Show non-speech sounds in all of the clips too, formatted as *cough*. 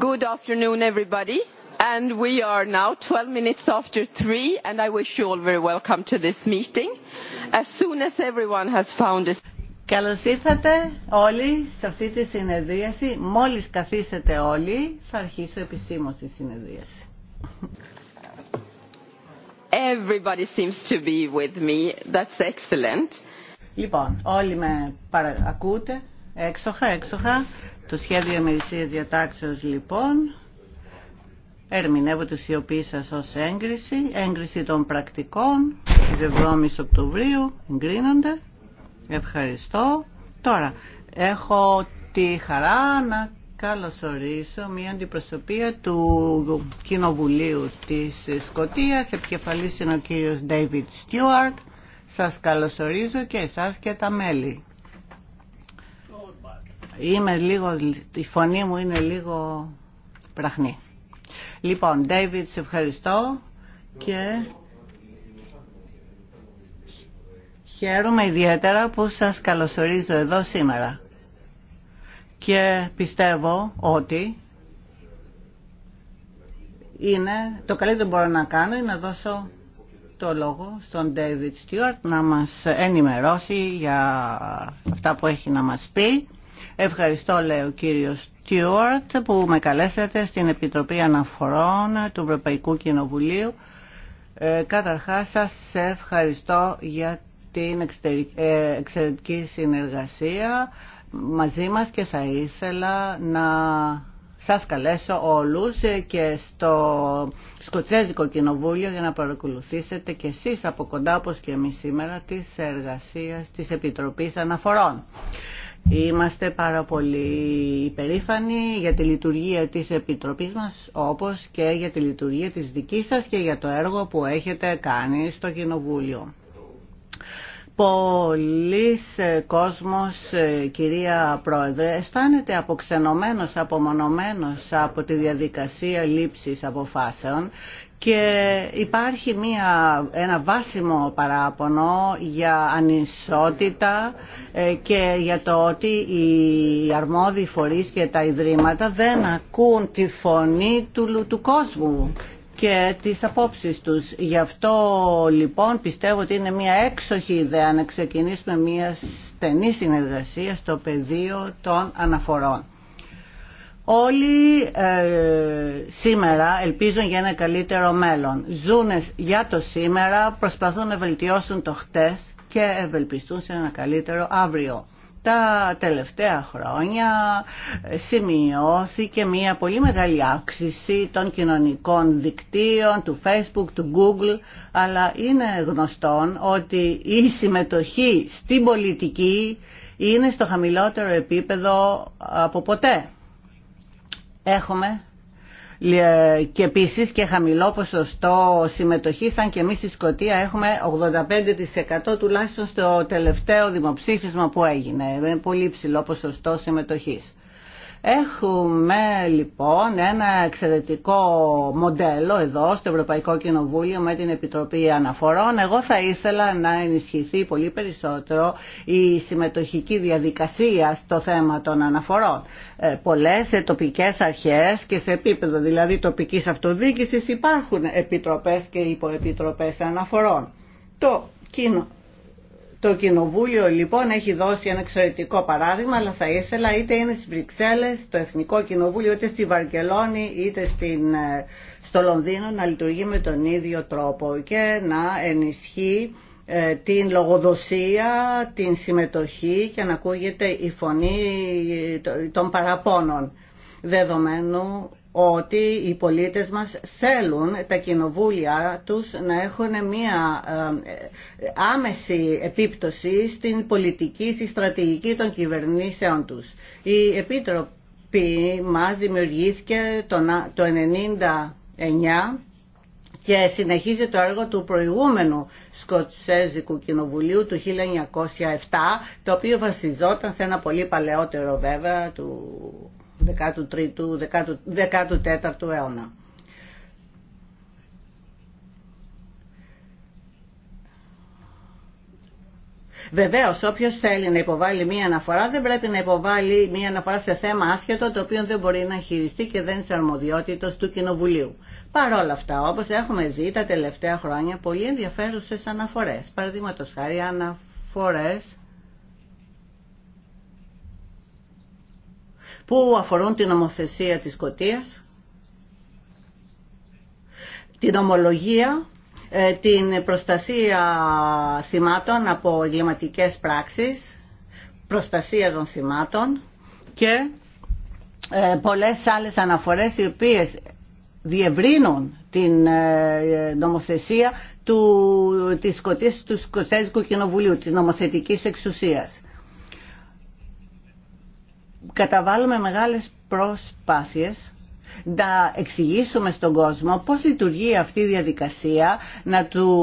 Good afternoon, everybody. And we are now 12 minutes after three, and I wish you all very welcome to this meeting. As soon as everyone has found a... Καλώς ήρθατε όλοι σε αυτή τη συνεδρίαση. Μόλις καθίσετε όλοι, θα αρχίσω επισήμως τη συνεδρίαση. Everybody seems to be with me. That's excellent. Λοιπόν, όλοι με Έξοχα, έξοχα. Το σχέδιο ημερησίας διατάξεως λοιπόν ερμηνεύω τη σιωπή σα ω έγκριση, έγκριση των πρακτικών τη 7η Οκτωβρίου, εγκρίνονται. Ευχαριστώ. Τώρα, έχω τη χαρά να καλωσορίσω μια αντιπροσωπεία του Κοινοβουλίου της Σκοτίας, επικεφαλής είναι ο κύριος David Stewart. Σας καλωσορίζω και εσάς και τα μέλη. Είμαι λίγο, η φωνή μου είναι λίγο πραχνή Λοιπόν, David, σε ευχαριστώ και χαίρομαι ιδιαίτερα που σας καλωσορίζω εδώ σήμερα. Και πιστεύω ότι είναι το καλύτερο που μπορώ να κάνω είναι να δώσω το λόγο στον David Stewart να μας ενημερώσει για αυτά που έχει να μας πει Ευχαριστώ, λέει ο κύριος Στιούαρτ, που με καλέσατε στην Επιτροπή Αναφορών του Ευρωπαϊκού Κοινοβουλίου. Ε, καταρχάς, σας ευχαριστώ για την ε, εξαιρετική συνεργασία μαζί μας και θα ήθελα να σας καλέσω όλους και στο Σκοτσέζικο Κοινοβούλιο για να παρακολουθήσετε και εσείς από κοντά όπως και εμείς σήμερα τις εργασίες της Επιτροπής Αναφορών. Είμαστε πάρα πολύ υπερήφανοι για τη λειτουργία της Επιτροπής μας, όπως και για τη λειτουργία της δικής σας και για το έργο που έχετε κάνει στο Κοινοβούλιο. Πολλοί κόσμος, κυρία Πρόεδρε, αισθάνεται αποξενωμένος, απομονωμένος από τη διαδικασία λήψης αποφάσεων και υπάρχει μια, ένα βάσιμο παράπονο για ανισότητα ε, και για το ότι οι αρμόδιοι φορείς και τα ιδρύματα δεν ακούν τη φωνή του, του κόσμου και τις απόψεις τους. Γι' αυτό λοιπόν πιστεύω ότι είναι μια έξοχη ιδέα να ξεκινήσουμε μια στενή συνεργασία στο πεδίο των αναφορών. Όλοι ε, σήμερα ελπίζουν για ένα καλύτερο μέλλον. Ζουν για το σήμερα, προσπαθούν να βελτιώσουν το χτες και ευελπιστούν σε ένα καλύτερο αύριο. Τα τελευταία χρόνια ε, σημειώθηκε μια πολύ μεγάλη αύξηση των κοινωνικών δικτύων, του Facebook, του Google, αλλά είναι γνωστόν ότι η συμμετοχή στην πολιτική είναι στο χαμηλότερο επίπεδο από ποτέ έχουμε και επίση και χαμηλό ποσοστό συμμετοχή, αν και εμεί στη Σκωτία έχουμε 85% τουλάχιστον στο τελευταίο δημοψήφισμα που έγινε. Είναι πολύ ψηλό ποσοστό συμμετοχή. Έχουμε λοιπόν ένα εξαιρετικό μοντέλο εδώ στο Ευρωπαϊκό Κοινοβούλιο με την Επιτροπή Αναφορών. Εγώ θα ήθελα να ενισχυθεί πολύ περισσότερο η συμμετοχική διαδικασία στο θέμα των αναφορών. Ε, πολλές σε τοπικές αρχές και σε επίπεδο δηλαδή τοπικής αυτοδιοίκησης υπάρχουν επιτροπές και υποεπιτροπές αναφορών. Το κοινό το Κοινοβούλιο λοιπόν έχει δώσει ένα εξαιρετικό παράδειγμα, αλλά θα ήθελα είτε είναι στις Βρυξέλλες, το Εθνικό Κοινοβούλιο, είτε στη Βαρκελόνη, είτε στην, ε, στο Λονδίνο να λειτουργεί με τον ίδιο τρόπο και να ενισχύει ε, την λογοδοσία, την συμμετοχή και να ακούγεται η φωνή ε, των παραπώνων δεδομένου ότι οι πολίτες μας θέλουν τα κοινοβούλια τους να έχουν μία ε, άμεση επίπτωση στην πολιτική, στη στρατηγική των κυβερνήσεων τους. Η Επίτροπη μας δημιουργήθηκε το 1999 και συνεχίζει το έργο του προηγούμενου Σκοτσέζικου Κοινοβουλίου του 1907, το οποίο βασιζόταν σε ένα πολύ παλαιότερο βέβαια του 13ου, 14ου αιώνα. Βεβαίω, όποιο θέλει να υποβάλει μία αναφορά, δεν πρέπει να υποβάλει μία αναφορά σε θέμα άσχετο το οποίο δεν μπορεί να χειριστεί και δεν είναι αρμοδιότητα του Κοινοβουλίου. Παρ' όλα αυτά, όπω έχουμε ζει τα τελευταία χρόνια, πολύ ενδιαφέρουσε αναφορέ. Παραδείγματο χάρη, αναφορέ που αφορούν την νομοθεσία της Σκοτίας, την ομολογία, ε, την προστασία θυμάτων από εγκληματικές πράξεις, προστασία των θυμάτων και ε, πολλές άλλες αναφορές οι οποίες διευρύνουν την ε, νομοθεσία του, της Σκοτής του Σκοτσέζικου Κοινοβουλίου, της νομοθετικής εξουσίας καταβάλουμε μεγάλες προσπάσεις, να εξηγήσουμε στον κόσμο πώς λειτουργεί αυτή η διαδικασία, να, του,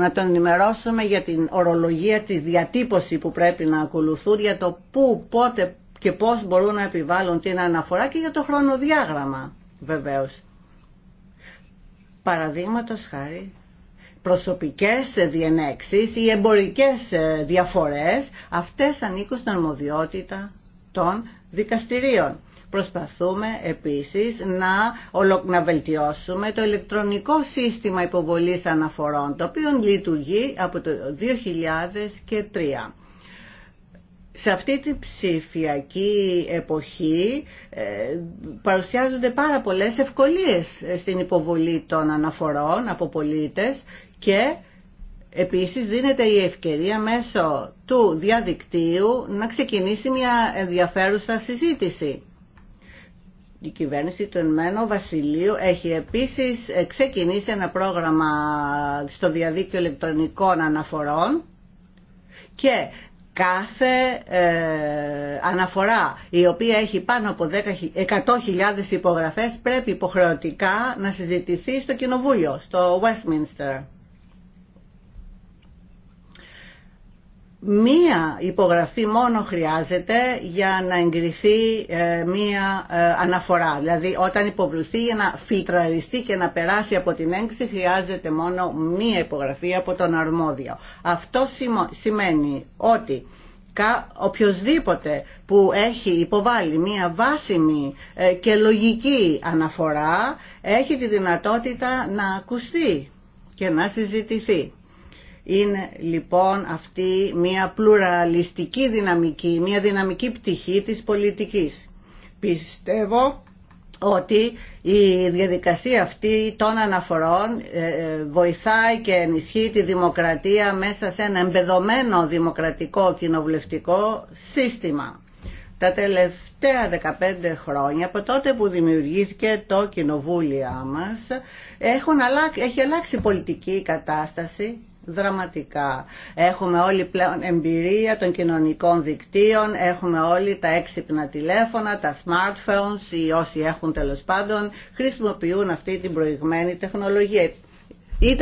να τον ενημερώσουμε για την ορολογία, τη διατύπωση που πρέπει να ακολουθούν, για το πού, πότε και πώς μπορούν να επιβάλλουν την αναφορά και για το χρονοδιάγραμμα βεβαίως. Παραδείγματος χάρη, προσωπικές διενέξεις ή εμπορικές ε, διαφορές, αυτές ανήκουν στην αρμοδιότητα των δικαστηρίων. Προσπαθούμε επίσης να, να βελτιώσουμε το ηλεκτρονικό σύστημα υποβολής αναφορών, το οποίο λειτουργεί από το 2003. Σε αυτή την ψηφιακή εποχή ε, παρουσιάζονται πάρα πολλές ευκολίες ε, στην υποβολή των αναφορών από πολίτες και Επίσης δίνεται η ευκαιρία μέσω του διαδικτύου να ξεκινήσει μια ενδιαφέρουσα συζήτηση. Η κυβέρνηση του Ενμένου Βασιλείου έχει επίσης ξεκινήσει ένα πρόγραμμα στο διαδίκτυο ηλεκτρονικών αναφορών και κάθε ε, αναφορά η οποία έχει πάνω από 100.000 υπογραφές πρέπει υποχρεωτικά να συζητηθεί στο Κοινοβούλιο, στο Westminster. Μία υπογραφή μόνο χρειάζεται για να εγκριθεί ε, μία ε, αναφορά. Δηλαδή όταν υποβληθεί για να φιλτραριστεί και να περάσει από την έγκριση χρειάζεται μόνο μία υπογραφή από τον αρμόδιο. Αυτό σημαίνει ότι οποιοδήποτε που έχει υποβάλει μία βάσιμη ε, και λογική αναφορά έχει τη δυνατότητα να ακουστεί και να συζητηθεί. Είναι λοιπόν αυτή μια πλουραλιστική δυναμική, μια δυναμική πτυχή της πολιτικής. Πιστεύω ότι η διαδικασία αυτή των αναφορών ε, ε, βοηθάει και ενισχύει τη δημοκρατία μέσα σε ένα εμπεδομένο δημοκρατικό κοινοβουλευτικό σύστημα. Τα τελευταία 15 χρόνια, από τότε που δημιουργήθηκε το κοινοβούλιο μας, έχουν έχει αλλάξει η πολιτική κατάσταση δραματικά. Έχουμε όλοι πλέον εμπειρία των κοινωνικών δικτύων, έχουμε όλοι τα έξυπνα τηλέφωνα, τα smartphones ή όσοι έχουν τέλος πάντων χρησιμοποιούν αυτή την προηγμένη τεχνολογία. Η οσοι εχουν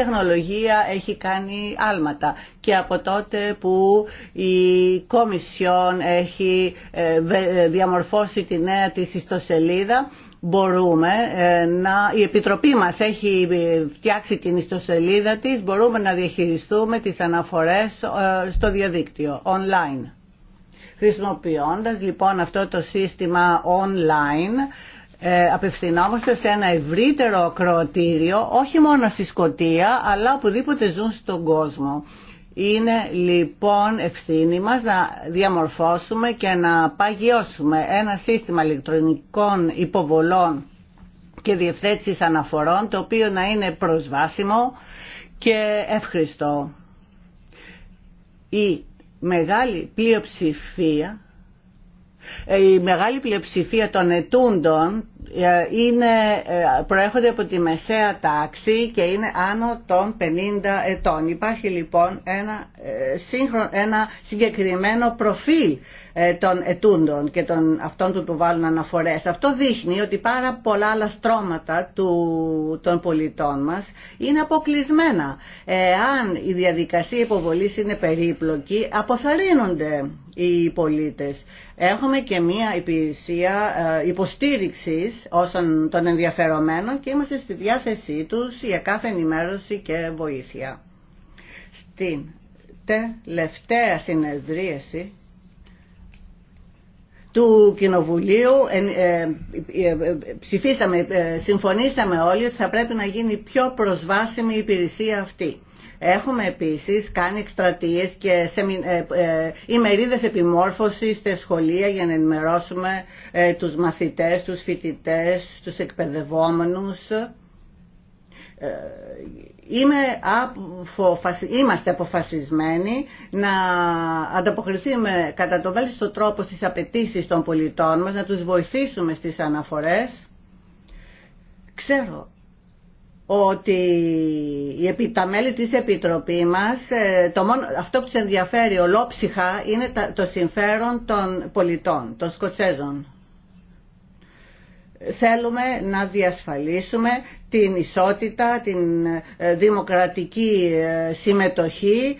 τελο παντων έχει κάνει άλματα και από τότε που η Κομισιόν έχει ε, ε, διαμορφώσει τη νέα της ιστοσελίδα μπορούμε ε, να... Η Επιτροπή μας έχει ε, φτιάξει την ιστοσελίδα της, μπορούμε να διαχειριστούμε τις αναφορές ε, στο διαδίκτυο, online. Χρησιμοποιώντας λοιπόν αυτό το σύστημα online, απευθυνόμαστε σε ένα ευρύτερο ακροατήριο, όχι μόνο στη Σκοτία, αλλά οπουδήποτε ζουν στον κόσμο. Είναι λοιπόν ευθύνη μας να διαμορφώσουμε και να παγιώσουμε ένα σύστημα ηλεκτρονικών υποβολών και διευθέτησης αναφορών το οποίο να είναι προσβάσιμο και ευχριστό. Η μεγάλη πλειοψηφία η μεγάλη πλειοψηφία των ετούντων είναι, ε, προέρχονται από τη μεσαία τάξη και είναι άνω των 50 ετών. Υπάρχει λοιπόν ένα, ε, ένα συγκεκριμένο προφίλ ε, των ετούντων και των αυτών που του βάλουν αναφορές. Αυτό δείχνει ότι πάρα πολλά άλλα στρώματα του, των πολιτών μας είναι αποκλεισμένα. Εάν η διαδικασία υποβολής είναι περίπλοκη, αποθαρρύνονται οι πολίτες. Έχουμε και μία υπηρεσία υποστήριξη εμείς όσων των ενδιαφερομένων και είμαστε στη διάθεσή τους για κάθε ενημέρωση και βοήθεια. Στην τελευταία συνεδρίαση του Κοινοβουλίου ε, ε, ε, ψηφίσαμε, συμφωνήσαμε όλοι ότι θα πρέπει να γίνει πιο προσβάσιμη η υπηρεσία αυτή. Έχουμε επίσης κάνει εκστρατείες και ε, ε, ημερίδες επιμόρφωσης στα σχολεία για να ενημερώσουμε ε, τους μαθητές, τους φοιτητές, τους εκπαιδευόμενους. Είμαστε αποφασισμένοι να ανταποκριθούμε κατά το βέλτιστο τρόπο στις απαιτήσεις των πολιτών μας, να τους βοηθήσουμε στις αναφορές. Ξέρω ότι τα μέλη της Επιτροπή μας, ε, το μόνο, αυτό που τους ενδιαφέρει ολόψυχα είναι το συμφέρον των πολιτών, των Σκοτσέζων. Θέλουμε να διασφαλίσουμε την ισότητα, την ε, δημοκρατική ε, συμμετοχή,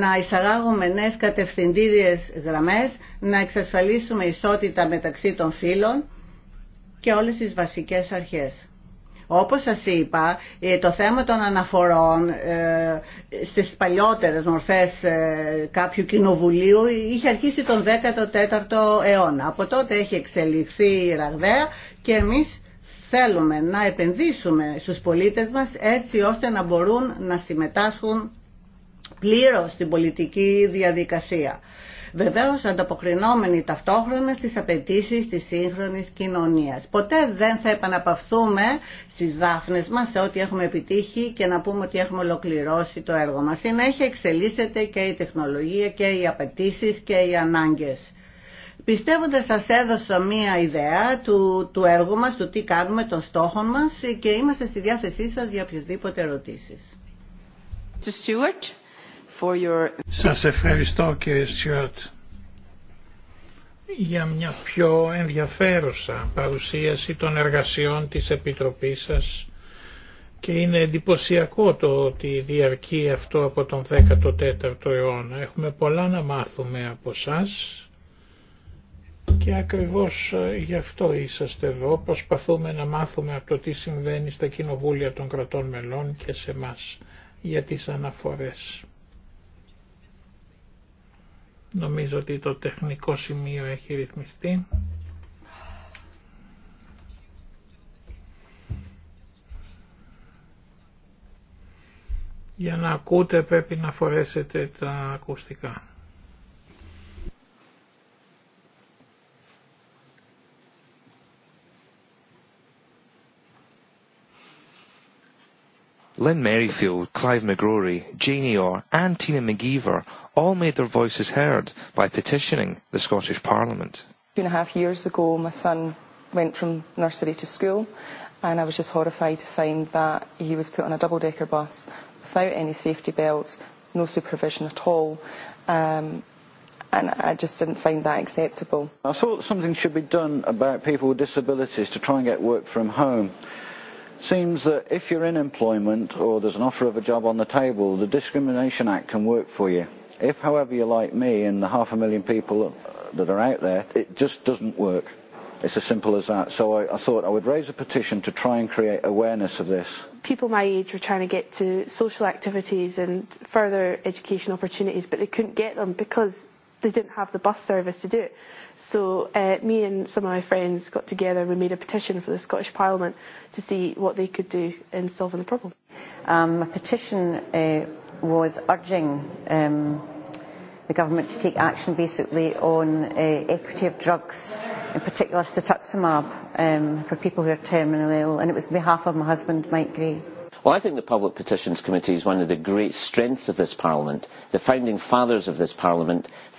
να εισαγάγουμε νέες κατευθυντήριες γραμμές, να εξασφαλίσουμε ισότητα μεταξύ των φύλων και όλες τις βασικές αρχές. Όπως σας είπα, ε, το θέμα των αναφορών ε, στις παλιότερες μορφές ε, κάποιου κοινοβουλίου είχε αρχίσει τον 14ο αιώνα. Από τότε έχει εξελιχθεί η ραγδαία και εμείς θέλουμε να επενδύσουμε στους πολίτες μας έτσι ώστε να μπορούν να συμμετάσχουν πλήρως στην πολιτική διαδικασία βεβαίως ανταποκρινόμενοι ταυτόχρονα στις απαιτήσει τη σύγχρονη κοινωνία. Ποτέ δεν θα επαναπαυθούμε στις δάφνε μας σε ό,τι έχουμε επιτύχει και να πούμε ότι έχουμε ολοκληρώσει το έργο μας. Συνέχεια εξελίσσεται και η τεχνολογία και οι απαιτήσει και οι ανάγκες. Πιστεύω ότι σας έδωσα μία ιδέα του, του έργου μας, του τι κάνουμε, των στόχων μας και είμαστε στη διάθεσή σας για οποιασδήποτε ερωτήσεις. Mr. Stewart for Σας ευχαριστώ κύριε Στιώτ για μια πιο ενδιαφέρουσα παρουσίαση των εργασιών της Επιτροπής σας και είναι εντυπωσιακό το ότι διαρκεί αυτό από τον 14ο αιώνα. Έχουμε πολλά να μάθουμε από σας και ακριβώς ε, γι' αυτό είσαστε εδώ. Προσπαθούμε να μάθουμε από το τι συμβαίνει στα κοινοβούλια των κρατών μελών και σε μας για τις αναφορές. Νομίζω ότι το τεχνικό σημείο έχει ρυθμιστεί. Για να ακούτε πρέπει να φορέσετε τα ακουστικά. Lynn Merrifield, Clive McGrory, Janie Orr and Tina McGeever all made their voices heard by petitioning the Scottish Parliament. Two and a half years ago my son went from nursery to school and I was just horrified to find that he was put on a double-decker bus without any safety belts, no supervision at all. and I just didn't find that acceptable. I thought something should be done about people with disabilities to try and get work from home seems that if you're in employment or there's an offer of a job on the table, the Discrimination Act can work for you. If, however, you're like me and the half a million people that are out there, it just doesn't work. It's as simple as that. So I, I thought I would raise a petition to try and create awareness of this. People my age were trying to get to social activities and further education opportunities, but they couldn't get them because they didn't have the bus service to do it. So me and some of my friends got together and we made a petition for the Scottish Parliament to see what they could do in solving the problem. Um, a petition was urging um, the government to take action basically on equity of drugs, in particular cetuximab, um, for people who are terminally ill. And it was on behalf of my husband, Mike Gray. Well, I think the Public Petitions Committee is one of the great strengths of this Parliament. The founding fathers of this Parliament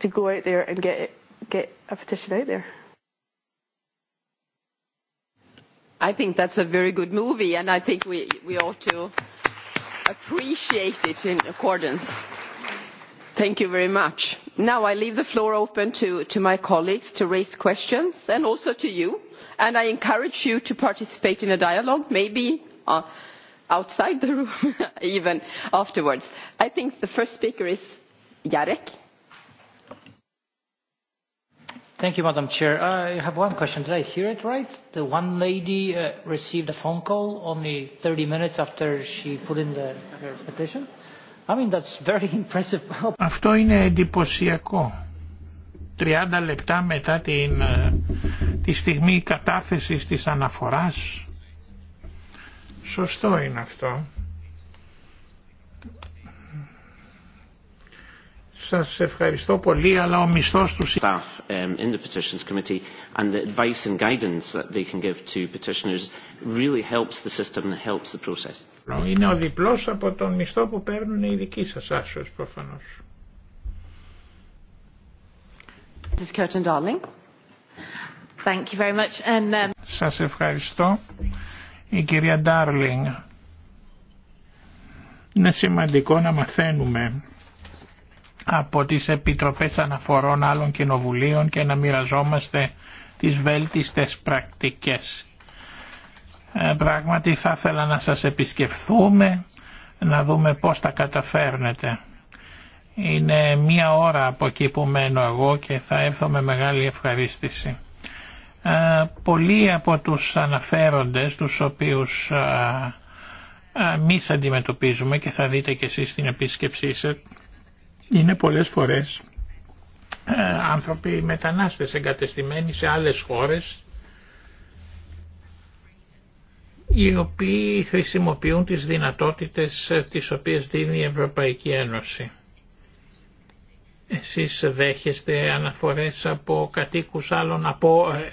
to go out there and get it, get a petition out there. I think that's a very good movie, and I think we, we ought to appreciate it in accordance. Thank you very much. Now I leave the floor open to, to my colleagues to raise questions, and also to you. And I encourage you to participate in a dialogue, maybe uh, outside the room, even afterwards. I think the first speaker is Jarek. Thank you, Madam Chair. I have one question. Did I hear it right? The one lady received a phone call only 30 minutes after she put in the petition. I mean, that's very impressive. Αυτό είναι εντυπωσιακό. 30 λεπτά μετά την, τη στιγμή κατάθεσης της αναφοράς. Σωστό είναι αυτό. Σας ευχαριστώ πολύ, αλλά ο μισθός του staff in the petitions committee and the advice and guidance that they can give to petitioners really helps the system and helps the process. Είναι ο διπλός από τον μισθό που παίρνουν οι δικοί σας άσως προφανώς. Mrs. Curtin Darling. Thank you very much and Σας ευχαριστώ. Η κυρία Darling. Είναι σημαντικό να μαθαίνουμε από τις Επιτροπές Αναφορών άλλων κοινοβουλίων και να μοιραζόμαστε τις βέλτιστες πρακτικές. Ε, πράγματι θα ήθελα να σας επισκεφθούμε, να δούμε πώς τα καταφέρνετε. Είναι μία ώρα από εκεί που μένω εγώ και θα έρθω με μεγάλη ευχαρίστηση. Ε, πολλοί από τους αναφέροντες, τους οποίους ε, εμεί αντιμετωπίζουμε και θα δείτε και εσείς στην επίσκεψή σας, είναι πολλές φορές ε, άνθρωποι μετανάστες εγκατεστημένοι σε άλλες χώρες οι οποίοι χρησιμοποιούν τις δυνατότητες ε, τις οποίες δίνει η Ευρωπαϊκή Ένωση. Εσείς δέχεστε αναφορές από κατοίκους άλλων, από, ε,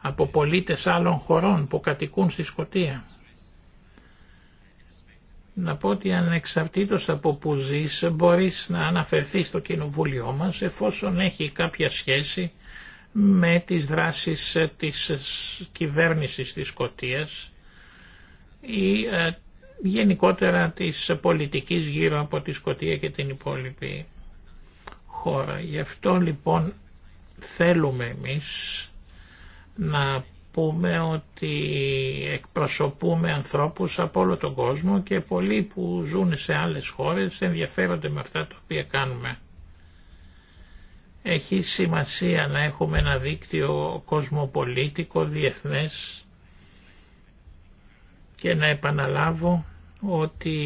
από πολίτες άλλων χωρών που κατοικούν στη Σκωτία να πω ότι ανεξαρτήτως από που ζεις μπορείς να αναφερθείς στο κοινοβούλιο μας εφόσον έχει κάποια σχέση με τις δράσεις ε, της ε, κυβέρνησης της Σκοτίας ή ε, γενικότερα της πολιτικής γύρω από τη Σκοτία και την υπόλοιπη χώρα. Γι' αυτό λοιπόν θέλουμε εμείς να πούμε ότι εκπροσωπούμε ανθρώπους από όλο τον κόσμο και πολλοί που ζουν σε άλλες χώρες ενδιαφέρονται με αυτά τα οποία κάνουμε. Έχει σημασία να έχουμε ένα δίκτυο κοσμοπολίτικο, διεθνές και να επαναλάβω ότι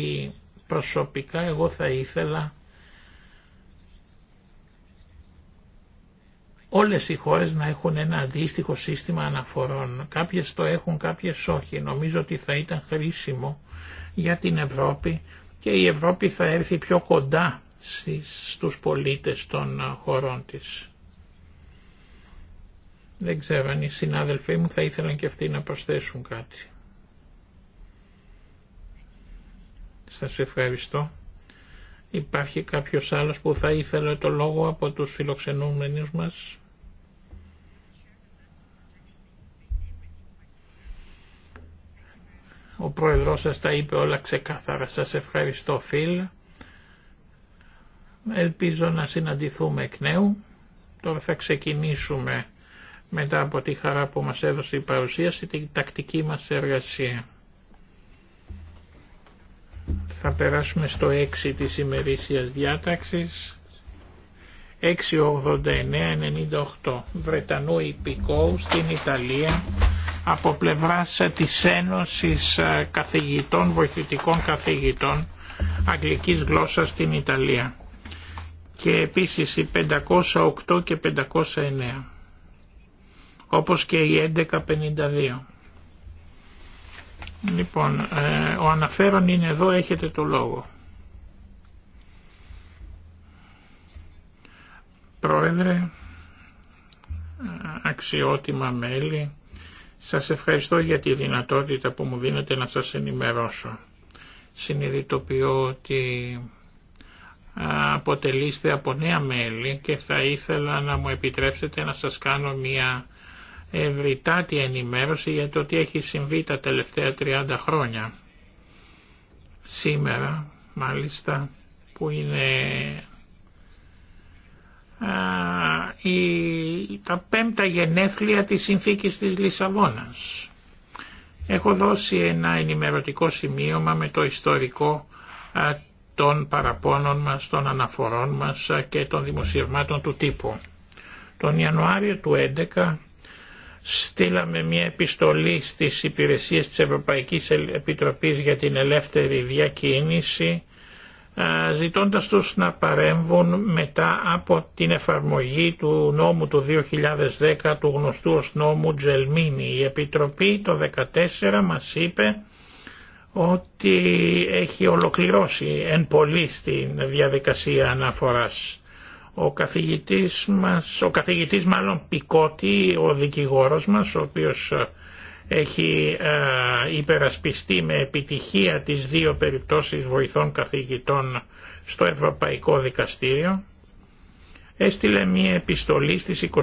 προσωπικά εγώ θα ήθελα όλες οι χώρες να έχουν ένα αντίστοιχο σύστημα αναφορών. Κάποιες το έχουν, κάποιες όχι. Νομίζω ότι θα ήταν χρήσιμο για την Ευρώπη και η Ευρώπη θα έρθει πιο κοντά στους πολίτες των ε, χωρών της. Δεν ξέρω αν οι συνάδελφοί μου θα ήθελαν και αυτοί να προσθέσουν κάτι. Σας ευχαριστώ. Υπάρχει κάποιος άλλος που θα ήθελε το λόγο από τους φιλοξενούμενους μας. Ο πρόεδρός σας τα είπε όλα ξεκάθαρα. Σας ευχαριστώ Φιλ. Ελπίζω να συναντηθούμε εκ νέου. Τώρα θα ξεκινήσουμε μετά από τη χαρά που μας έδωσε η παρουσίαση την τακτική μας εργασία. Θα περάσουμε στο 6 της ημερήσιας 6.89.98. Βρετανού υπηκόου στην Ιταλία από πλευράς ε, της Ένωσης ε, Καθηγητών, Βοηθητικών Καθηγητών Αγγλικής Γλώσσας στην Ιταλία και επίσης η 508 και 509 όπως και η 1152. Λοιπόν, ε, ο αναφέρον είναι εδώ, έχετε το λόγο. Πρόεδρε, αξιότιμα μέλη, σας ευχαριστώ για τη δυνατότητα που μου δίνετε να σας ενημερώσω. Συνειδητοποιώ ότι αποτελείστε από νέα μέλη και θα ήθελα να μου επιτρέψετε να σας κάνω μια ευρυτάτη ενημέρωση για το τι έχει συμβεί τα τελευταία 30 χρόνια. Σήμερα, μάλιστα, που είναι η, τα πέμπτα γενέθλια της συνθήκης της Λισαβόνας. Έχω δώσει ένα ενημερωτικό σημείωμα με το ιστορικό των παραπώνων μας, των αναφορών μας και των δημοσιευμάτων του τύπου. Τον Ιανουάριο του 2011 στείλαμε μια επιστολή στις υπηρεσίες της Ευρωπαϊκής Επιτροπής για την Ελεύθερη Διακίνηση ζητώντας τους να παρέμβουν μετά από την εφαρμογή του νόμου του 2010 του γνωστού ως νόμου Τζελμίνη. Η Επιτροπή το 2014 μας είπε ότι έχει ολοκληρώσει εν πολύ στην διαδικασία αναφοράς. Ο καθηγητής μας, ο καθηγητής μάλλον Πικότη, ο δικηγόρος μας, ο οποίος έχει ε, υπερασπιστεί με επιτυχία τις δύο περιπτώσεις βοηθών καθηγητών στο Ευρωπαϊκό Δικαστήριο, έστειλε μία επιστολή στις 24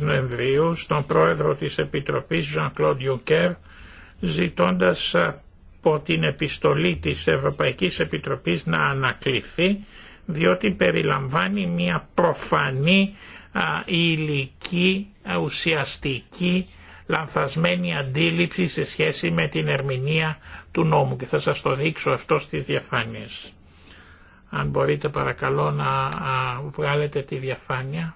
Νοεμβρίου στον πρόεδρο της Επιτροπής Jean-Claude Juncker ζητώντας ε, από την επιστολή της Ευρωπαϊκής Επιτροπής να ανακληθεί διότι περιλαμβάνει μία προφανή α, ουσιαστική λανθασμένη αντίληψη σε σχέση με την ερμηνεία του νόμου και θα σας το δείξω αυτό στις διαφάνειες. Αν μπορείτε παρακαλώ να βγάλετε τη διαφάνεια.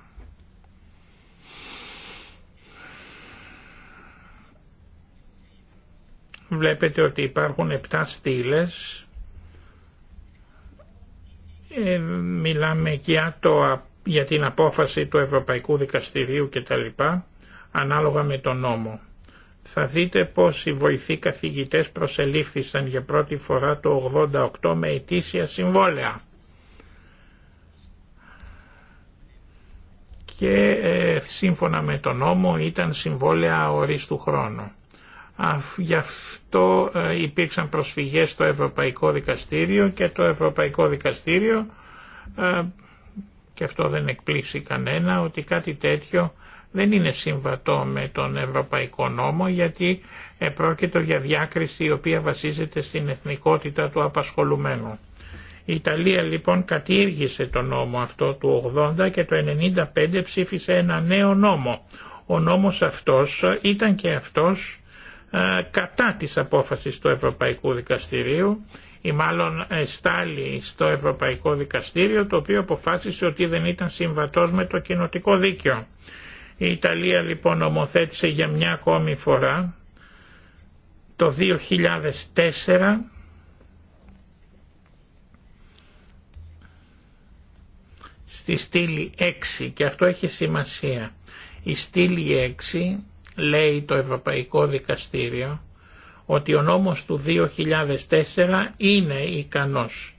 Βλέπετε ότι υπάρχουν 7 στήλες. Ε, μιλάμε για, το, για την απόφαση του Ευρωπαϊκού Δικαστηρίου κτλ ανάλογα με τον νόμο. Θα δείτε πως οι βοηθοί καθηγητές προσελήφθησαν για πρώτη φορά το 88 με ετήσια συμβόλαια. και ε, σύμφωνα με τον νόμο ήταν συμβόλαια ορίστου χρόνου. Γι' αυτό ε, υπήρξαν προσφυγές στο Ευρωπαϊκό Δικαστήριο και το Ευρωπαϊκό Δικαστήριο ε, και αυτό δεν εκπλήσει κανένα ότι κάτι τέτοιο δεν είναι συμβατό με τον Ευρωπαϊκό Νόμο γιατί ε, πρόκειται για διάκριση η οποία βασίζεται στην εθνικότητα του απασχολουμένου. Η Ιταλία λοιπόν κατήργησε τον νόμο αυτό του 80 και το 95 ψήφισε ένα νέο νόμο. Ο νόμος αυτός ήταν και αυτός ε, κατά της απόφασης του Ευρωπαϊκού Δικαστηρίου ή μάλλον στάλει στο Ευρωπαϊκό Δικαστήριο το οποίο αποφάσισε ότι δεν ήταν συμβατός με το κοινοτικό δίκαιο. Η Ιταλία λοιπόν νομοθέτησε για μια ακόμη φορά το 2004 στη στήλη 6 και αυτό έχει σημασία. Η στήλη 6 λέει το Ευρωπαϊκό Δικαστήριο ότι ο νόμος του 2004 είναι ικανός.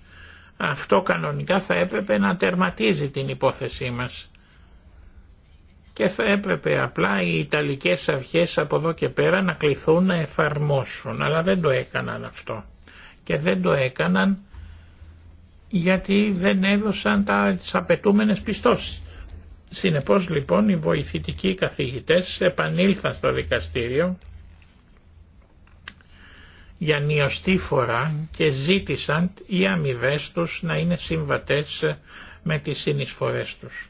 Αυτό κανονικά θα έπρεπε να τερματίζει την υπόθεσή μας και θα έπρεπε απλά οι Ιταλικές αρχές από εδώ και πέρα να κληθούν να εφαρμόσουν, αλλά δεν το έκαναν αυτό. Και δεν το έκαναν γιατί δεν έδωσαν τα, τις απαιτούμενες πιστώσεις. Συνεπώς λοιπόν οι βοηθητικοί καθηγητές επανήλθαν στο δικαστήριο για νιωστή φορά και ζήτησαν οι αμοιβέ τους να είναι συμβατές με τις συνεισφορές τους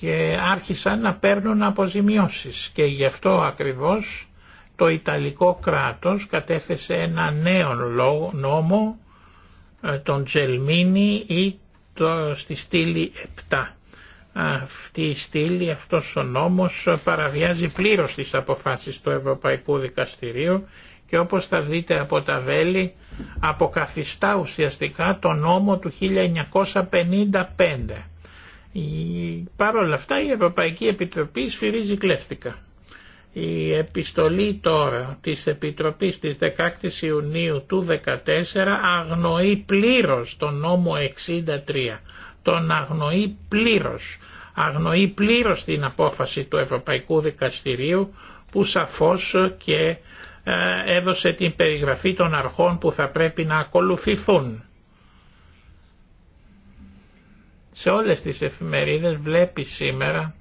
και άρχισαν να παίρνουν αποζημιώσεις και γι' αυτό ακριβώς το Ιταλικό κράτος κατέθεσε ένα νέο νόμο ε, τον Τζελμίνη ή το, στη στήλη 7. Αυτή η στήλη, αυτός ο νόμος παραβιάζει πλήρως τις αποφάσεις του Ευρωπαϊκού Δικαστηρίου και όπως θα δείτε από τα βέλη αποκαθιστά ουσιαστικά το νόμο του 1955 Παρ' όλα αυτά η Ευρωπαϊκή Επιτροπή σφυρίζει κλέφτικα Η επιστολή τώρα της Επιτροπής της 16 Ιουνίου του 2014 αγνοεί πλήρως τον νόμο 63. Τον αγνοεί πλήρως. Αγνοεί πλήρως την απόφαση του Ευρωπαϊκού Δικαστηρίου που σαφώς και ε, έδωσε την περιγραφή των αρχών που θα πρέπει να ακολουθηθούν. Σε όλες τις εφημερίδες βλέπει σήμερα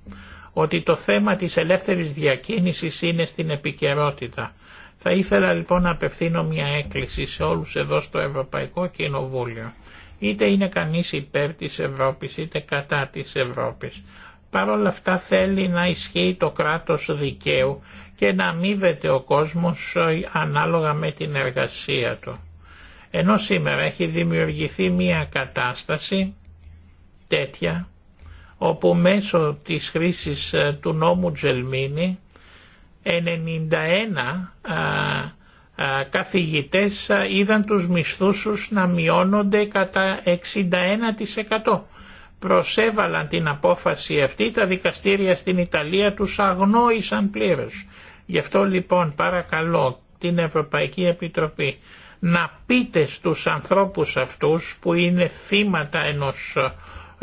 ότι το θέμα της ελεύθερης διακίνησης είναι στην επικαιρότητα. Θα ήθελα λοιπόν να απευθύνω μια έκκληση σε όλους εδώ στο Ευρωπαϊκό Κοινοβούλιο. Είτε είναι κανείς υπέρ της Ευρώπης είτε κατά της Ευρώπης. Παρ' όλα αυτά θέλει να ισχύει το κράτος δικαίου και να αμείβεται ο κόσμος ανάλογα με την εργασία του. Ενώ σήμερα έχει δημιουργηθεί μια κατάσταση τέτοια όπου μέσω της χρήσης ε, του νόμου Τζελμίνη 91 καθηγητές είδαν τους μισθούς τους να μειώνονται κατά 61%. Προσέβαλαν την απόφαση αυτή, τα δικαστήρια στην Ιταλία τους αγνόησαν πλήρως. Γι' αυτό λοιπόν παρακαλώ την Ευρωπαϊκή Επιτροπή να πείτε στους ανθρώπους αυτούς που είναι θύματα ενός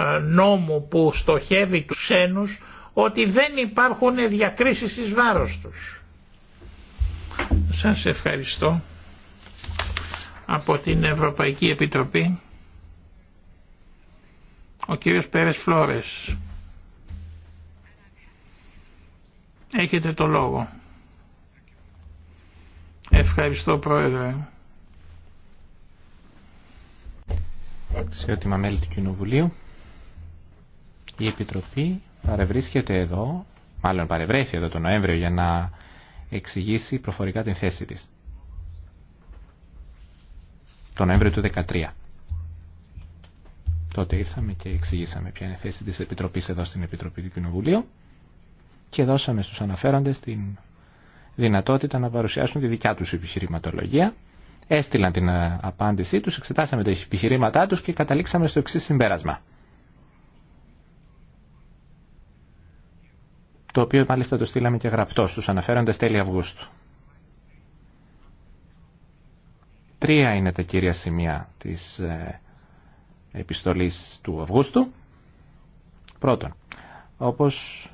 ε, νόμου που στοχεύει τους Ένους ότι δεν υπάρχουν διακρίσεις εις βάρος τους. Σας ευχαριστώ από την Ευρωπαϊκή Επιτροπή ο κύριος Πέρες Φλόρες. Έχετε το λόγο. Ευχαριστώ Πρόεδρε. Σε μέλη του Κοινοβουλίου. Η Επιτροπή παρευρίσκεται εδώ, μάλλον παρευρέθη εδώ τον Νοέμβριο για να εξηγήσει προφορικά την θέση της. Το Νοέμβριο του 2013. Τότε ήρθαμε και εξηγήσαμε ποια είναι η θέση της Επιτροπής εδώ στην Επιτροπή του Κοινοβουλίου και δώσαμε στους αναφέροντες την δυνατότητα να παρουσιάσουν τη δικιά τους επιχειρηματολογία. Έστειλαν την ε, απάντησή τους, εξετάσαμε τα επιχειρήματά τους και καταλήξαμε στο εξή συμπέρασμα. το οποίο μάλιστα το στείλαμε και γραπτό στους αναφέροντες τέλη Αυγούστου. Τρία είναι τα κύρια σημεία της ε, επιστολής του Αυγούστου. Πρώτον, όπως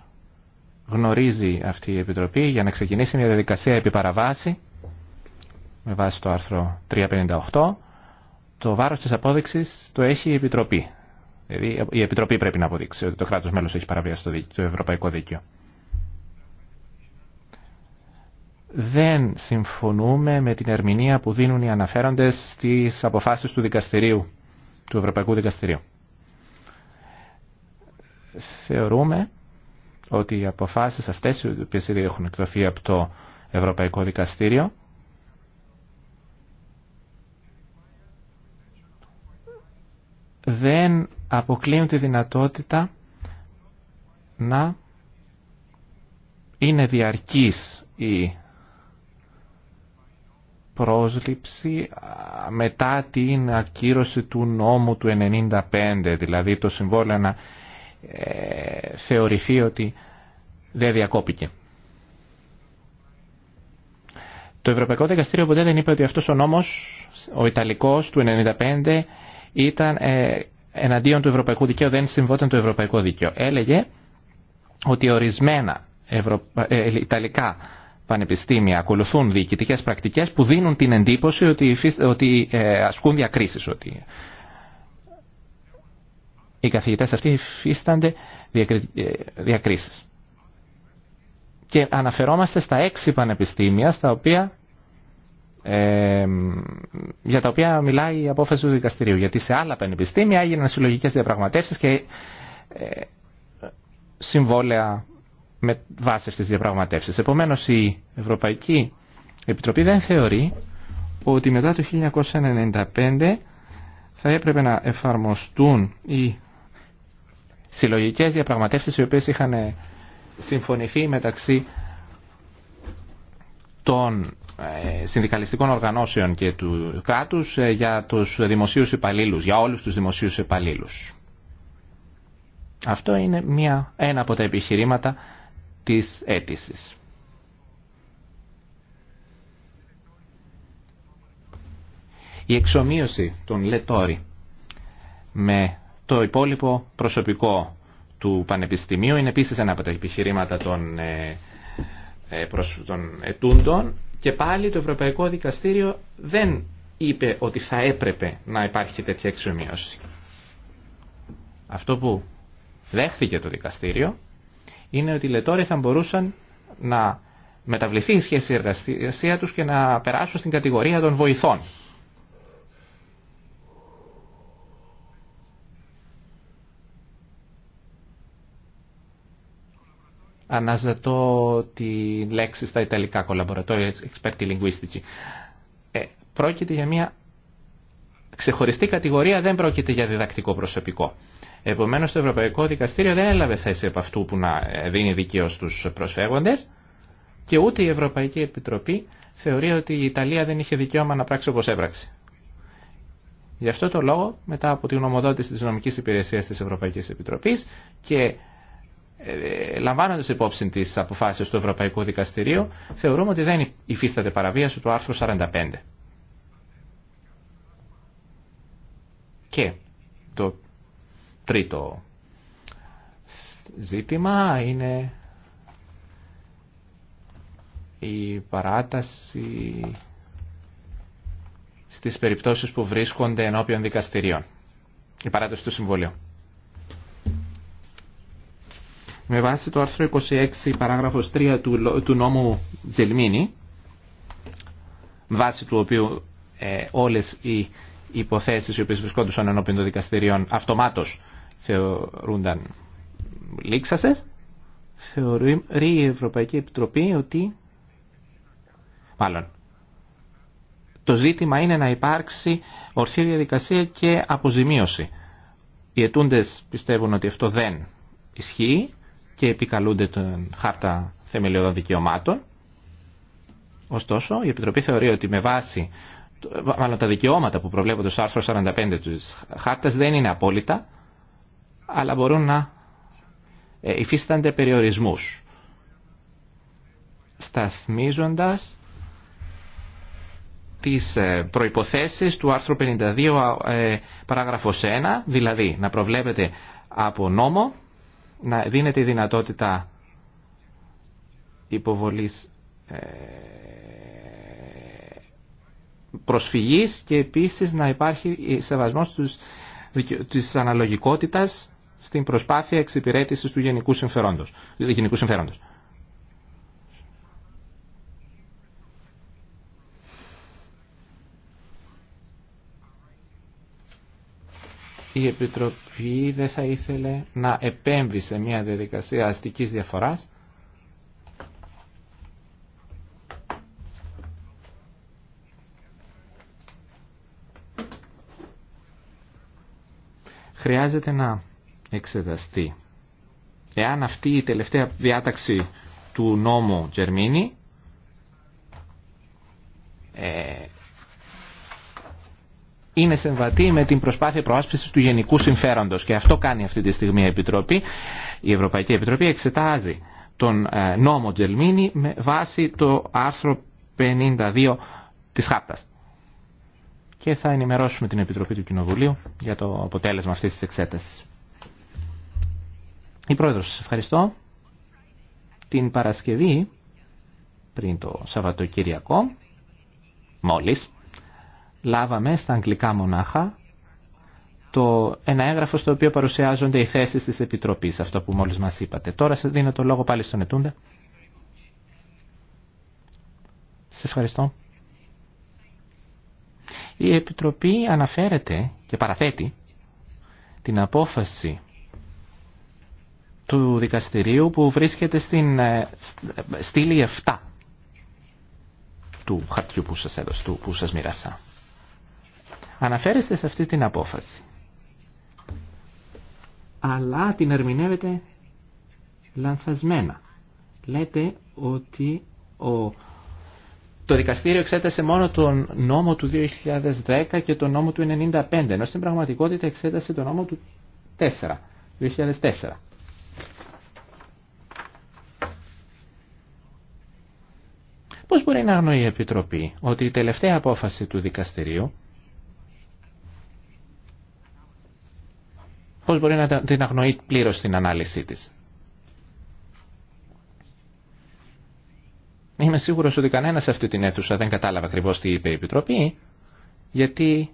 γνωρίζει αυτή η Επιτροπή, για να ξεκινήσει μια διαδικασία επιπαραβάση, με βάση το άρθρο 358, το βάρος της απόδειξης το έχει η Επιτροπή. Δηλαδή η Επιτροπή πρέπει να αποδείξει ότι το κράτος μέλος έχει παραβιάσει το Ευρωπαϊκό Δίκαιο. δεν συμφωνούμε με την ερμηνεία που δίνουν οι αναφέροντες στις αποφάσεις του δικαστηρίου, του Ευρωπαϊκού Δικαστηρίου. Θεωρούμε ότι οι αποφάσεις αυτές, οι οποίες έχουν εκδοθεί από το Ευρωπαϊκό Δικαστήριο, δεν αποκλείουν τη δυνατότητα να είναι διαρκής η πρόσληψη μετά την ακύρωση του νόμου του 95, δηλαδή το συμβόλαιο να ε, θεωρηθεί ότι δεν διακόπηκε. Το Ευρωπαϊκό Δικαστήριο ποτέ δεν είπε ότι αυτός ο νόμος, ο Ιταλικός του 95 ήταν ε, εναντίον του Ευρωπαϊκού Δικαίου, δεν συμβόταν το Ευρωπαϊκό Δίκαιο. Έλεγε ότι ορισμένα ε, Ιταλικά πανεπιστήμια ακολουθούν διοικητικέ πρακτικέ που δίνουν την εντύπωση ότι, ότι ε, ασκούν διακρίσει. Ότι οι καθηγητέ αυτοί υφίστανται ε, διακρίσει. Και αναφερόμαστε στα έξι πανεπιστήμια στα οποία, ε, για τα οποία μιλάει η απόφαση του δικαστηρίου. Γιατί σε άλλα πανεπιστήμια έγιναν συλλογικέ διαπραγματεύσει και ε, συμβόλαια με βάση στις διαπραγματεύσεις. Επομένως η Ευρωπαϊκή Επιτροπή δεν θεωρεί ότι μετά το 1995 θα έπρεπε να εφαρμοστούν οι συλλογικές διαπραγματεύσεις οι οποίες είχαν συμφωνηθεί μεταξύ των ε, συνδικαλιστικών οργανώσεων και του κράτους ε, για τους δημοσίους υπαλλήλους, για όλους τους δημοσίους υπαλλήλους. Αυτό είναι μια, ένα από τα επιχειρήματα της αίτησης. Η εξομοίωση των Λετόρι με το υπόλοιπο προσωπικό του Πανεπιστημίου είναι επίσης ένα από τα επιχειρήματα των, ε, ε, των ετούντων και πάλι το Ευρωπαϊκό Δικαστήριο δεν είπε ότι θα έπρεπε να υπάρχει τέτοια εξομοίωση. Αυτό που δέχθηκε το δικαστήριο είναι ότι οι Λετόροι θα μπορούσαν να μεταβληθεί η σχέση εργασία τους και να περάσουν στην κατηγορία των βοηθών. Αναζητώ τη λέξη στα Ιταλικά κολαμπορατόρια, experti linguistici. Ε, πρόκειται για μια ξεχωριστή κατηγορία, δεν πρόκειται για διδακτικό προσωπικό. Επομένως το Ευρωπαϊκό Δικαστήριο δεν έλαβε θέση από αυτού που να δίνει δικαίω στους προσφέροντες και ούτε η Ευρωπαϊκή Επιτροπή θεωρεί ότι η Ιταλία δεν είχε δικαίωμα να πράξει όπως έπραξε. Γι' αυτό το λόγο, μετά από τη γνωμοδότηση της νομικής υπηρεσίας της Ευρωπαϊκής Επιτροπής και ε, λαμβάνοντα υπόψη τι αποφάσει του Ευρωπαϊκού Δικαστηρίου, θεωρούμε ότι δεν υφίσταται παραβίαση του άρθρου 45. Και το Τρίτο ζήτημα είναι η παράταση στις περιπτώσεις που βρίσκονται ενώπιον δικαστηρίων. Η παράταση του συμβολίου. Με βάση το άρθρο 26 παράγραφος 3 του, νόμου Τζελμίνη, βάση του οποίου ε, όλες οι υποθέσεις οι οποίες βρισκόντουσαν ενώπιον των δικαστηρίων αυτομάτως θεωρούνταν λήξασες, θεωρεί η Ευρωπαϊκή Επιτροπή ότι, μάλλον, το ζήτημα είναι να υπάρξει ορθή διαδικασία και αποζημίωση. Οι ετούντες πιστεύουν ότι αυτό δεν ισχύει και επικαλούνται τον χάρτα θεμελιωδών δικαιωμάτων. Ωστόσο, η Επιτροπή θεωρεί ότι με βάση μάλλον τα δικαιώματα που προβλέπονται στο άρθρο 45 της χάρτας δεν είναι απόλυτα αλλά μπορούν να ε, υφίστανται περιορισμούς σταθμίζοντας τις ε, προϋποθέσεις του άρθρου 52 ε, παράγραφος 1, δηλαδή να προβλέπεται από νόμο, να δίνεται η δυνατότητα υποβολής προσφυγής και επίσης να υπάρχει σεβασμός της αναλογικότητας στην προσπάθεια εξυπηρέτησης του γενικού συμφερόντος. Γενικού συμφερόντος. η Επιτροπή δεν θα ήθελε να επέμβει σε μια διαδικασία αστικής διαφοράς Χρειάζεται να εξεταστεί. Εάν αυτή η τελευταία διάταξη του νόμου Τζερμίνη ε, είναι συμβατή με την προσπάθεια προάσπισης του γενικού συμφέροντος και αυτό κάνει αυτή τη στιγμή η Επιτροπή. Η Ευρωπαϊκή Επιτροπή εξετάζει τον ε, νόμο Τζερμίνη με βάση το άρθρο 52 της ΧΑΠΤΑΣ Και θα ενημερώσουμε την Επιτροπή του Κοινοβουλίου για το αποτέλεσμα αυτής της εξέτασης. Η πρόεδρος, σας ευχαριστώ. Την Παρασκευή, πριν το Σαββατοκύριακο, μόλις, λάβαμε στα αγγλικά μονάχα το, ένα έγγραφο στο οποίο παρουσιάζονται οι θέσεις της Επιτροπής, αυτό που μόλις μας είπατε. Τώρα σας δίνω το λόγο πάλι στον Ετούντα. Σας ευχαριστώ. Η Επιτροπή αναφέρεται και παραθέτει την απόφαση του δικαστηρίου που βρίσκεται στην ε, στήλη 7 του χαρτιού που σας έδωσε, του που σας μοιράσα. Αναφέρεστε σε αυτή την απόφαση. Αλλά την ερμηνεύετε λανθασμένα. Λέτε ότι ο... το δικαστήριο εξέτασε μόνο τον νόμο του 2010 και τον νόμο του 1995, ενώ στην πραγματικότητα εξέτασε τον νόμο του 4, 2004. Πώς μπορεί να αγνοεί η Επιτροπή ότι η τελευταία απόφαση του δικαστηρίου πώς μπορεί να την αγνοεί πλήρως στην ανάλυση της. Είμαι σίγουρος ότι κανένας σε αυτή την αίθουσα δεν κατάλαβε ακριβώς τι είπε η Επιτροπή, γιατί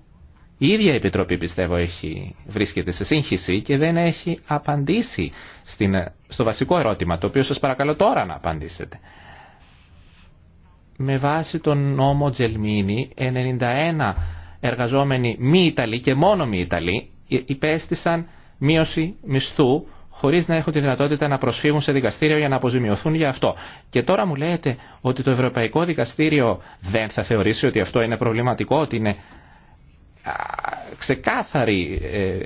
η ίδια η Επιτροπή πιστεύω έχει, βρίσκεται σε σύγχυση και δεν έχει απαντήσει στην, στο βασικό ερώτημα, το οποίο σας παρακαλώ τώρα να απαντήσετε με βάση τον νόμο Τζελμίνη 91 εργαζόμενοι μη Ιταλοί και μόνο μη Ιταλοί ε, υπέστησαν μείωση μισθού χωρί να έχουν τη δυνατότητα να προσφύγουν σε δικαστήριο για να αποζημιωθούν για αυτό. Και τώρα μου λέτε ότι το Ευρωπαϊκό Δικαστήριο δεν θα θεωρήσει ότι αυτό είναι προβληματικό, ότι είναι ξεκάθαρη ε,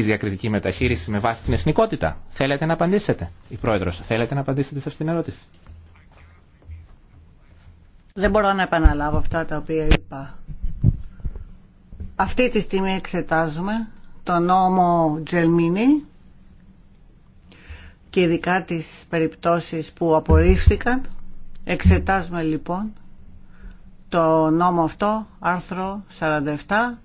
διακριτική μεταχείριση με βάση την εθνικότητα. Θέλετε να απαντήσετε, η Πρόεδρος. Θέλετε να απαντήσετε σε αυτήν την ερώτηση. Δεν μπορώ να επαναλάβω αυτά τα οποία είπα. Αυτή τη στιγμή εξετάζουμε το νόμο Τζελμίνη και ειδικά τις περιπτώσεις που απορρίφθηκαν. Εξετάζουμε λοιπόν το νόμο αυτό, άρθρο 47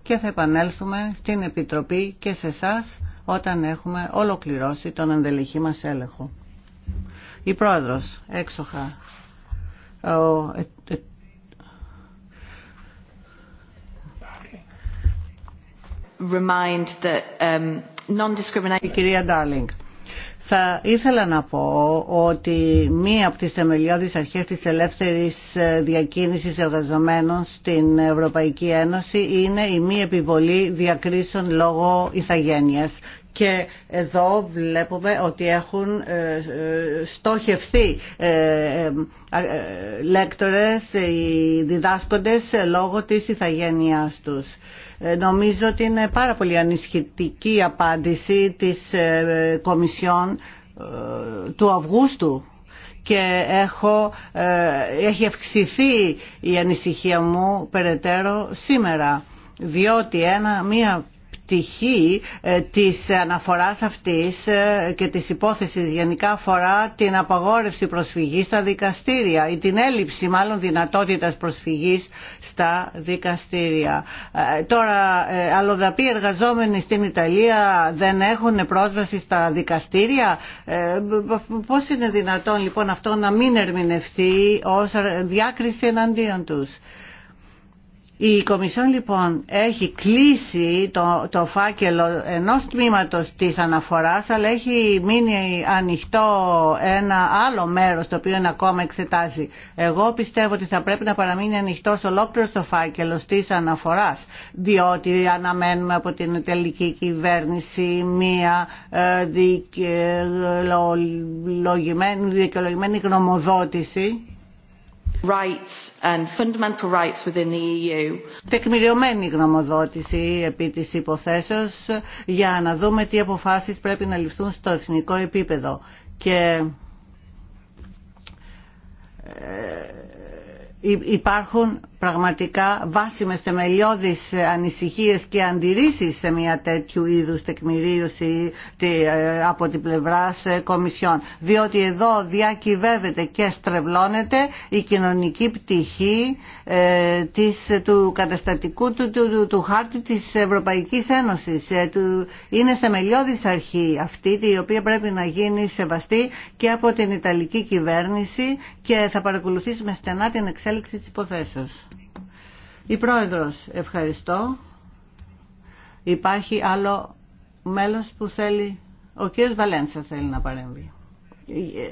και θα επανέλθουμε στην Επιτροπή και σε εσά όταν έχουμε ολοκληρώσει τον ενδελεχή μας έλεγχο. Η Πρόεδρος, έξοχα, ο Um, κυρία θα ήθελα να πω ότι μία από τις θεμελιώδεις αρχές της ελεύθερης ε, διακίνησης εργαζομένων στην Ευρωπαϊκή Ένωση είναι η μη επιβολή διακρίσεων λόγω ηθαγένειας. Και εδώ βλέπουμε ότι έχουν ε, ε, στόχευθεί λέκτορες, οι διδάσκοντες λόγω της ηθαγένειάς τους. Ε, νομίζω ότι είναι πάρα πολύ ανισχυτική η απάντηση της ε, Κομισιόν ε, του Αυγούστου και έχω, έχει αυξηθεί η ανησυχία μου περαιτέρω σήμερα διότι ένα, μία πτυχή ε, της αναφοράς αυτής ε, και της υπόθεσης γενικά αφορά την απαγόρευση προσφυγής στα δικαστήρια ή την έλλειψη μάλλον δυνατότητας προσφυγής στα δικαστήρια. Ε, τώρα, αλλοδαποί εργαζόμενοι στην Ιταλία δεν έχουν πρόσβαση στα δικαστήρια. Πώς είναι δυνατόν λοιπόν αυτό να μην ερμηνευτεί ως διάκριση εναντίον τους. Η Κομισιόν λοιπόν έχει κλείσει το, το φάκελο ενός τμήματος της αναφοράς αλλά έχει μείνει ανοιχτό ένα άλλο μέρος το οποίο είναι ακόμα εξετάζει. Εγώ πιστεύω ότι θα πρέπει να παραμείνει ανοιχτός ολόκληρος το φάκελο της αναφοράς διότι αναμένουμε από την τελική κυβέρνηση μία ε, δικαιολογημένη, δικαιολογημένη γνωμοδότηση rights e Τεκμηριωμένη γνωμοδότηση επί της υποθέσεως για να δούμε τι αποφάσεις πρέπει να ληφθούν στο εθνικό επίπεδο. Και ε, υπάρχουν πραγματικά βάσιμες θεμελιώδεις ανησυχίες και αντιρρήσεις σε μια τέτοιου είδους τεκμηρίωση ε, από την πλευρά κομισιών. Διότι εδώ διακυβεύεται και στρεβλώνεται η κοινωνική πτυχή ε, της, του καταστατικού του, του, χάρτη της Ευρωπαϊκής Ένωσης. Ε, του, είναι θεμελιώδης αρχή αυτή η οποία πρέπει να γίνει σεβαστή και από την Ιταλική κυβέρνηση και θα παρακολουθήσουμε στενά την εξέλιξη της υποθέσεως. Η Πρόεδρος, ευχαριστώ. Υπάρχει άλλο μέλος που θέλει... Ο κύριος Βαλέντσα θέλει να παρέμβει.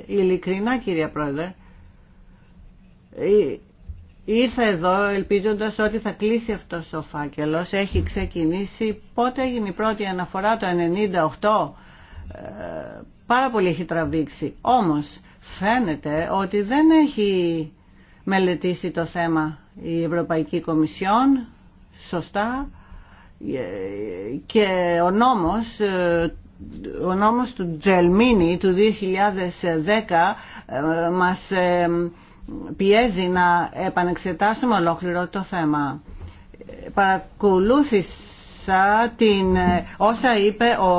Ειλικρινά, κυρία Πρόεδρε, ήρθα εδώ ελπίζοντας ότι θα κλείσει αυτός ο φάκελος. Έχει ξεκινήσει. Πότε έγινε η πρώτη αναφορά, το 98. Ε, πάρα πολύ έχει τραβήξει. Όμως, φαίνεται ότι δεν έχει μελετήσει το θέμα η Ευρωπαϊκή Κομισιόν, σωστά, και ο νόμος ο νόμος του Τζελμίνη του 2010 ε, μας ε, πιέζει να επανεξετάσουμε ολόκληρο το θέμα. Παρακολούθησα την, όσα είπε ο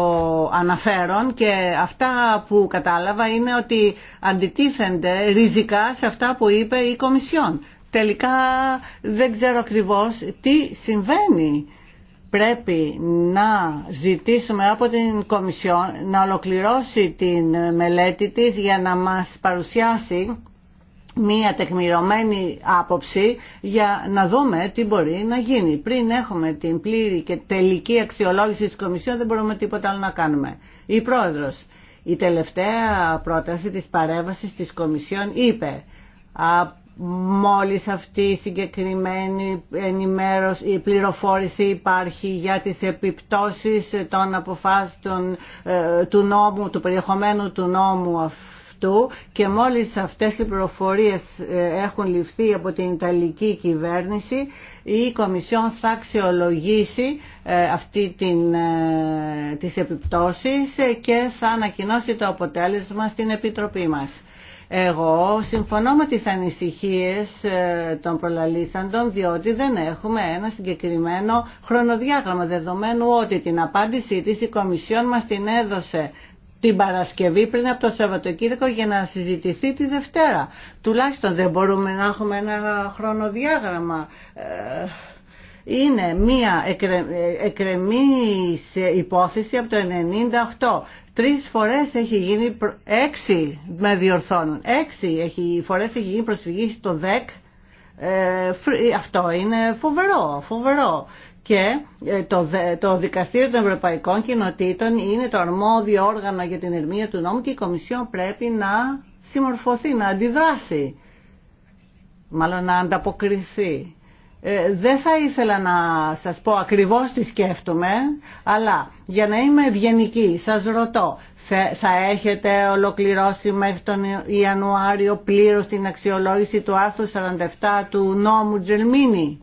αναφέρον και αυτά που κατάλαβα είναι ότι αντιτίθενται ριζικά σε αυτά που είπε η Κομισιόν τελικά δεν ξέρω ακριβώς τι συμβαίνει. Πρέπει να ζητήσουμε από την Κομισιόν να ολοκληρώσει την μελέτη της για να μας παρουσιάσει μία τεκμηρωμένη άποψη για να δούμε τι μπορεί να γίνει. Πριν έχουμε την πλήρη και τελική αξιολόγηση της Κομισιόν δεν μπορούμε τίποτα άλλο να κάνουμε. Η Πρόεδρος, η τελευταία πρόταση της παρέμβασης της Κομισιόν είπε μόλις αυτή η συγκεκριμένη ενημέρωση, η πληροφόρηση υπάρχει για τις επιπτώσεις των αποφάσεων ε, του νόμου, του περιεχομένου του νόμου αυτού και μόλις αυτές οι πληροφορίες ε, έχουν ληφθεί από την Ιταλική κυβέρνηση η Κομισιόν θα αξιολογήσει ε, αυτή την, τις επιπτώσεις και θα ανακοινώσει το αποτέλεσμα στην Επιτροπή μας. Εγώ συμφωνώ με τις ανησυχίες ε, των προλαλήσαντων διότι δεν έχουμε ένα συγκεκριμένο χρονοδιάγραμμα δεδομένου ότι την απάντησή της η Κομισιόν μας την έδωσε την Παρασκευή πριν από το Σαββατοκύριακο για να συζητηθεί τη Δευτέρα. Τουλάχιστον δεν μπορούμε να έχουμε ένα χρονοδιάγραμμα. Ε, είναι μία ε, εκρεμή υπόθεση από το 1998 Τρεις φορές έχει γίνει, έξι με διορθώνουν, έξι έχει, φορές έχει γίνει προσφυγή στο ΔΕΚ. Ε, ε, αυτό είναι φοβερό, φοβερό. Και ε, το, το Δικαστήριο των Ευρωπαϊκών Κοινοτήτων είναι το αρμόδιο όργανο για την ερμηνεία του νόμου και η Κομισιόν πρέπει να συμμορφωθεί, να αντιδράσει, μάλλον να ανταποκριθεί. Ε, δεν θα ήθελα να σας πω ακριβώς τι σκέφτομαι, αλλά για να είμαι ευγενική, σας ρωτώ, θα έχετε ολοκληρώσει μέχρι τον Ιανουάριο πλήρως την αξιολόγηση του άρθρου 47 του νόμου Τζελμίνη.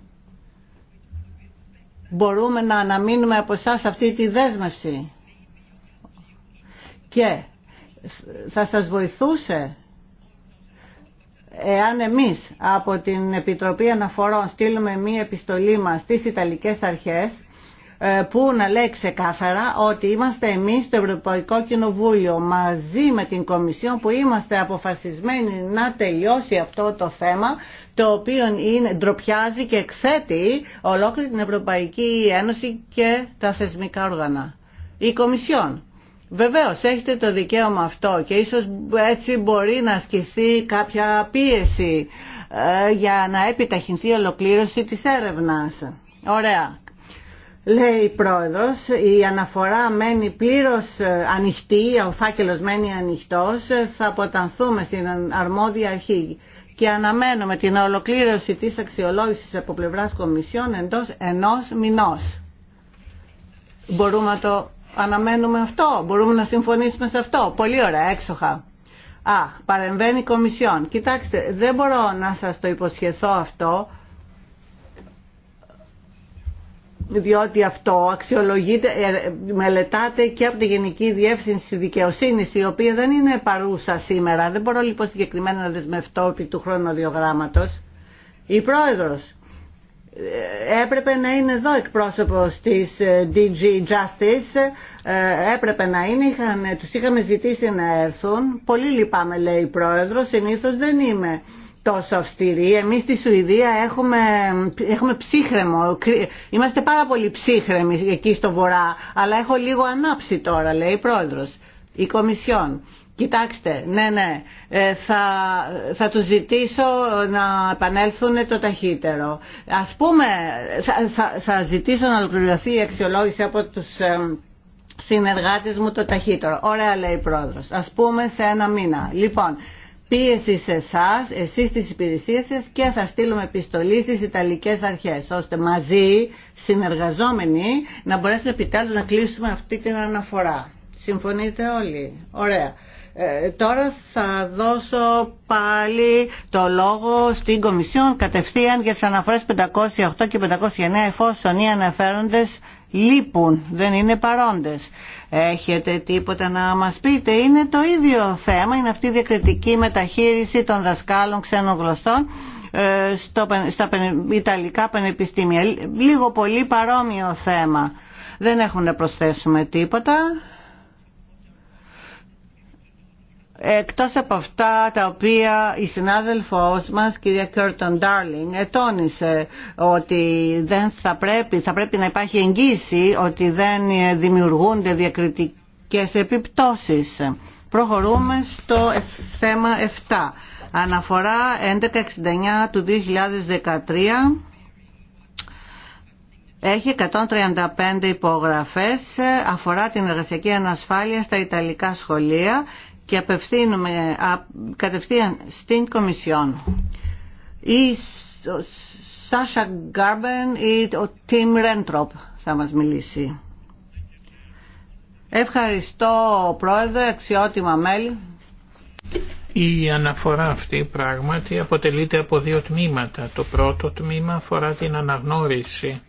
Μπορούμε να αναμείνουμε από εσά αυτή τη δέσμευση. Και θα σας βοηθούσε εάν εμείς από την Επιτροπή Αναφορών στείλουμε μία επιστολή μας στις Ιταλικές Αρχές ε, που να λέει ξεκάθαρα ότι είμαστε εμείς το Ευρωπαϊκό Κοινοβούλιο μαζί με την Κομισιόν που είμαστε αποφασισμένοι να τελειώσει αυτό το θέμα το οποίο είναι, ντροπιάζει και εξέτει ολόκληρη την Ευρωπαϊκή Ένωση και τα θεσμικά όργανα. Η Κομισιόν Βεβαίω, έχετε το δικαίωμα αυτό και ίσως έτσι μπορεί να ασκηθεί κάποια πίεση ε, για να επιταχυνθεί η ολοκλήρωση της έρευνας. Ωραία. Λέει η πρόεδρος, η αναφορά μένει πλήρως ε, ανοιχτή, ο φάκελος μένει ανοιχτός, ε, θα αποτανθούμε στην αρμόδια αρχή και αναμένουμε την ολοκλήρωση της αξιολόγησης από πλευράς Κομισιόν εντός ενός μηνός. Μπορούμε το Αναμένουμε αυτό. Μπορούμε να συμφωνήσουμε σε αυτό. Πολύ ωραία, έξοχα. Α, παρεμβαίνει η Κομισιόν. Κοιτάξτε, δεν μπορώ να σας το υποσχεθώ αυτό, διότι αυτό αξιολογείται, ε, μελετάται και από τη Γενική Διεύθυνση Δικαιοσύνης, η οποία δεν είναι παρούσα σήμερα. Δεν μπορώ λοιπόν συγκεκριμένα να δεσμευτώ επί του χρονοδιογράμματος. Η Πρόεδρος, έπρεπε να είναι εδώ εκπρόσωπος της ε, DG Justice ε, έπρεπε να είναι, είχαν, τους είχαμε ζητήσει να έρθουν πολύ λυπάμαι λέει η πρόεδρος, συνήθως δεν είμαι τόσο αυστηρή εμείς στη Σουηδία έχουμε, έχουμε ψύχρεμο είμαστε πάρα πολύ ψύχρεμοι εκεί στο βορρά αλλά έχω λίγο ανάψει τώρα λέει η πρόεδρος η Κομισιόν Κοιτάξτε, ναι, ναι, ε, θα, θα τους ζητήσω να επανέλθουν το ταχύτερο. Ας πούμε, θα, ζητήσω να ολοκληρωθεί η αξιολόγηση από τους ε, συνεργάτες μου το ταχύτερο. Ωραία λέει η πρόεδρος. Ας πούμε σε ένα μήνα. Λοιπόν, πίεση σε εσά, εσεί τι υπηρεσίε σα και θα στείλουμε επιστολή στι Ιταλικέ Αρχέ, ώστε μαζί, συνεργαζόμενοι, να μπορέσουμε επιτέλου να κλείσουμε αυτή την αναφορά. Συμφωνείτε όλοι. Ωραία. Ε, τώρα θα δώσω πάλι το λόγο στην Κομισιόν κατευθείαν για τις αναφορές 508 και 509 εφόσον οι αναφέροντες λείπουν, δεν είναι παρόντες. Έχετε τίποτα να μας πείτε, είναι το ίδιο θέμα, είναι αυτή η διακριτική μεταχείριση των δασκάλων ξένων γλωσσών ε, στα Ιταλικά Πανεπιστήμια. Λίγο πολύ παρόμοιο θέμα. Δεν έχουμε να προσθέσουμε τίποτα εκτός από αυτά τα οποία η συνάδελφός μας κυρία Κέρτον Ντάρλινγκ ετώνησε ότι δεν θα πρέπει, θα πρέπει να υπάρχει εγγύηση ότι δεν δημιουργούνται διακριτικές επιπτώσεις. Προχωρούμε στο θέμα 7. Αναφορά 1169 του 2013 έχει 135 υπογραφές, αφορά την εργασιακή ανασφάλεια στα Ιταλικά σχολεία και απευθύνουμε κατευθείαν στην Κομισιόν ή ο Σάσα Γκάρμπεν ή ο Τιμ Ρέντροπ θα μας μιλήσει. Ευχαριστώ Πρόεδρε, αξιότιμα μέλη. Η αναφορά αυτή πράγματι αποτελείται από δύο τμήματα. Το πρώτο τμήμα αφορά την αναγνώριση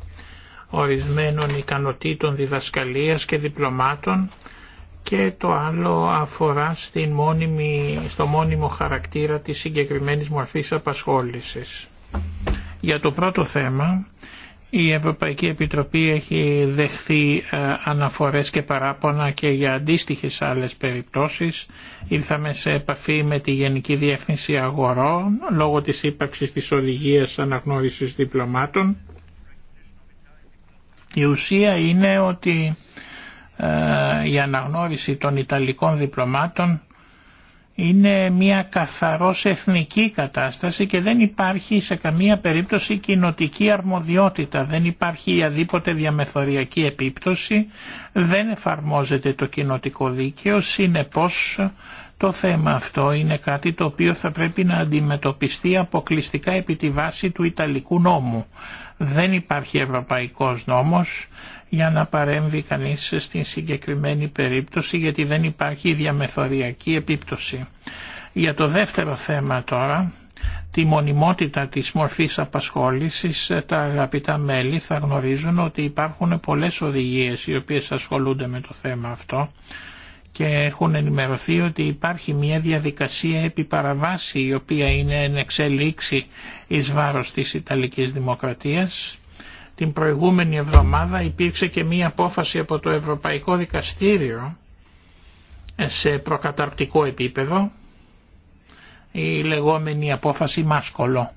ορισμένων ικανοτήτων διδασκαλίας και διπλωμάτων και το άλλο αφορά μόνιμη, στο μόνιμο χαρακτήρα της συγκεκριμένης μορφής απασχόλησης. Για το πρώτο θέμα, η Ευρωπαϊκή Επιτροπή έχει δεχθεί ε, αναφορές και παράπονα και για αντίστοιχες άλλες περιπτώσεις. Ήρθαμε σε επαφή με τη Γενική Διεύθυνση Αγορών λόγω της ύπαρξης της οδηγίας αναγνώρισης διπλωμάτων. Η ουσία είναι ότι ε, η αναγνώριση των Ιταλικών διπλωμάτων είναι μια καθαρός εθνική κατάσταση και δεν υπάρχει σε καμία περίπτωση κοινοτική αρμοδιότητα, δεν υπάρχει η διαμεθοριακή επίπτωση, δεν εφαρμόζεται το κοινοτικό δίκαιο, συνεπώς το θέμα αυτό είναι κάτι το οποίο θα πρέπει να αντιμετωπιστεί αποκλειστικά επί τη βάση του Ιταλικού νόμου. Δεν υπάρχει ευρωπαϊκός νόμος για να παρέμβει κανείς στην συγκεκριμένη περίπτωση γιατί δεν υπάρχει διαμεθοριακή επίπτωση. Για το δεύτερο θέμα τώρα, τη μονιμότητα της μορφής απασχόλησης, τα αγαπητά μέλη θα γνωρίζουν ότι υπάρχουν πολλές οδηγίες οι οποίες ασχολούνται με το θέμα αυτό και έχουν ενημερωθεί ότι υπάρχει μια διαδικασία επιπαραβάση η οποία είναι εν εξελίξη εις βάρος της Ιταλικής Δημοκρατίας. Την προηγούμενη εβδομάδα υπήρξε και μια απόφαση από το Ευρωπαϊκό Δικαστήριο σε προκαταρκτικό επίπεδο η λεγόμενη απόφαση Μάσκολο.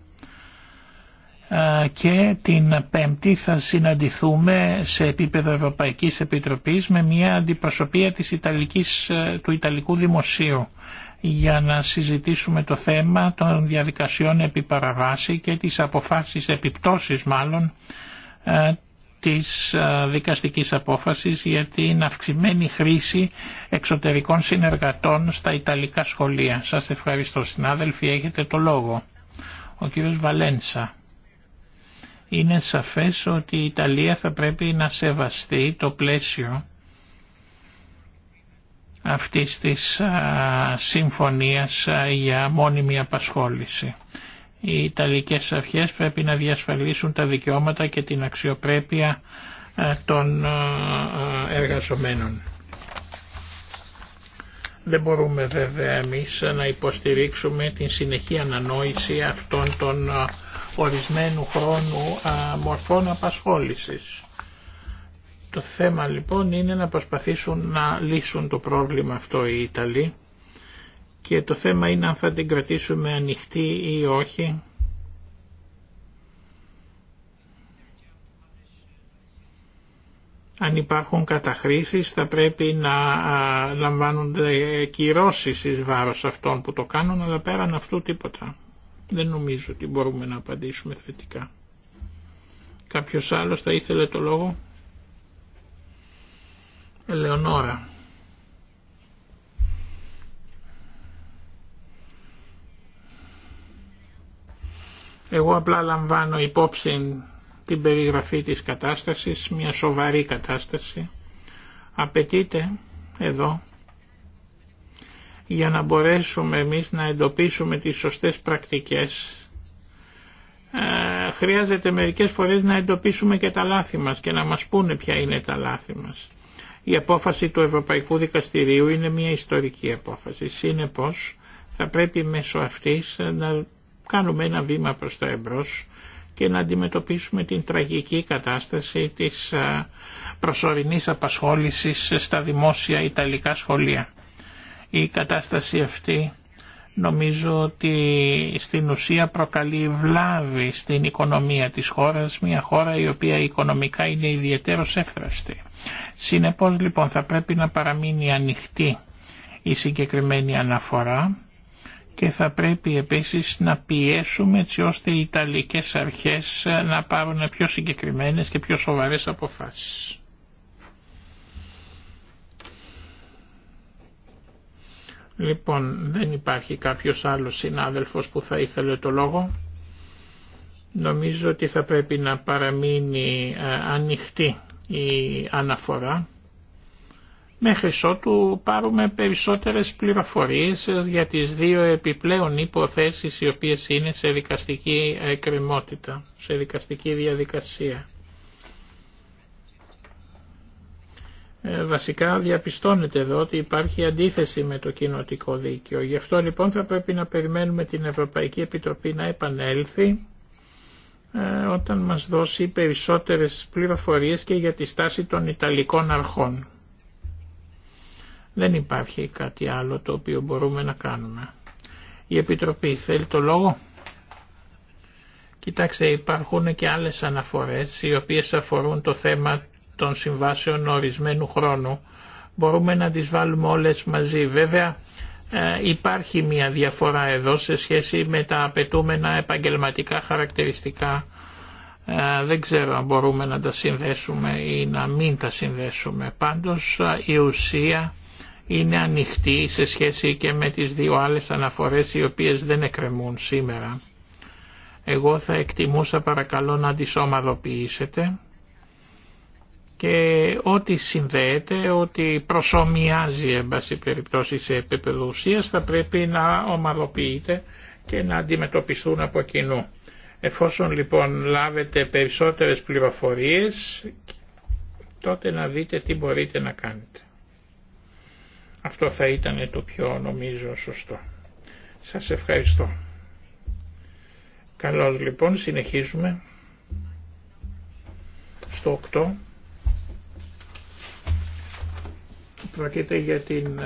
Ε, και την Πέμπτη θα συναντηθούμε σε επίπεδο Ευρωπαϊκής Επιτροπής με μια αντιπροσωπεία της Ιταλικής, ε, του Ιταλικού Δημοσίου για να συζητήσουμε το θέμα των διαδικασιών επί και τις αποφάσεις επιπτώσεις μάλλον ε, της δικαστικής απόφασης για την αυξημένη χρήση εξωτερικών συνεργατών στα Ιταλικά σχολεία. Σας ευχαριστώ συνάδελφοι, έχετε το λόγο. Ο κύριος Βαλέντσα είναι σαφές ότι η Ιταλία θα πρέπει να σεβαστεί το πλαίσιο αυτής της συμφωνίας για μόνιμη απασχόληση. Οι Ιταλικές αρχές πρέπει να διασφαλίσουν τα δικαιώματα και την αξιοπρέπεια των εργαζομένων. Δεν μπορούμε βέβαια εμείς να υποστηρίξουμε την συνεχή ανανόηση αυτών των ορισμένου χρόνου μορφών απασχόλησης. Το θέμα λοιπόν είναι να προσπαθήσουν να λύσουν το πρόβλημα αυτό οι Ιταλοί και το θέμα είναι αν θα την κρατήσουμε ανοιχτή ή όχι. Αν υπάρχουν καταχρήσεις θα πρέπει να λαμβάνονται κυρώσεις εις βάρος αυτών που το κάνουν αλλά πέραν αυτού τίποτα. Δεν νομίζω ότι μπορούμε να απαντήσουμε θετικά. Κάποιος άλλος θα ήθελε το λόγο. Ελεονόρα. Εγώ απλά λαμβάνω υπόψη την περιγραφή της κατάστασης, μια σοβαρή κατάσταση. Απαιτείται εδώ για να μπορέσουμε εμείς να εντοπίσουμε τις σωστές πρακτικές ε, χρειάζεται μερικές φορές να εντοπίσουμε και τα λάθη μας και να μας πούνε ποια είναι τα λάθη μας. Η απόφαση του Ευρωπαϊκού Δικαστηρίου είναι μια ιστορική απόφαση. Σύνεπως θα πρέπει μέσω αυτής να κάνουμε ένα βήμα προς τα εμπρός και να αντιμετωπίσουμε την τραγική κατάσταση της ε, προσωρινής απασχόλησης στα δημόσια Ιταλικά σχολεία. Η κατάσταση αυτή νομίζω ότι στην ουσία προκαλεί βλάβη στην οικονομία της χώρας, μια χώρα η οποία οικονομικά είναι ιδιαίτερο εύθραστη. Συνεπώς λοιπόν θα πρέπει να παραμείνει ανοιχτή η συγκεκριμένη αναφορά και θα πρέπει επίσης να πιέσουμε έτσι ώστε οι Ιταλικές αρχές να πάρουν πιο συγκεκριμένες και πιο σοβαρές αποφάσεις. Λοιπόν, δεν υπάρχει κάποιος άλλος συνάδελφος που θα ήθελε το λόγο. Νομίζω ότι θα πρέπει να παραμείνει ε, ανοιχτή η αναφορά μέχρι ότου πάρουμε περισσότερες πληροφορίες για τις δύο επιπλέον υποθέσεις οι οποίες είναι σε δικαστική εκκρεμότητα, σε δικαστική διαδικασία. Ε, βασικά διαπιστώνεται εδώ ότι υπάρχει αντίθεση με το κοινοτικό δίκαιο. Γι' αυτό λοιπόν θα πρέπει να περιμένουμε την Ευρωπαϊκή Επιτροπή να επανέλθει ε, όταν μας δώσει περισσότερες πληροφορίες και για τη στάση των Ιταλικών αρχών. Δεν υπάρχει κάτι άλλο το οποίο μπορούμε να κάνουμε. Η Επιτροπή θέλει το λόγο. Κοιτάξτε, υπάρχουν και άλλες αναφορές οι οποίες αφορούν το θέμα των συμβάσεων ορισμένου χρόνου μπορούμε να τις βάλουμε όλες μαζί. Βέβαια ε, υπάρχει μια διαφορά εδώ σε σχέση με τα απαιτούμενα επαγγελματικά χαρακτηριστικά. Ε, δεν ξέρω αν μπορούμε να τα συνδέσουμε ή να μην τα συνδέσουμε. Πάντως ε, η ουσία είναι ανοιχτή σε σχέση και με τις δύο άλλες αναφορές οι οποίες δεν εκκρεμούν σήμερα. Εγώ θα εκτιμούσα παρακαλώ να τις ομαδοποιήσετε και ό,τι συνδέεται, ό,τι προσωμιάζει εν πάση περιπτώσει σε επίπεδο ουσίας θα πρέπει να ομαδοποιείται και να αντιμετωπιστούν από κοινού. Εφόσον λοιπόν λάβετε περισσότερες πληροφορίες τότε να δείτε τι μπορείτε να κάνετε. Αυτό θα ήταν το πιο νομίζω σωστό. Σας ευχαριστώ. Καλώς λοιπόν συνεχίζουμε στο 8. Πρόκειται για την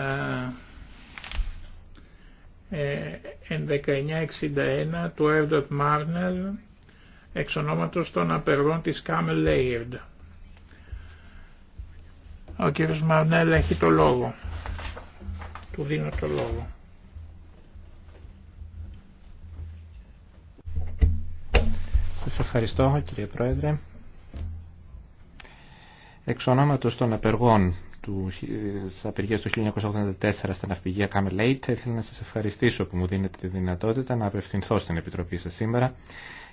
ε, 1961 του Εύδοτ Μάρνελ εξ ονόματος των απεργών της Κάμελ Λέιρντ. Ο κύριος Μαρνέλ έχει το λόγο. Του δίνω το λόγο. Σας ευχαριστώ κύριε Πρόεδρε. Εξ ονόματος των απεργών του, ε, απεργίε του 1984 στα ναυπηγεία Καμελέιτ, θέλω να σας ευχαριστήσω που μου δίνετε τη δυνατότητα να απευθυνθώ στην Επιτροπή σας σήμερα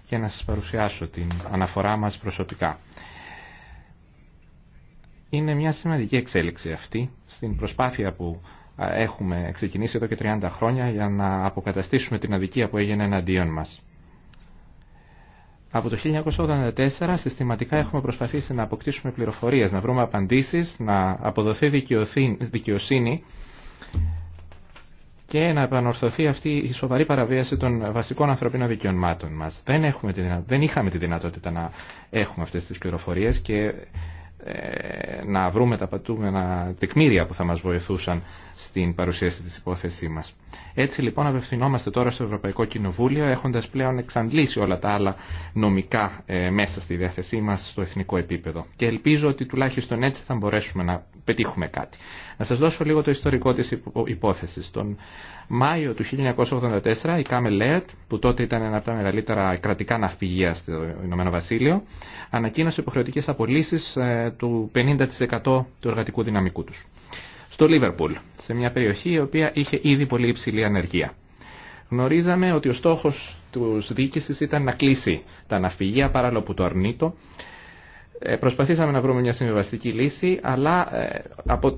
για να σας παρουσιάσω την αναφορά μας προσωπικά. Είναι μια σημαντική εξέλιξη αυτή στην προσπάθεια που ε, έχουμε ξεκινήσει εδώ και 30 χρόνια για να αποκαταστήσουμε την αδικία που έγινε εναντίον μας. Από το 1984 συστηματικά έχουμε προσπαθήσει να αποκτήσουμε πληροφορίες, να βρούμε απαντήσεις, να αποδοθεί δικαιοσύνη και να επανορθωθεί αυτή η σοβαρή παραβίαση των βασικών ανθρωπίνων δικαιωμάτων μας. Δεν, έχουμε τη δεν είχαμε τη δυνατότητα να έχουμε αυτές τις πληροφορίες και ε, να βρούμε τα πατούμενα τεκμήρια που θα μας βοηθούσαν στην παρουσίαση της υπόθεσή μας. Έτσι λοιπόν απευθυνόμαστε τώρα στο Ευρωπαϊκό Κοινοβούλιο έχοντας πλέον εξαντλήσει όλα τα άλλα νομικά ε, μέσα στη διάθεσή μας στο εθνικό επίπεδο. Και ελπίζω ότι τουλάχιστον έτσι θα μπορέσουμε να πετύχουμε κάτι. Να σας δώσω λίγο το ιστορικό της υπόθεσης. Τον Μάιο του 1984 η Κάμελ Λέατ, που τότε ήταν ένα από τα μεγαλύτερα κρατικά ναυπηγεία στο Ηνωμένο Βασίλειο, ανακοίνωσε υποχρεωτικές απολύσεις ε, του 50% του εργατικού δυναμικού τους. Στο Λίβερπουλ, σε μια περιοχή η οποία είχε ήδη πολύ υψηλή ανεργία. Γνωρίζαμε ότι ο στόχος τη διοίκησης ήταν να κλείσει τα ναυπηγεία παράλληλο που το αρνείτο ε, προσπαθήσαμε να βρούμε μια συμβιβαστική λύση, αλλά ε,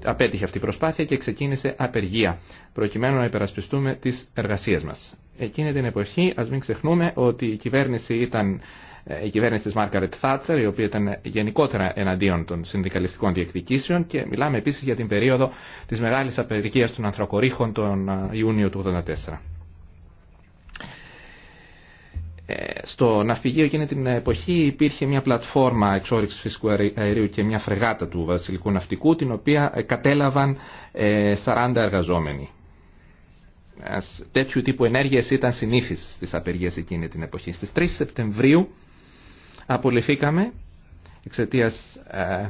απέτυχε αυτή η προσπάθεια και ξεκίνησε απεργία, προκειμένου να υπερασπιστούμε τις εργασίες μας. Εκείνη την εποχή, ας μην ξεχνούμε ότι η κυβέρνηση ήταν ε, η κυβέρνηση της Μάρκαρετ Θάτσερ, η οποία ήταν γενικότερα εναντίον των συνδικαλιστικών διεκδικήσεων και μιλάμε επίσης για την περίοδο της μεγάλης απεργίας των ανθρακορίχων τον Ιούνιο του 1984 στο ναυπηγείο εκείνη την εποχή υπήρχε μια πλατφόρμα εξόριξης φυσικού αερίου και μια φρεγάτα του βασιλικού ναυτικού την οποία ε, κατέλαβαν 40 ε, εργαζόμενοι. Τέτοιου τύπου ενέργειες ήταν συνήθεις στις απεργίες εκείνη την εποχή. Στις 3 Σεπτεμβρίου απολυθήκαμε εξαιτίας ε,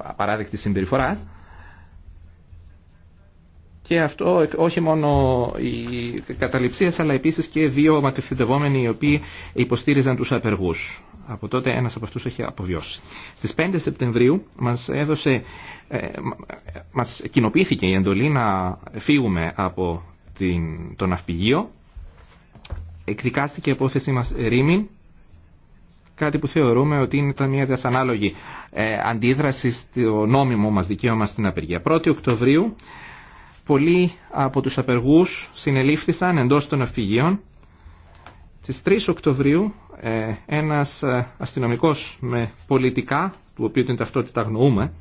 απαράδεκτης συμπεριφοράς και αυτό όχι μόνο οι καταληψίες αλλά επίσης και δύο μακριθυντευόμενοι οι οποίοι υποστήριζαν τους απεργούς. Από τότε ένας από αυτούς έχει αποβιώσει. Στις 5 Σεπτεμβρίου μας, έδωσε, ε, μας κοινοποιήθηκε η εντολή να φύγουμε από την, το ναυπηγείο. Εκδικάστηκε η απόθεση μας Ρήμιν κάτι που θεωρούμε ότι ήταν μια δυσανάλογη ε, αντίδραση στο νόμιμο μας δικαίωμα στην απεργία. Οκτωβρίου Πολλοί από τους απεργούς συνελήφθησαν εντός των αυπηγείων. Στις 3 Οκτωβρίου ε, ένας ε, αστυνομικός με πολιτικά, του οποίου την ταυτότητα αγνοούμε,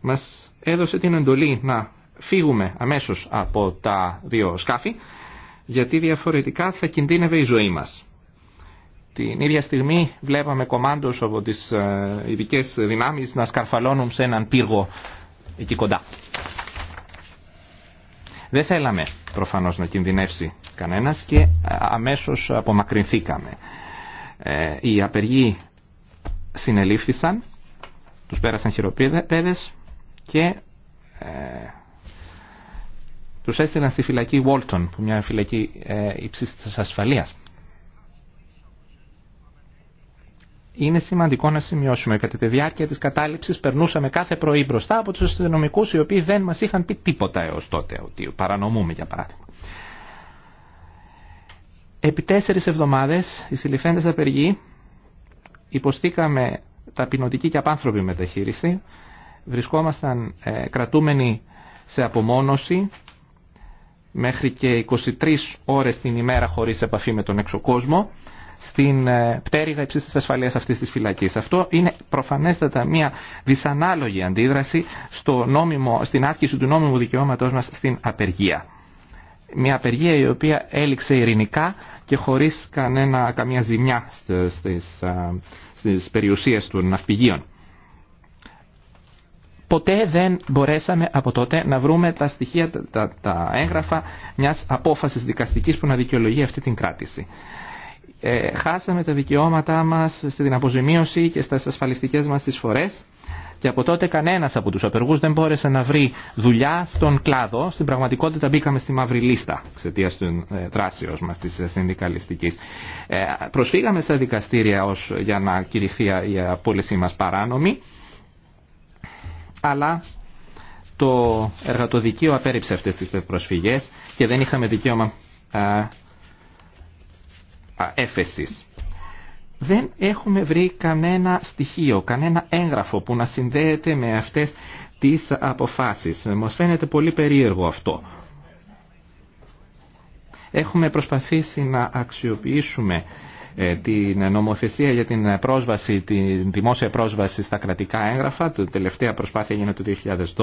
μας έδωσε την εντολή να φύγουμε αμέσως από τα δύο σκάφη, γιατί διαφορετικά θα κινδύνευε η ζωή μας. Την ίδια στιγμή βλέπαμε κομμάντος από τις ε, ειδικέ δυνάμεις να σκαρφαλώνουν σε έναν πύργο εκεί κοντά. Δεν θέλαμε προφανώς να κινδυνεύσει κανένας και ε, αμέσως απομακρυνθήκαμε. Ε, οι απεργοί συνελήφθησαν, τους πέρασαν χειροπέδες και ε, τους έστειλαν στη φυλακή Walton, που μια φυλακή ε, υψίστης ασφαλείας. είναι σημαντικό να σημειώσουμε κατά τη διάρκεια της κατάληψης περνούσαμε κάθε πρωί μπροστά από τους αστυνομικούς οι οποίοι δεν μας είχαν πει τίποτα έως τότε ότι παρανομούμε για παράδειγμα. Επί τέσσερις εβδομάδες οι συλληφθέντες απεργοί υποστήκαμε ταπεινωτική και απάνθρωπη μεταχείριση βρισκόμασταν ε, κρατούμενοι σε απομόνωση μέχρι και 23 ώρες την ημέρα χωρίς επαφή με τον εξωκόσμο στην ε, πτέρυγα υψής της ασφαλείας αυτής της φυλακής. Αυτό είναι προφανέστατα μια δυσανάλογη αντίδραση στο νόμιμο, στην άσκηση του νόμιμου δικαιώματο μα στην απεργία. Μια απεργία η οποία έληξε ειρηνικά και χωρίς καμία ζημιά στι περιουσίε των ναυπηγείων. Ποτέ δεν μπορέσαμε από τότε να βρούμε τα στοιχεία, τα, τα έγγραφα μιας απόφασης δικαστικής που να δικαιολογεί αυτή την κράτηση. Ε, χάσαμε τα δικαιώματά μας στην αποζημίωση και στις ασφαλιστικές μας εισφορές και από τότε κανένας από τους απεργούς δεν μπόρεσε να βρει δουλειά στον κλάδο. Στην πραγματικότητα μπήκαμε στη μαύρη λίστα εξαιτία του ε, δράσεως μας της ε, συνδικαλιστικής. προσφύγαμε στα δικαστήρια ως, για να κηρυχθεί η απόλυσή μας παράνομη αλλά το εργατοδικείο απέρριψε αυτές τις προσφυγές και δεν είχαμε δικαίωμα έφεσης. Δεν έχουμε βρει κανένα στοιχείο, κανένα έγγραφο που να συνδέεται με αυτές τις αποφάσεις. Μας φαίνεται πολύ περίεργο αυτό. Έχουμε προσπαθήσει να αξιοποιήσουμε ε, την νομοθεσία για την πρόσβαση, την δημόσια πρόσβαση στα κρατικά έγγραφα. Την τελευταία προσπάθεια έγινε το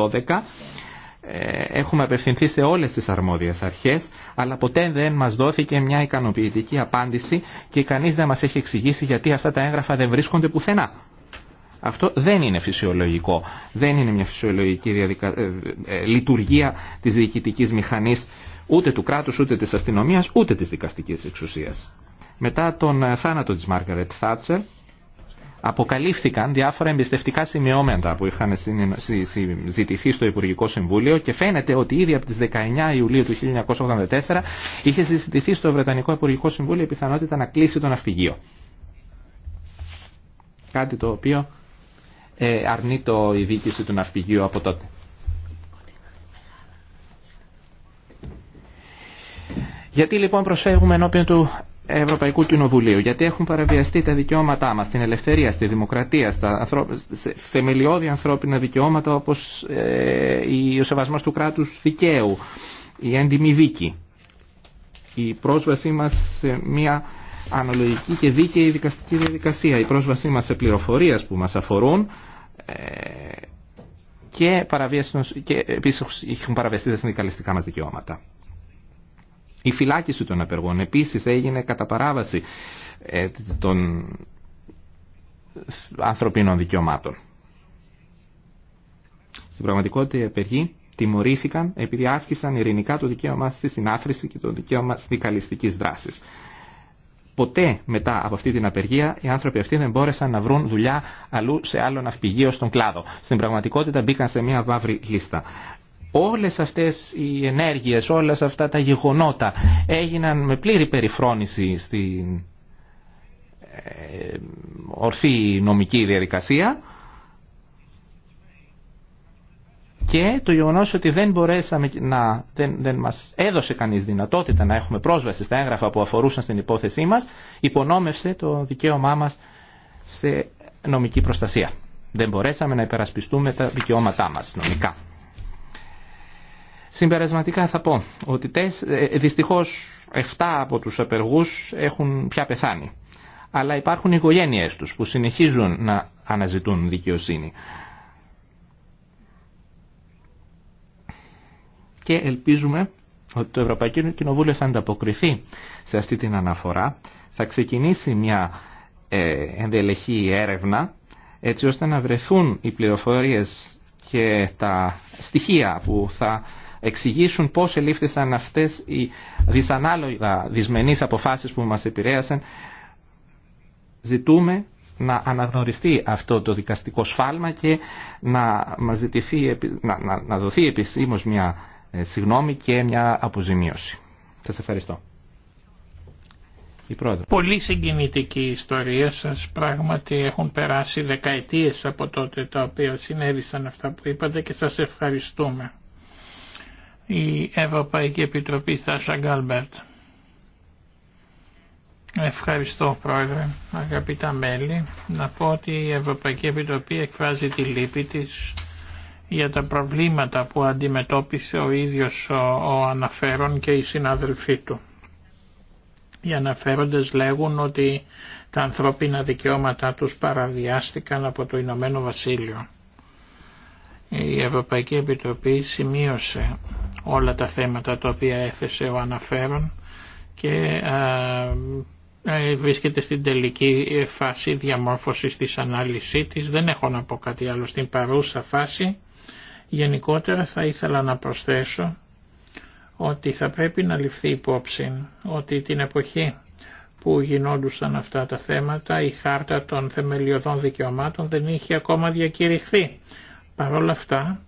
2012 ε, έχουμε απευθυνθεί σε όλες τις αρμόδιες αρχές, αλλά ποτέ δεν μας δόθηκε μια ικανοποιητική απάντηση και κανείς δεν μας έχει εξηγήσει γιατί αυτά τα έγγραφα δεν βρίσκονται πουθενά. Αυτό δεν είναι φυσιολογικό. Δεν είναι μια φυσιολογική ε, ε, λειτουργία της διοικητικής μηχανής ούτε του κράτους, ούτε της αστυνομίας, ούτε της δικαστικής εξουσίας. Μετά τον θάνατο της Μάργαρετ Θάτσερ, αποκαλύφθηκαν διάφορα εμπιστευτικά σημειώματα που είχαν συζητηθεί στο Υπουργικό Συμβούλιο και φαίνεται ότι ήδη από τις 19 Ιουλίου του 1984 είχε συζητηθεί στο Βρετανικό Υπουργικό Συμβούλιο η πιθανότητα να κλείσει το ναυπηγείο. Κάτι το οποίο ε, αρνεί το η του ναυπηγείου από τότε. Γιατί λοιπόν προσφεύγουμε ενώπιον του Ευρωπαϊκού Κοινοβουλίου, γιατί έχουν παραβιαστεί τα δικαιώματά μας, την ελευθερία, στη δημοκρατία, στα θεμελιώδη ανθρώπινα δικαιώματα όπως ε, ο σεβασμός του κράτους δικαίου, η έντιμη δίκη, η πρόσβασή μας σε μια αναλογική και δίκαιη δικαστική διαδικασία, η πρόσβασή μας σε πληροφορίες που μας αφορούν ε, και, και έχουν παραβιαστεί τα συνδικαλιστικά μα δικαιώματα. Η φυλάκιση των απεργών επίσης έγινε κατά παράβαση ε, των ανθρωπίνων δικαιωμάτων. Στην πραγματικότητα οι απεργοί τιμωρήθηκαν επειδή άσκησαν ειρηνικά το δικαίωμά στη συνάθρηση και το δικαίωμα συνδικαλιστικής δράση. Ποτέ μετά από αυτή την απεργία οι άνθρωποι αυτοί δεν μπόρεσαν να βρουν δουλειά αλλού σε άλλο ναυπηγείο στον κλάδο. Στην πραγματικότητα μπήκαν σε μια βαύρη λίστα όλες αυτές οι ενέργειες, όλα αυτά τα γεγονότα έγιναν με πλήρη περιφρόνηση στην ε, ορθή νομική διαδικασία και το γεγονό ότι δεν μπορέσαμε να, δεν, δεν μας έδωσε κανείς δυνατότητα να έχουμε πρόσβαση στα έγγραφα που αφορούσαν στην υπόθεσή μας υπονόμευσε το δικαίωμά μας σε νομική προστασία. Δεν μπορέσαμε να υπερασπιστούμε τα δικαιώματά μας νομικά. Συμπερασματικά θα πω ότι ε, δυστυχώς 7 από τους απεργούς έχουν πια πεθάνει. Αλλά υπάρχουν οι οικογένειές τους που συνεχίζουν να αναζητούν δικαιοσύνη. Και ελπίζουμε ότι το Ευρωπαϊκό Κοινοβούλιο θα ανταποκριθεί σε αυτή την αναφορά. Θα ξεκινήσει μια ε, ενδελεχή έρευνα έτσι ώστε να βρεθούν οι πληροφορίες και τα στοιχεία που θα εξηγήσουν πώς ελήφθησαν αυτές οι δυσανάλογα δυσμενείς αποφάσεις που μας επηρέασαν. Ζητούμε να αναγνωριστεί αυτό το δικαστικό σφάλμα και να, μας να, να, να δοθεί επισήμως μια ε, συγνώμη και μια αποζημίωση. Σας ευχαριστώ. Πολύ συγκινητική η ιστορία σας. Πράγματι έχουν περάσει δεκαετίες από τότε τα οποία συνέβησαν αυτά που είπατε και σας ευχαριστούμε η Ευρωπαϊκή Επιτροπή Σάσα Γκάλμπερτ. Ευχαριστώ Πρόεδρε, αγαπητά μέλη. Να πω ότι η Ευρωπαϊκή Επιτροπή εκφράζει τη λύπη της για τα προβλήματα που αντιμετώπισε ο ίδιος ο, ο αναφέρον και οι συνάδελφοί του. Οι αναφέροντες λέγουν ότι τα ανθρώπινα δικαιώματά τους παραβιάστηκαν από το Ηνωμένο Βασίλειο. Η Ευρωπαϊκή Επιτροπή σημείωσε όλα τα θέματα τα οποία έθεσε ο αναφέρον και βρίσκεται στην τελική φάση διαμόρφωσης της ανάλυσης της. Δεν έχω να πω κάτι άλλο στην παρούσα φάση. Γενικότερα θα ήθελα να προσθέσω ότι θα πρέπει να ληφθεί υπόψη ότι την εποχή που γινόντουσαν αυτά τα θέματα η χάρτα των θεμελιωδών δικαιωμάτων δεν είχε ακόμα διακηρυχθεί. Παρ' όλα αυτά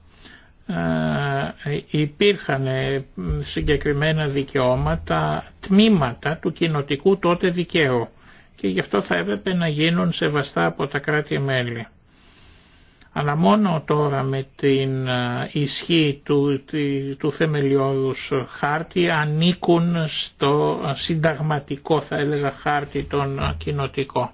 ε, υπήρχαν ε, συγκεκριμένα δικαιώματα, τμήματα του κοινοτικού τότε δικαίου και γι' αυτό θα έπρεπε να γίνουν σεβαστά από τα κράτη-μέλη. Αλλά μόνο τώρα με την ε, ισχύ του, του θεμελιώδους χάρτη ανήκουν στο συνταγματικό θα έλεγα χάρτη των κοινοτικών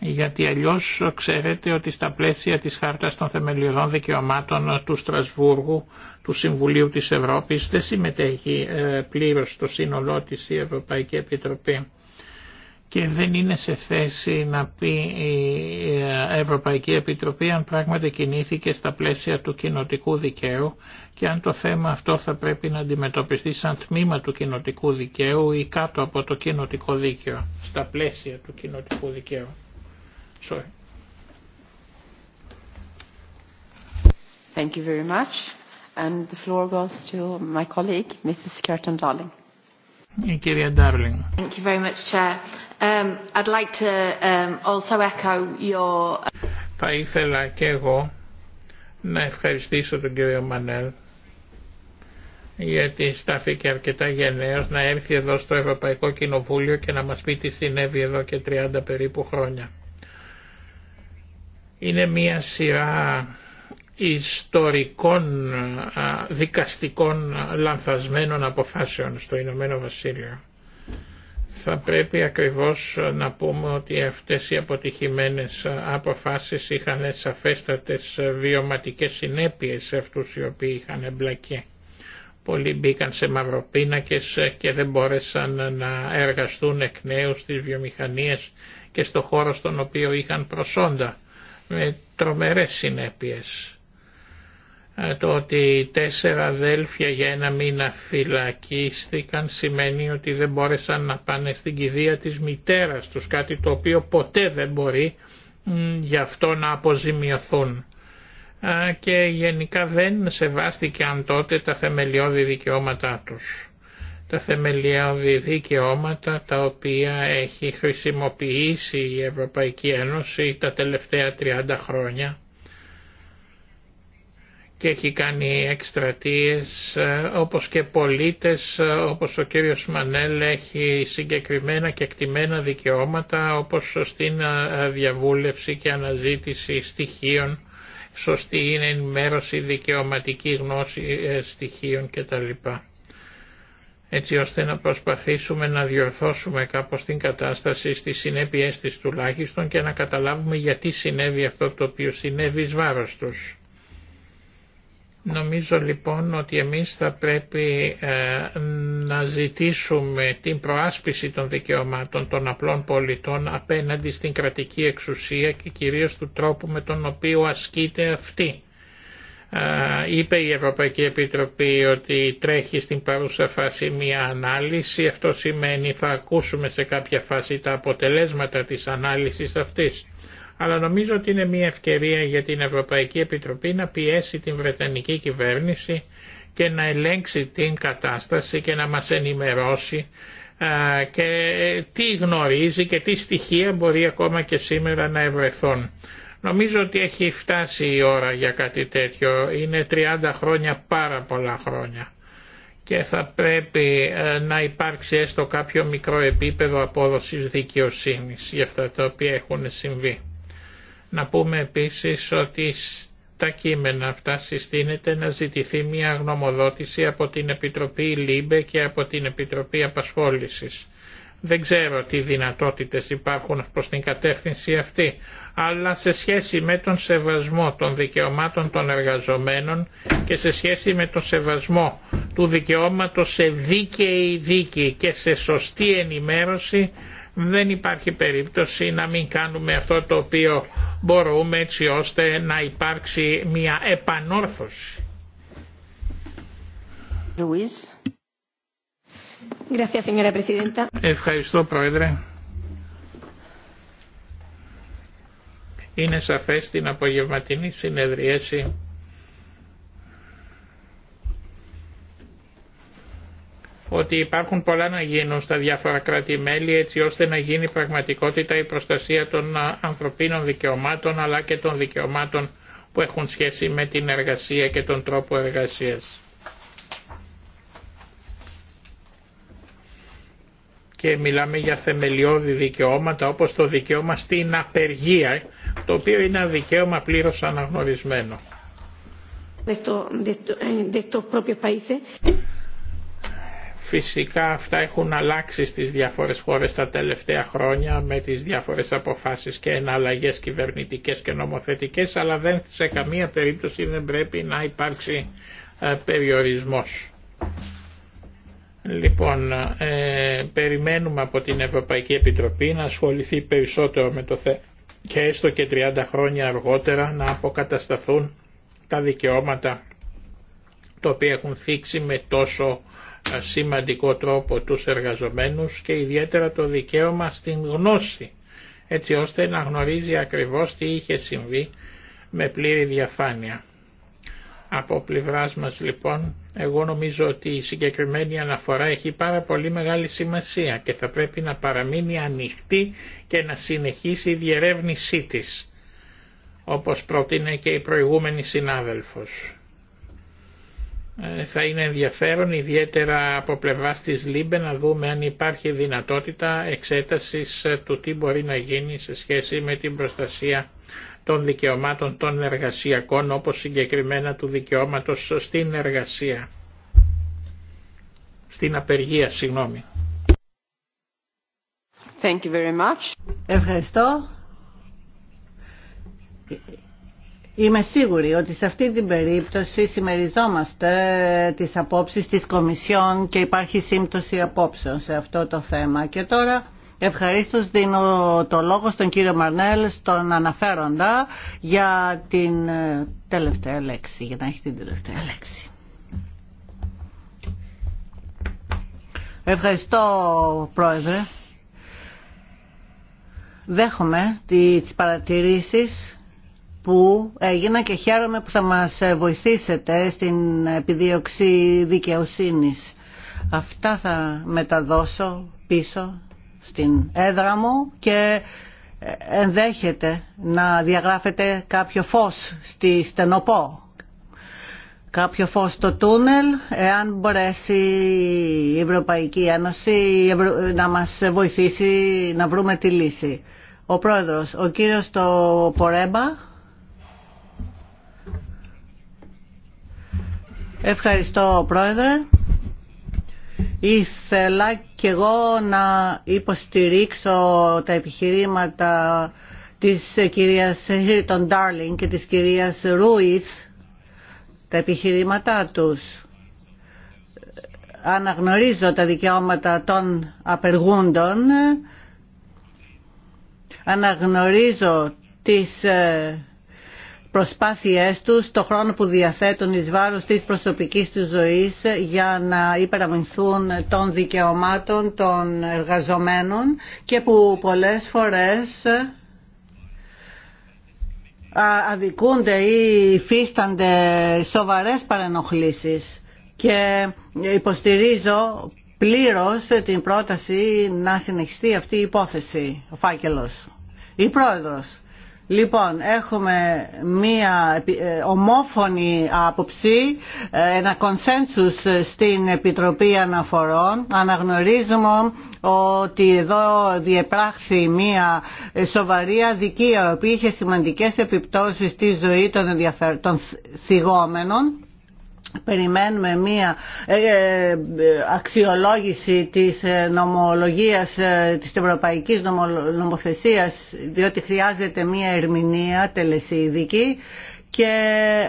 γιατί αλλιώς ξέρετε ότι στα πλαίσια της Χάρτας των Θεμελιωδών Δικαιωμάτων του Στρασβούργου, του Συμβουλίου της Ευρώπης, δεν συμμετέχει ε, πλήρως στο σύνολό της η Ευρωπαϊκή Επιτροπή και δεν είναι σε θέση να πει η ε, Ευρωπαϊκή Επιτροπή αν πράγματι κινήθηκε στα πλαίσια του κοινοτικού δικαίου και αν το θέμα αυτό θα πρέπει να αντιμετωπιστεί σαν τμήμα του κοινοτικού δικαίου ή κάτω από το κοινοτικό δίκαιο, στα πλαίσια του κοινοτικού δικαίου. Sorry. Thank you very much. And the floor goes to my colleague, Mrs. Curtin Darling. Η κυρία Darling. Thank you very much, Chair. Um, I'd like to um, also echo your... Θα ήθελα και εγώ να ευχαριστήσω τον κύριο Μανέλ γιατί στάθηκε αρκετά γενναίος να έρθει εδώ στο Ευρωπαϊκό Κοινοβούλιο και να μας πει τι συνέβη εδώ και 30 περίπου χρόνια. Είναι μία σειρά ιστορικών δικαστικών λανθασμένων αποφάσεων στο Ηνωμένο Βασίλειο. Θα πρέπει ακριβώς να πούμε ότι αυτές οι αποτυχημένες αποφάσεις είχαν σαφέστατες βιωματικές συνέπειες σε αυτούς οι οποίοι είχαν εμπλακεί. Πολλοί μπήκαν σε μαυροπίνακες και δεν μπόρεσαν να εργαστούν εκ νέου στις βιομηχανίες και στο χώρο στον οποίο είχαν προσόντα με τρομερές συνέπειες. Ε, το ότι τέσσερα αδέλφια για ένα μήνα φυλακίστηκαν σημαίνει ότι δεν μπόρεσαν να πάνε στην κηδεία της μητέρας τους, κάτι το οποίο ποτέ δεν μπορεί γι' αυτό να αποζημιωθούν. Ε, και γενικά δεν σεβάστηκαν τότε τα θεμελιώδη δικαιώματά τους τα θεμελιώδη δικαιώματα τα οποία έχει χρησιμοποιήσει η Ευρωπαϊκή Ένωση τα τελευταία 30 χρόνια και έχει κάνει εκστρατείες ε, όπως και πολίτες ε, όπως ο κύριος Μανέλ έχει συγκεκριμένα και εκτιμένα δικαιώματα όπως σωστή ε, διαβούλευση και αναζήτηση στοιχείων σωστή είναι ενημέρωση, δικαιωματική γνώση στοιχείων κτλ έτσι ώστε να προσπαθήσουμε να διορθώσουμε κάπως την κατάσταση στις συνέπειές της τουλάχιστον και να καταλάβουμε γιατί συνέβη αυτό το οποίο συνέβη εις βάρος τους. Νομίζω λοιπόν ότι εμείς θα πρέπει ε, να ζητήσουμε την προάσπιση των δικαιωμάτων των απλών πολιτών απέναντι στην κρατική εξουσία και κυρίως του τρόπου με τον οποίο ασκείται αυτή είπε η Ευρωπαϊκή Επιτροπή ότι τρέχει στην παρούσα φάση μία ανάλυση. Αυτό σημαίνει θα ακούσουμε σε κάποια φάση τα αποτελέσματα της ανάλυσης αυτής. Αλλά νομίζω ότι είναι μία ευκαιρία για την Ευρωπαϊκή Επιτροπή να πιέσει την Βρετανική κυβέρνηση και να ελέγξει την κατάσταση και να μας ενημερώσει και τι γνωρίζει και τι στοιχεία μπορεί ακόμα και σήμερα να ευρεθούν. Νομίζω ότι έχει φτάσει η ώρα για κάτι τέτοιο. Είναι 30 χρόνια πάρα πολλά χρόνια και θα πρέπει ε, να υπάρξει έστω κάποιο μικρό επίπεδο απόδοσης δικαιοσύνης για αυτά τα οποία έχουν συμβεί. Να πούμε επίσης ότι στα κείμενα αυτά συστήνεται να ζητηθεί μια γνωμοδότηση από την Επιτροπή ΛΥΜΠΕ και από την Επιτροπή Απασχόλησης. Δεν ξέρω τι δυνατότητες υπάρχουν προς την κατεύθυνση αυτή, αλλά σε σχέση με τον σεβασμό των δικαιωμάτων των εργαζομένων και σε σχέση με τον σεβασμό του δικαιώματος σε δίκαιη δίκη και σε σωστή ενημέρωση, δεν υπάρχει περίπτωση να μην κάνουμε αυτό το οποίο μπορούμε έτσι ώστε να υπάρξει μια επανόρθωση. Louise. Ευχαριστώ Πρόεδρε. Είναι σαφές στην απογευματινή συνεδρίαση ότι υπάρχουν πολλά να γίνουν στα διάφορα κράτη-μέλη έτσι ώστε να γίνει πραγματικότητα η προστασία των ανθρωπίνων δικαιωμάτων αλλά και των δικαιωμάτων που έχουν σχέση με την εργασία και τον τρόπο εργασίας. και μιλάμε για θεμελιώδη δικαιώματα όπως το δικαίωμα στην απεργία, το οποίο είναι ένα δικαίωμα πλήρως αναγνωρισμένο. Eh, Φυσικά αυτά έχουν αλλάξει στις διάφορες χώρες τα τελευταία χρόνια με τις διάφορες αποφάσεις και εναλλαγές κυβερνητικές και νομοθετικές αλλά δεν σε καμία περίπτωση δεν πρέπει να υπάρξει ε, περιορισμός. Λοιπόν, ε, περιμένουμε από την Ευρωπαϊκή Επιτροπή να ασχοληθεί περισσότερο με το θέμα και έστω και 30 χρόνια αργότερα να αποκατασταθούν τα δικαιώματα τα οποία έχουν θίξει με τόσο ε, σημαντικό τρόπο τους εργαζομένους και ιδιαίτερα το δικαίωμα στην γνώση έτσι ώστε να γνωρίζει ακριβώς τι είχε συμβεί με πλήρη διαφάνεια. Από πλευράς μας λοιπόν, εγώ νομίζω ότι η συγκεκριμένη αναφορά έχει πάρα πολύ μεγάλη σημασία και θα πρέπει να παραμείνει ανοιχτή και να συνεχίσει η διερεύνησή της, όπως πρότεινε και η προηγούμενη συνάδελφος. Ε, θα είναι ενδιαφέρον ιδιαίτερα από πλευράς της ΛΥΜΠΕ να δούμε αν υπάρχει δυνατότητα εξέτασης ε, του τι μπορεί να γίνει σε σχέση με την προστασία των δικαιωμάτων των εργασιακών όπως συγκεκριμένα του δικαιώματος στην εργασία. Στην απεργία, συγγνώμη. Thank you very much. Ευχαριστώ. Είμαι σίγουρη ότι σε αυτή την περίπτωση συμμεριζόμαστε τις απόψεις της Κομισιόν και υπάρχει σύμπτωση απόψεων σε αυτό το θέμα. Και τώρα Ευχαριστώ, δίνω το λόγο στον κύριο Μαρνέλ, στον αναφέροντα, για την ε, τελευταία λέξη, για να έχει την τελευταία λέξη. Ευχαριστώ, Πρόεδρε. Δέχομαι τις παρατηρήσεις που έγινα και χαίρομαι που θα μας ε, βοηθήσετε στην επιδίωξη δικαιοσύνης. Αυτά θα μεταδώσω πίσω στην έδρα μου και ε, ενδέχεται να διαγράφεται κάποιο φως στη στενοπό κάποιο φως στο τούνελ εάν μπορέσει η Ευρωπαϊκή Ένωση να μας βοηθήσει να βρούμε τη λύση. Ο πρόεδρος, ο κύριος το Πορέμπα. Ευχαριστώ πρόεδρε. Ήθελα και εγώ να υποστηρίξω τα επιχειρήματα της κυρίας Hilton Darling και της κυρίας Ρούιθ τα επιχειρήματά τους. Αναγνωρίζω τα δικαιώματα των απεργούντων, αναγνωρίζω τις ε, προσπάθειές τους, το χρόνο που διαθέτουν εις βάρος της προσωπικής τους ζωής για να υπεραμεινθούν των δικαιωμάτων των εργαζομένων και που πολλές φορές αδικούνται ή υφίστανται σοβαρές παρενοχλήσεις και υποστηρίζω πλήρως την πρόταση να συνεχιστεί αυτή η υπόθεση, ο φάκελος. Η πρόεδρος. Λοιπόν, έχουμε μία ε, ομόφωνη άποψη, ε, ένα κονσένσους στην Επιτροπή Αναφορών. Αναγνωρίζουμε ότι εδώ διεπράχθη μία σοβαρή αδικία, η οποία είχε σημαντικές επιπτώσεις στη ζωή των, ενδιαφερ... των Περιμένουμε μία ε, ε, αξιολόγηση της ε, νομολογίας, της ευρωπαϊκής νομοθεσίας, διότι χρειάζεται μία ερμηνεία τελεσίδικη και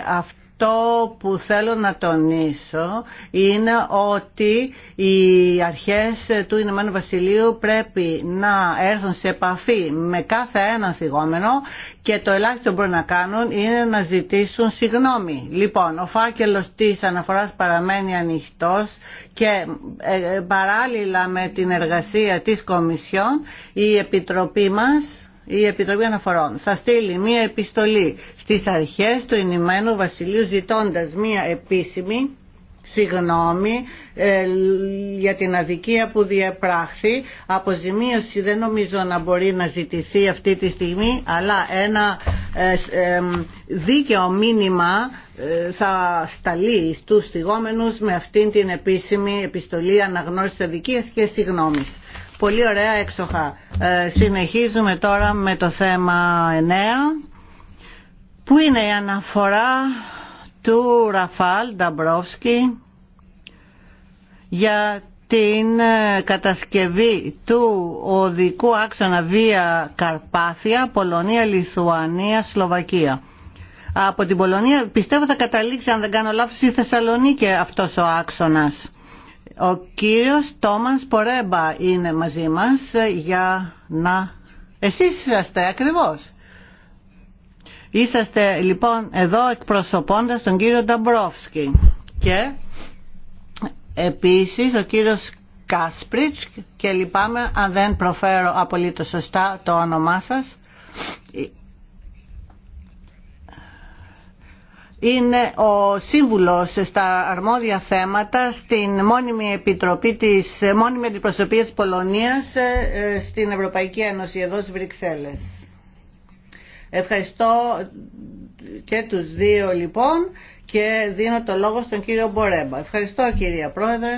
αυτό το που θέλω να τονίσω είναι ότι οι αρχές του Ηνωμένου Βασιλείου πρέπει να έρθουν σε επαφή με κάθε ένα θυγόμενο και το ελάχιστο που μπορούν να κάνουν είναι να ζητήσουν συγγνώμη. Λοιπόν, ο φάκελος της αναφοράς παραμένει ανοιχτός και ε, ε, παράλληλα με την εργασία της Κομισιόν η Επιτροπή μας η Επιτροπή Αναφορών θα στείλει μία επιστολή στις αρχές του Ηνημένου Βασιλείου ζητώντας μία επίσημη συγγνώμη ε, για την αδικία που διαπράχθη. Αποζημίωση δεν νομίζω να μπορεί να ζητηθεί αυτή τη στιγμή, αλλά ένα ε, δίκαιο μήνυμα ε, θα σταλεί στους στιγόμενους με αυτή την επίσημη επιστολή αναγνώρισης αδικίας και συγγνώμης. Πολύ ωραία έξοχα. Ε, συνεχίζουμε τώρα με το θέμα 9 που είναι η αναφορά του Ραφάλ Νταμπρόφσκι για την ε, κατασκευή του οδικού άξονα Βία Καρπάθια, Πολωνία, Λιθουανία, Σλοβακία. Από την Πολωνία πιστεύω θα καταλήξει αν δεν κάνω λάθος η Θεσσαλονίκη αυτός ο άξονας. Ο κύριος Τόμας Πορέμπα είναι μαζί μας για να... Εσείς είσαστε ακριβώς. Είσαστε λοιπόν εδώ εκπροσωπώντας τον κύριο Νταμπρόφσκι και επίσης ο κύριος Κάσπριτς και λυπάμαι αν δεν προφέρω απολύτως σωστά το όνομά σας είναι ο σύμβουλος στα αρμόδια θέματα στην μόνιμη επιτροπή της μόνιμη αντιπροσωπεία Πολωνίας ε, ε, στην Ευρωπαϊκή Ένωση εδώ στις Βρυξέλλες. Ευχαριστώ και τους δύο λοιπόν και δίνω το λόγο στον κύριο Μπορέμπα. Ευχαριστώ κυρία Πρόεδρε.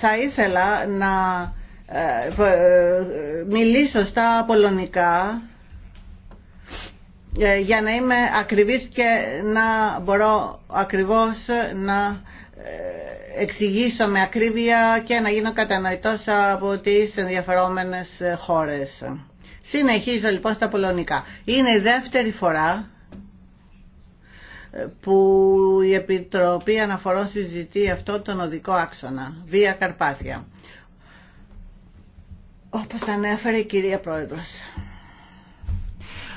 Θα, ήθελα να ε, μιλήσω στα πολωνικά ε, για να είμαι ακριβής και να μπορώ ακριβώς να ε, εξηγήσω με ακρίβεια και να γίνω κατανοητός από τις ενδιαφερόμενες χώρες. Συνεχίζω λοιπόν στα πολωνικά. Είναι η δεύτερη φορά ε, που η Επιτροπή Αναφορών συζητεί αυτό τον οδικό άξονα, Βία Καρπάσια. Όπως ανέφερε η κυρία Πρόεδρος.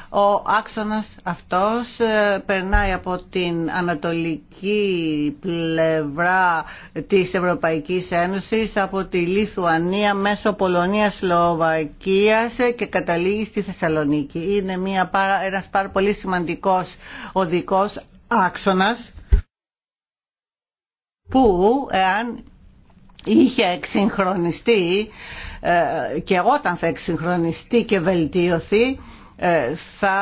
Ο άξονας αυτός ε, περνάει από την ανατολική πλευρά της Ευρωπαϊκής Ένωσης, από τη Λιθουανία μέσω Πολωνίας, Σλοβακίας ε, και καταλήγει στη Θεσσαλονίκη. Είναι μια, ένας πάρα πολύ σημαντικός οδικός άξονας που εάν είχε εξυγχρονιστεί ε, και όταν θα εξυγχρονιστεί και βελτιωθεί ε, θα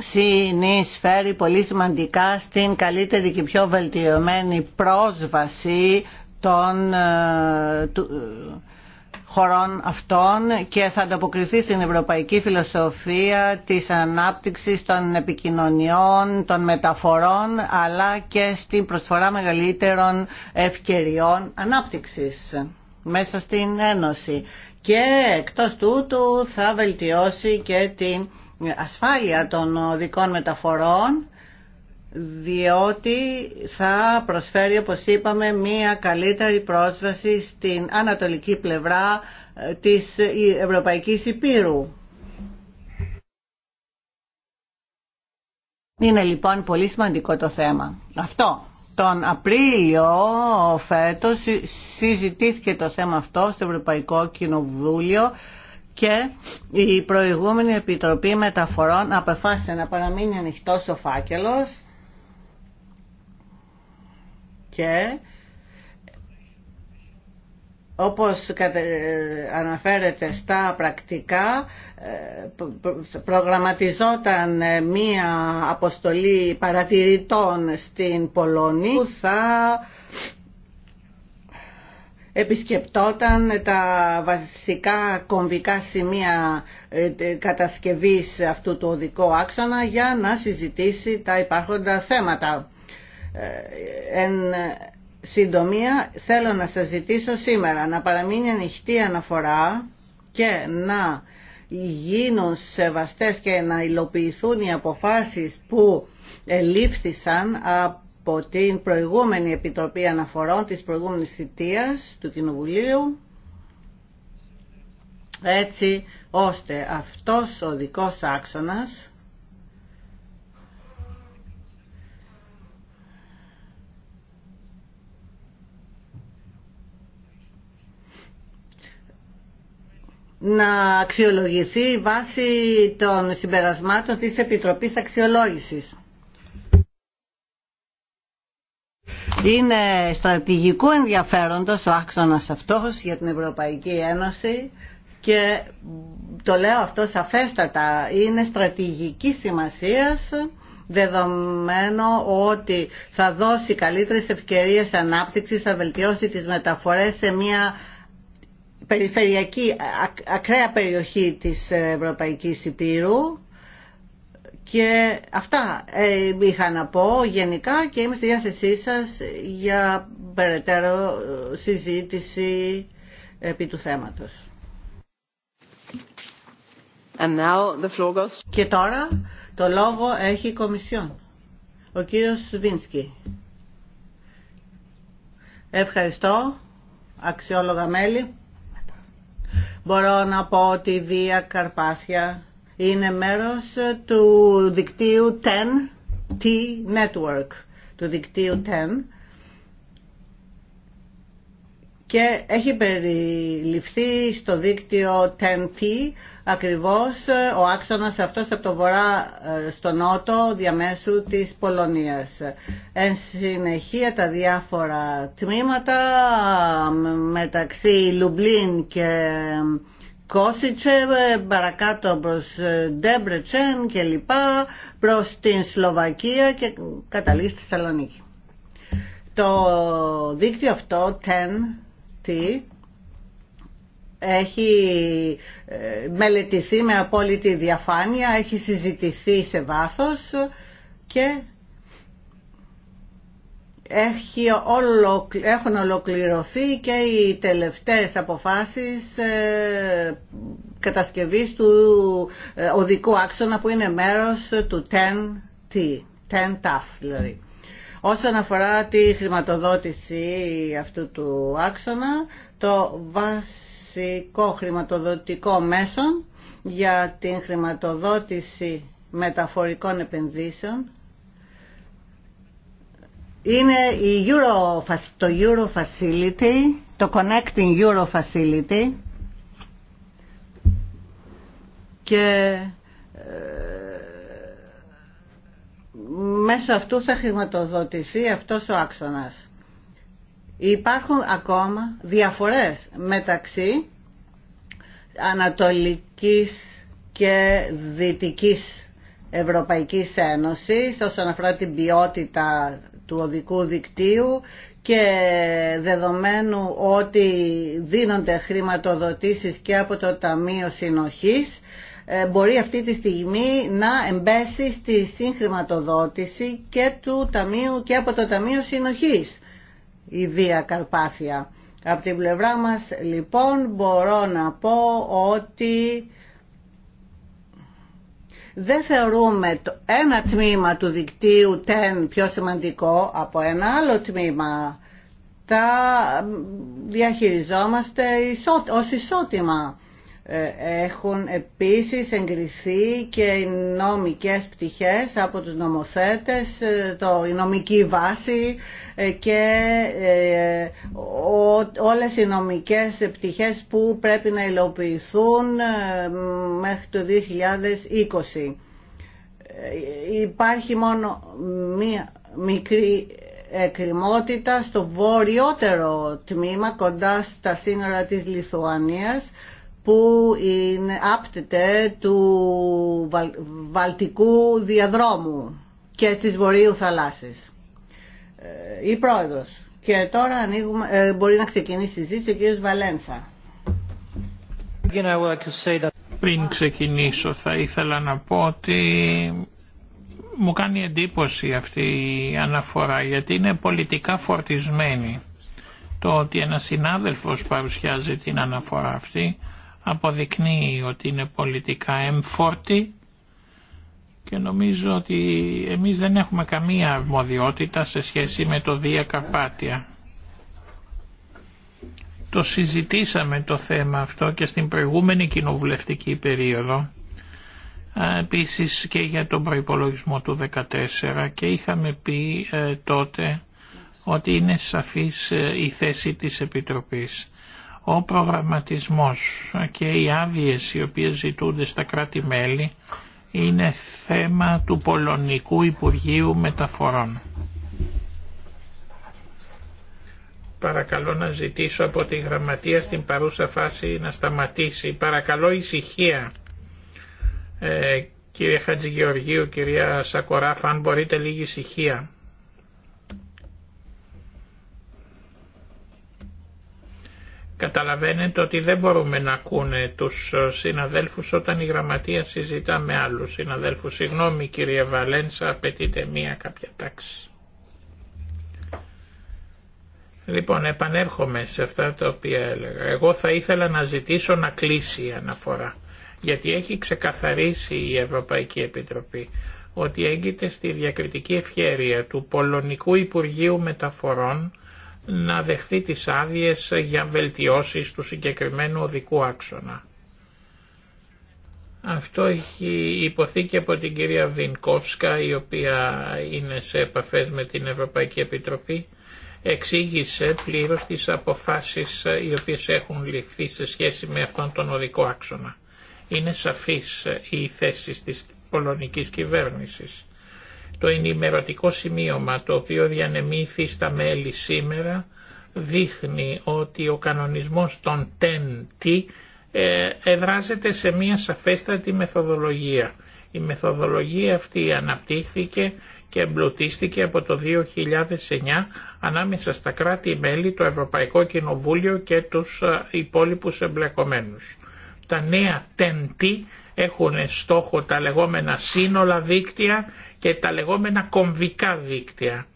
συνεισφέρει πολύ σημαντικά στην καλύτερη και πιο βελτιωμένη πρόσβαση των ε, ε, χωρών αυτών και θα ανταποκριθεί στην ευρωπαϊκή φιλοσοφία της ανάπτυξης των επικοινωνιών, των μεταφορών αλλά και στην προσφορά μεγαλύτερων ευκαιριών ανάπτυξης μέσα στην Ένωση και εκτός τούτου θα βελτιώσει και την ασφάλεια των οδικών μεταφορών διότι θα προσφέρει όπως είπαμε μία καλύτερη πρόσβαση στην ανατολική πλευρά ε, της ε, Ευρωπαϊκής Υπήρου. Είναι λοιπόν πολύ σημαντικό το θέμα. Αυτό. Τον Απρίλιο φέτος συζητήθηκε το θέμα αυτό στο Ευρωπαϊκό Κοινοβούλιο και η προηγούμενη Επιτροπή Μεταφορών απεφάσισε να παραμείνει ανοιχτός ο φάκελος και όπως αναφέρεται στα πρακτικά ε, προγραμματιζόταν ε, μία αποστολή παρατηρητών στην Πολωνία που θα επισκεπτόταν τα βασικά κομβικά σημεία ε, κατασκευής αυτού του οδικού άξονα για να συζητήσει τα υπάρχοντα θέματα συντομία θέλω να σας ζητήσω σήμερα να παραμείνει ανοιχτή αναφορά και να γίνουν σεβαστές και να υλοποιηθούν οι αποφάσεις που ελήφθησαν από την προηγούμενη Επιτροπή Αναφορών της προηγούμενης θητείας του Κοινοβουλίου έτσι ώστε αυτός ο δικός άξονας να αξιολογηθεί βάσει των συμπερασμάτων της Επιτροπής Αξιολόγησης. Είναι στρατηγικού ενδιαφέροντος ο άξονας αυτός για την Ευρωπαϊκή Ένωση και το λέω αυτό σαφέστατα, είναι στρατηγική σημασίας δεδομένο ότι θα δώσει καλύτερες ευκαιρίες ανάπτυξης, θα βελτιώσει τις μεταφορές σε μια περιφερειακή ακραία περιοχή της Ευρωπαϊκής Υπήρου και αυτά ε, είχα να πω γενικά και είμαι στη διάθεσή σας για περαιτέρω ε, συζήτηση επί του θέματος. Και τώρα το λόγο έχει η Κομισιόν. Ο κύριος Σβίνσκι. Ευχαριστώ, αξιόλογα μέλη. Μπορώ να πω ότι η Δία Καρπάσια είναι μέρος του δικτύου 10T Network, του δικτύου 10 και έχει περιληφθεί στο δίκτυο 10T ακριβώς ο άξονας αυτός από το βορρά ε, στο νότο διαμέσου της Πολωνίας. Εν συνεχεία τα διάφορα τμήματα μεταξύ Λουμπλίν και Κόσιτσε, ε, παρακάτω προς ε, Ντέμπρετσεν και λοιπά, προς την Σλοβακία και καταλήγει στη Θεσσαλονίκη. Το δίκτυο αυτό, TEN-T, έχει ε, μελετηθεί με απόλυτη διαφάνεια, έχει συζητηθεί σε βάθος και έχει έχουν ολοκληρωθεί και οι τελευταίες αποφάσεις ε, κατασκευής του ε, οδικού άξονα που είναι μέρος του 10T, 10TAF taf Όσον αφορά τη χρηματοδότηση αυτού του άξονα, το βασικό βασικό χρηματοδοτικό μέσο για την χρηματοδότηση μεταφορικών επενδύσεων είναι η Euro, το Euro Facility, το Connecting Euro Facility και ε, μέσω αυτού θα χρηματοδοτηθεί αυτός ο άξονας. Υπάρχουν ακόμα διαφορές μεταξύ Ανατολικής και Δυτικής Ευρωπαϊκής Ένωσης όσον αφορά την ποιότητα του οδικού δικτύου και δεδομένου ότι δίνονται χρηματοδοτήσεις και από το Ταμείο Συνοχής ε, μπορεί αυτή τη στιγμή να εμπέσει στη συγχρηματοδότηση και, του ταμείου, και από το Ταμείο Συνοχής η Βία Καρπάθια. Από την πλευρά μας λοιπόν μπορώ να πω ότι δεν θεωρούμε το ένα τμήμα του δικτύου TEN πιο σημαντικό από ένα άλλο τμήμα. Τα διαχειριζόμαστε ως ισότιμα. Ε, έχουν επίσης εγκριθεί και οι νομικές πτυχές από τους νομοθέτες, ε, το, η νομική βάση ε, και όλες οι νομικές πτυχές που πρέπει να υλοποιηθούν μέχρι το 2020. Υπάρχει μόνο μία μικρή εκκριμότητα στο βορειότερο τμήμα κοντά στα σύνορα της Λιθουανίας που είναι άπτεται του Βαλτικού διαδρόμου και της Βορείου θαλάσσης. Ε, η πρόεδρος. Και τώρα ανοίγουμε, ε, μπορεί να ξεκινήσει η συζήτηση ο κ. Βαλένσα. Πριν ξεκινήσω θα ήθελα να πω ότι μου κάνει εντύπωση αυτή η αναφορά γιατί είναι πολιτικά φορτισμένη. Το ότι ένας συνάδελφος παρουσιάζει την αναφορά αυτή αποδεικνύει ότι είναι πολιτικά εμφόρτη και νομίζω ότι εμείς δεν έχουμε καμία αρμοδιότητα σε σχέση με το Δία Καρπάτια. Το συζητήσαμε το θέμα αυτό και στην προηγούμενη κοινοβουλευτική περίοδο επίσης και για τον προϋπολογισμό του 2014 και είχαμε πει ε, τότε ότι είναι σαφής ε, η θέση της Επιτροπής ο προγραμματισμός και οι άδειε οι οποίες ζητούνται στα κράτη-μέλη είναι θέμα του Πολωνικού Υπουργείου Μεταφορών. Παρακαλώ να ζητήσω από τη γραμματεία στην παρούσα φάση να σταματήσει. Παρακαλώ ησυχία. Ε, κύριε Χατζηγεωργίου, κυρία Σακοράφα, αν μπορείτε λίγη ησυχία. Καταλαβαίνετε ότι δεν μπορούμε να ακούνε τους ε, συναδέλφους όταν η γραμματεία συζητά με άλλους συναδέλφους. Συγγνώμη κύριε Βαλένσα, απαιτείται μία κάποια τάξη. Λοιπόν, επανέρχομαι σε αυτά τα οποία έλεγα. Εγώ θα ήθελα να ζητήσω να κλείσει η αναφορά, γιατί έχει ξεκαθαρίσει η Ευρωπαϊκή Επιτροπή ότι έγκυται στη διακριτική ευχέρεια του Πολωνικού Υπουργείου Μεταφορών να δεχθεί τις άδειες για βελτιώσεις του συγκεκριμένου οδικού άξονα. Αυτό έχει υποθεί και από την κυρία Βινκόφσκα η οποία είναι σε επαφές με την Ευρωπαϊκή Επιτροπή εξήγησε πλήρως τις αποφάσεις οι οποίες έχουν ληφθεί σε σχέση με αυτόν τον οδικό άξονα. Είναι σαφής η θέση της πολωνικής κυβέρνησης. Το ενημερωτικό σημείωμα το οποίο διανεμήθη στα μέλη σήμερα δείχνει ότι ο κανονισμός των TEN-T ε, εδράζεται σε μια σαφέστατη μεθοδολογία. Η μεθοδολογία αυτή αναπτύχθηκε και εμπλουτίστηκε από το 2009 ανάμεσα στα κράτη-μέλη, το Ευρωπαϊκό Κοινοβούλιο και τους ε, υπόλοιπους εμπλεκομένους. Τα νέα TEN-T έχουν στόχο τα λεγόμενα σύνολα δίκτυα και τα λεγόμενα κομβικά δίκτυα.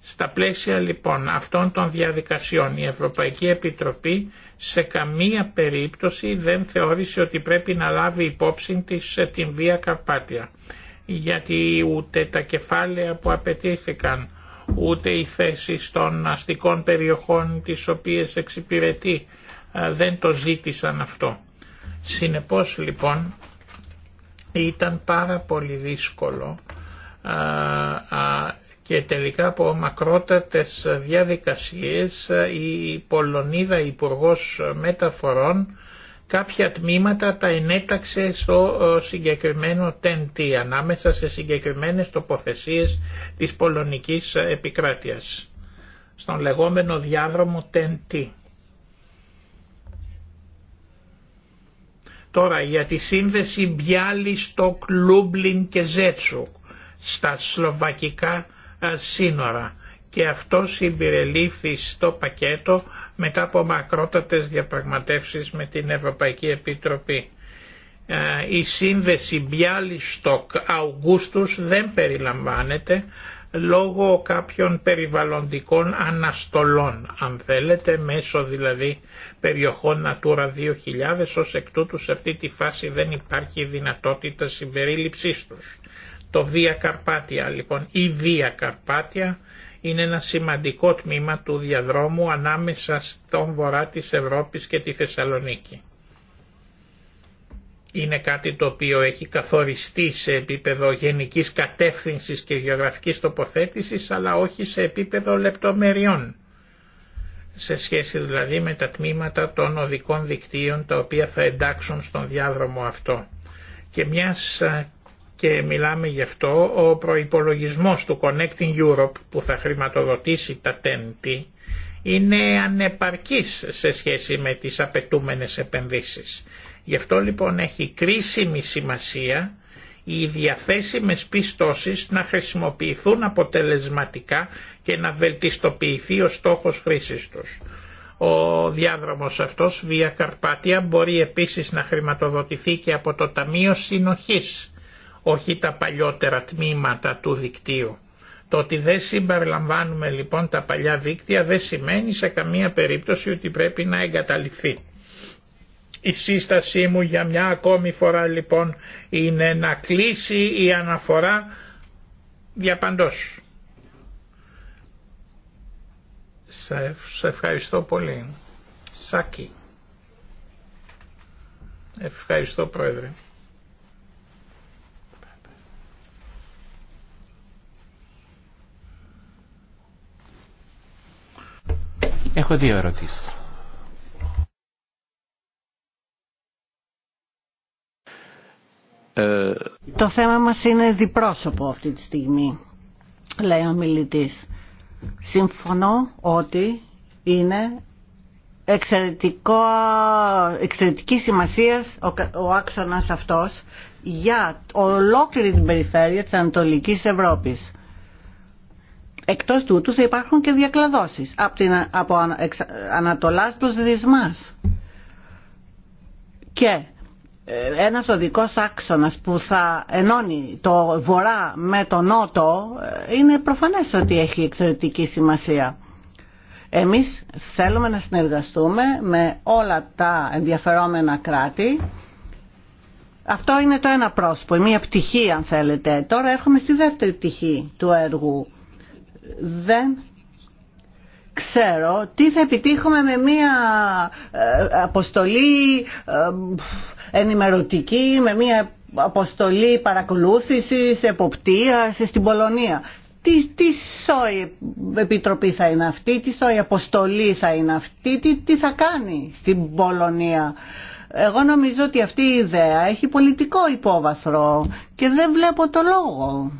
Στα πλαίσια λοιπόν αυτών των διαδικασιών η Ευρωπαϊκή Επιτροπή σε καμία περίπτωση δεν θεώρησε ότι πρέπει να λάβει υπόψη της ε, την Βία Καρπάτια γιατί ούτε τα κεφάλαια που απαιτήθηκαν ούτε οι θέσει των αστικών περιοχών τις οποίες εξυπηρετεί ε, δεν το ζήτησαν αυτό. Συνεπώς λοιπόν ήταν πάρα πολύ δύσκολο και τελικά από μακρότατες διαδικασίες η Πολωνίδα Υπουργός Μεταφορών κάποια τμήματα τα ενέταξε στο συγκεκριμένο TNT ανάμεσα σε συγκεκριμένες τοποθεσίες της πολωνικής επικράτειας στον λεγόμενο διάδρομο TNT. Τώρα για τη σύνδεση Μπιάλι στο Κλούμπλιν και Ζέτσου στα σλοβακικά ε, σύνορα και αυτό συμπεριλήφθη στο πακέτο μετά από μακρότατες διαπραγματεύσεις με την Ευρωπαϊκή Επιτροπή. Ε, η σύνδεση Μπιάλιστοκ Αυγούστους δεν περιλαμβάνεται λόγω κάποιων περιβαλλοντικών αναστολών, αν θέλετε, μέσω δηλαδή περιοχών Natura 2000, ως εκ τούτου σε αυτή τη φάση δεν υπάρχει δυνατότητα συμπερίληψής τους. Το Βία Καρπάτια λοιπόν ή Βία Καρπάτια είναι ένα σημαντικό τμήμα του διαδρόμου ανάμεσα στον βορρά της Ευρώπης και τη Θεσσαλονίκη. Είναι κάτι το οποίο έχει καθοριστεί σε επίπεδο γενικής κατεύθυνσης και γεωγραφικής τοποθέτησης αλλά όχι σε επίπεδο λεπτομεριών σε σχέση δηλαδή με τα τμήματα των οδικών δικτύων τα οποία θα εντάξουν στον διάδρομο αυτό. Και μιας και μιλάμε γι' αυτό, ο προϋπολογισμός του Connecting Europe που θα χρηματοδοτήσει τα TNT είναι ανεπαρκής σε σχέση με τις απαιτούμενες επενδύσεις. Γι' αυτό λοιπόν έχει κρίσιμη σημασία οι διαθέσιμες πιστώσεις να χρησιμοποιηθούν αποτελεσματικά και να βελτιστοποιηθεί ο στόχος χρήσης τους. Ο διάδρομος αυτός, Βία Καρπάτια, μπορεί επίσης να χρηματοδοτηθεί και από το Ταμείο Συνοχής όχι τα παλιότερα τμήματα του δικτύου. Το ότι δεν συμπεριλαμβάνουμε λοιπόν τα παλιά δίκτυα δεν σημαίνει σε καμία περίπτωση ότι πρέπει να εγκαταληφθεί. Η σύστασή μου για μια ακόμη φορά λοιπόν είναι να κλείσει η αναφορά διαπαντός. Σε ευχαριστώ πολύ. Σάκη. Ευχαριστώ Πρόεδρε. Έχω δύο ερωτήσεις. Ε, το θέμα μας είναι διπρόσωπο αυτή τη στιγμή, λέει ο μιλητής. Συμφωνώ ότι είναι εξαιρετικό, εξαιρετική σημασία ο, ο άξονας αυτός για ολόκληρη την περιφέρεια της Ανατολικής Ευρώπης. Εκτός τούτου θα υπάρχουν και διακλαδώσεις από, την, από Ανατολάς προς Δυσμάς. Και ε, ένας οδικός άξονας που θα ενώνει το βορρά με το νότο ε, είναι προφανές ότι έχει εξαιρετική σημασία. Εμείς θέλουμε να συνεργαστούμε με όλα τα ενδιαφερόμενα κράτη. Αυτό είναι το ένα πρόσωπο, μία πτυχή αν θέλετε. Τώρα έρχομαι στη δεύτερη πτυχή του έργου δεν ξέρω τι θα επιτύχουμε με μία ε, αποστολή ε, ενημερωτική, με μία αποστολή παρακολούθησης, εποπτείας στην Πολωνία. Τι, τι επιτροπή θα είναι αυτή, τι σόη αποστολή θα είναι αυτή, τι, τι θα κάνει στην Πολωνία. Εγώ νομίζω ότι αυτή η ιδέα έχει πολιτικό υπόβαθρο και δεν βλέπω το λόγο.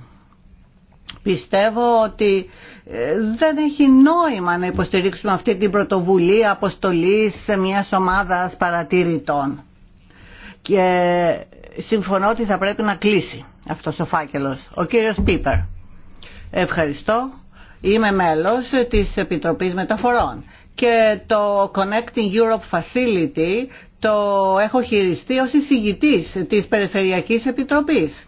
Πιστεύω ότι ε, δεν έχει νόημα να υποστηρίξουμε αυτή την πρωτοβουλία αποστολής σε μια ομάδα παρατηρητών. Και συμφωνώ ότι θα πρέπει να κλείσει αυτός ο φάκελος. Ο κύριος Πίπερ. Ευχαριστώ. Είμαι μέλος της Επιτροπής Μεταφορών και το Connecting Europe Facility το έχω χειριστεί ως εισηγητής της Περιφερειακής Επιτροπής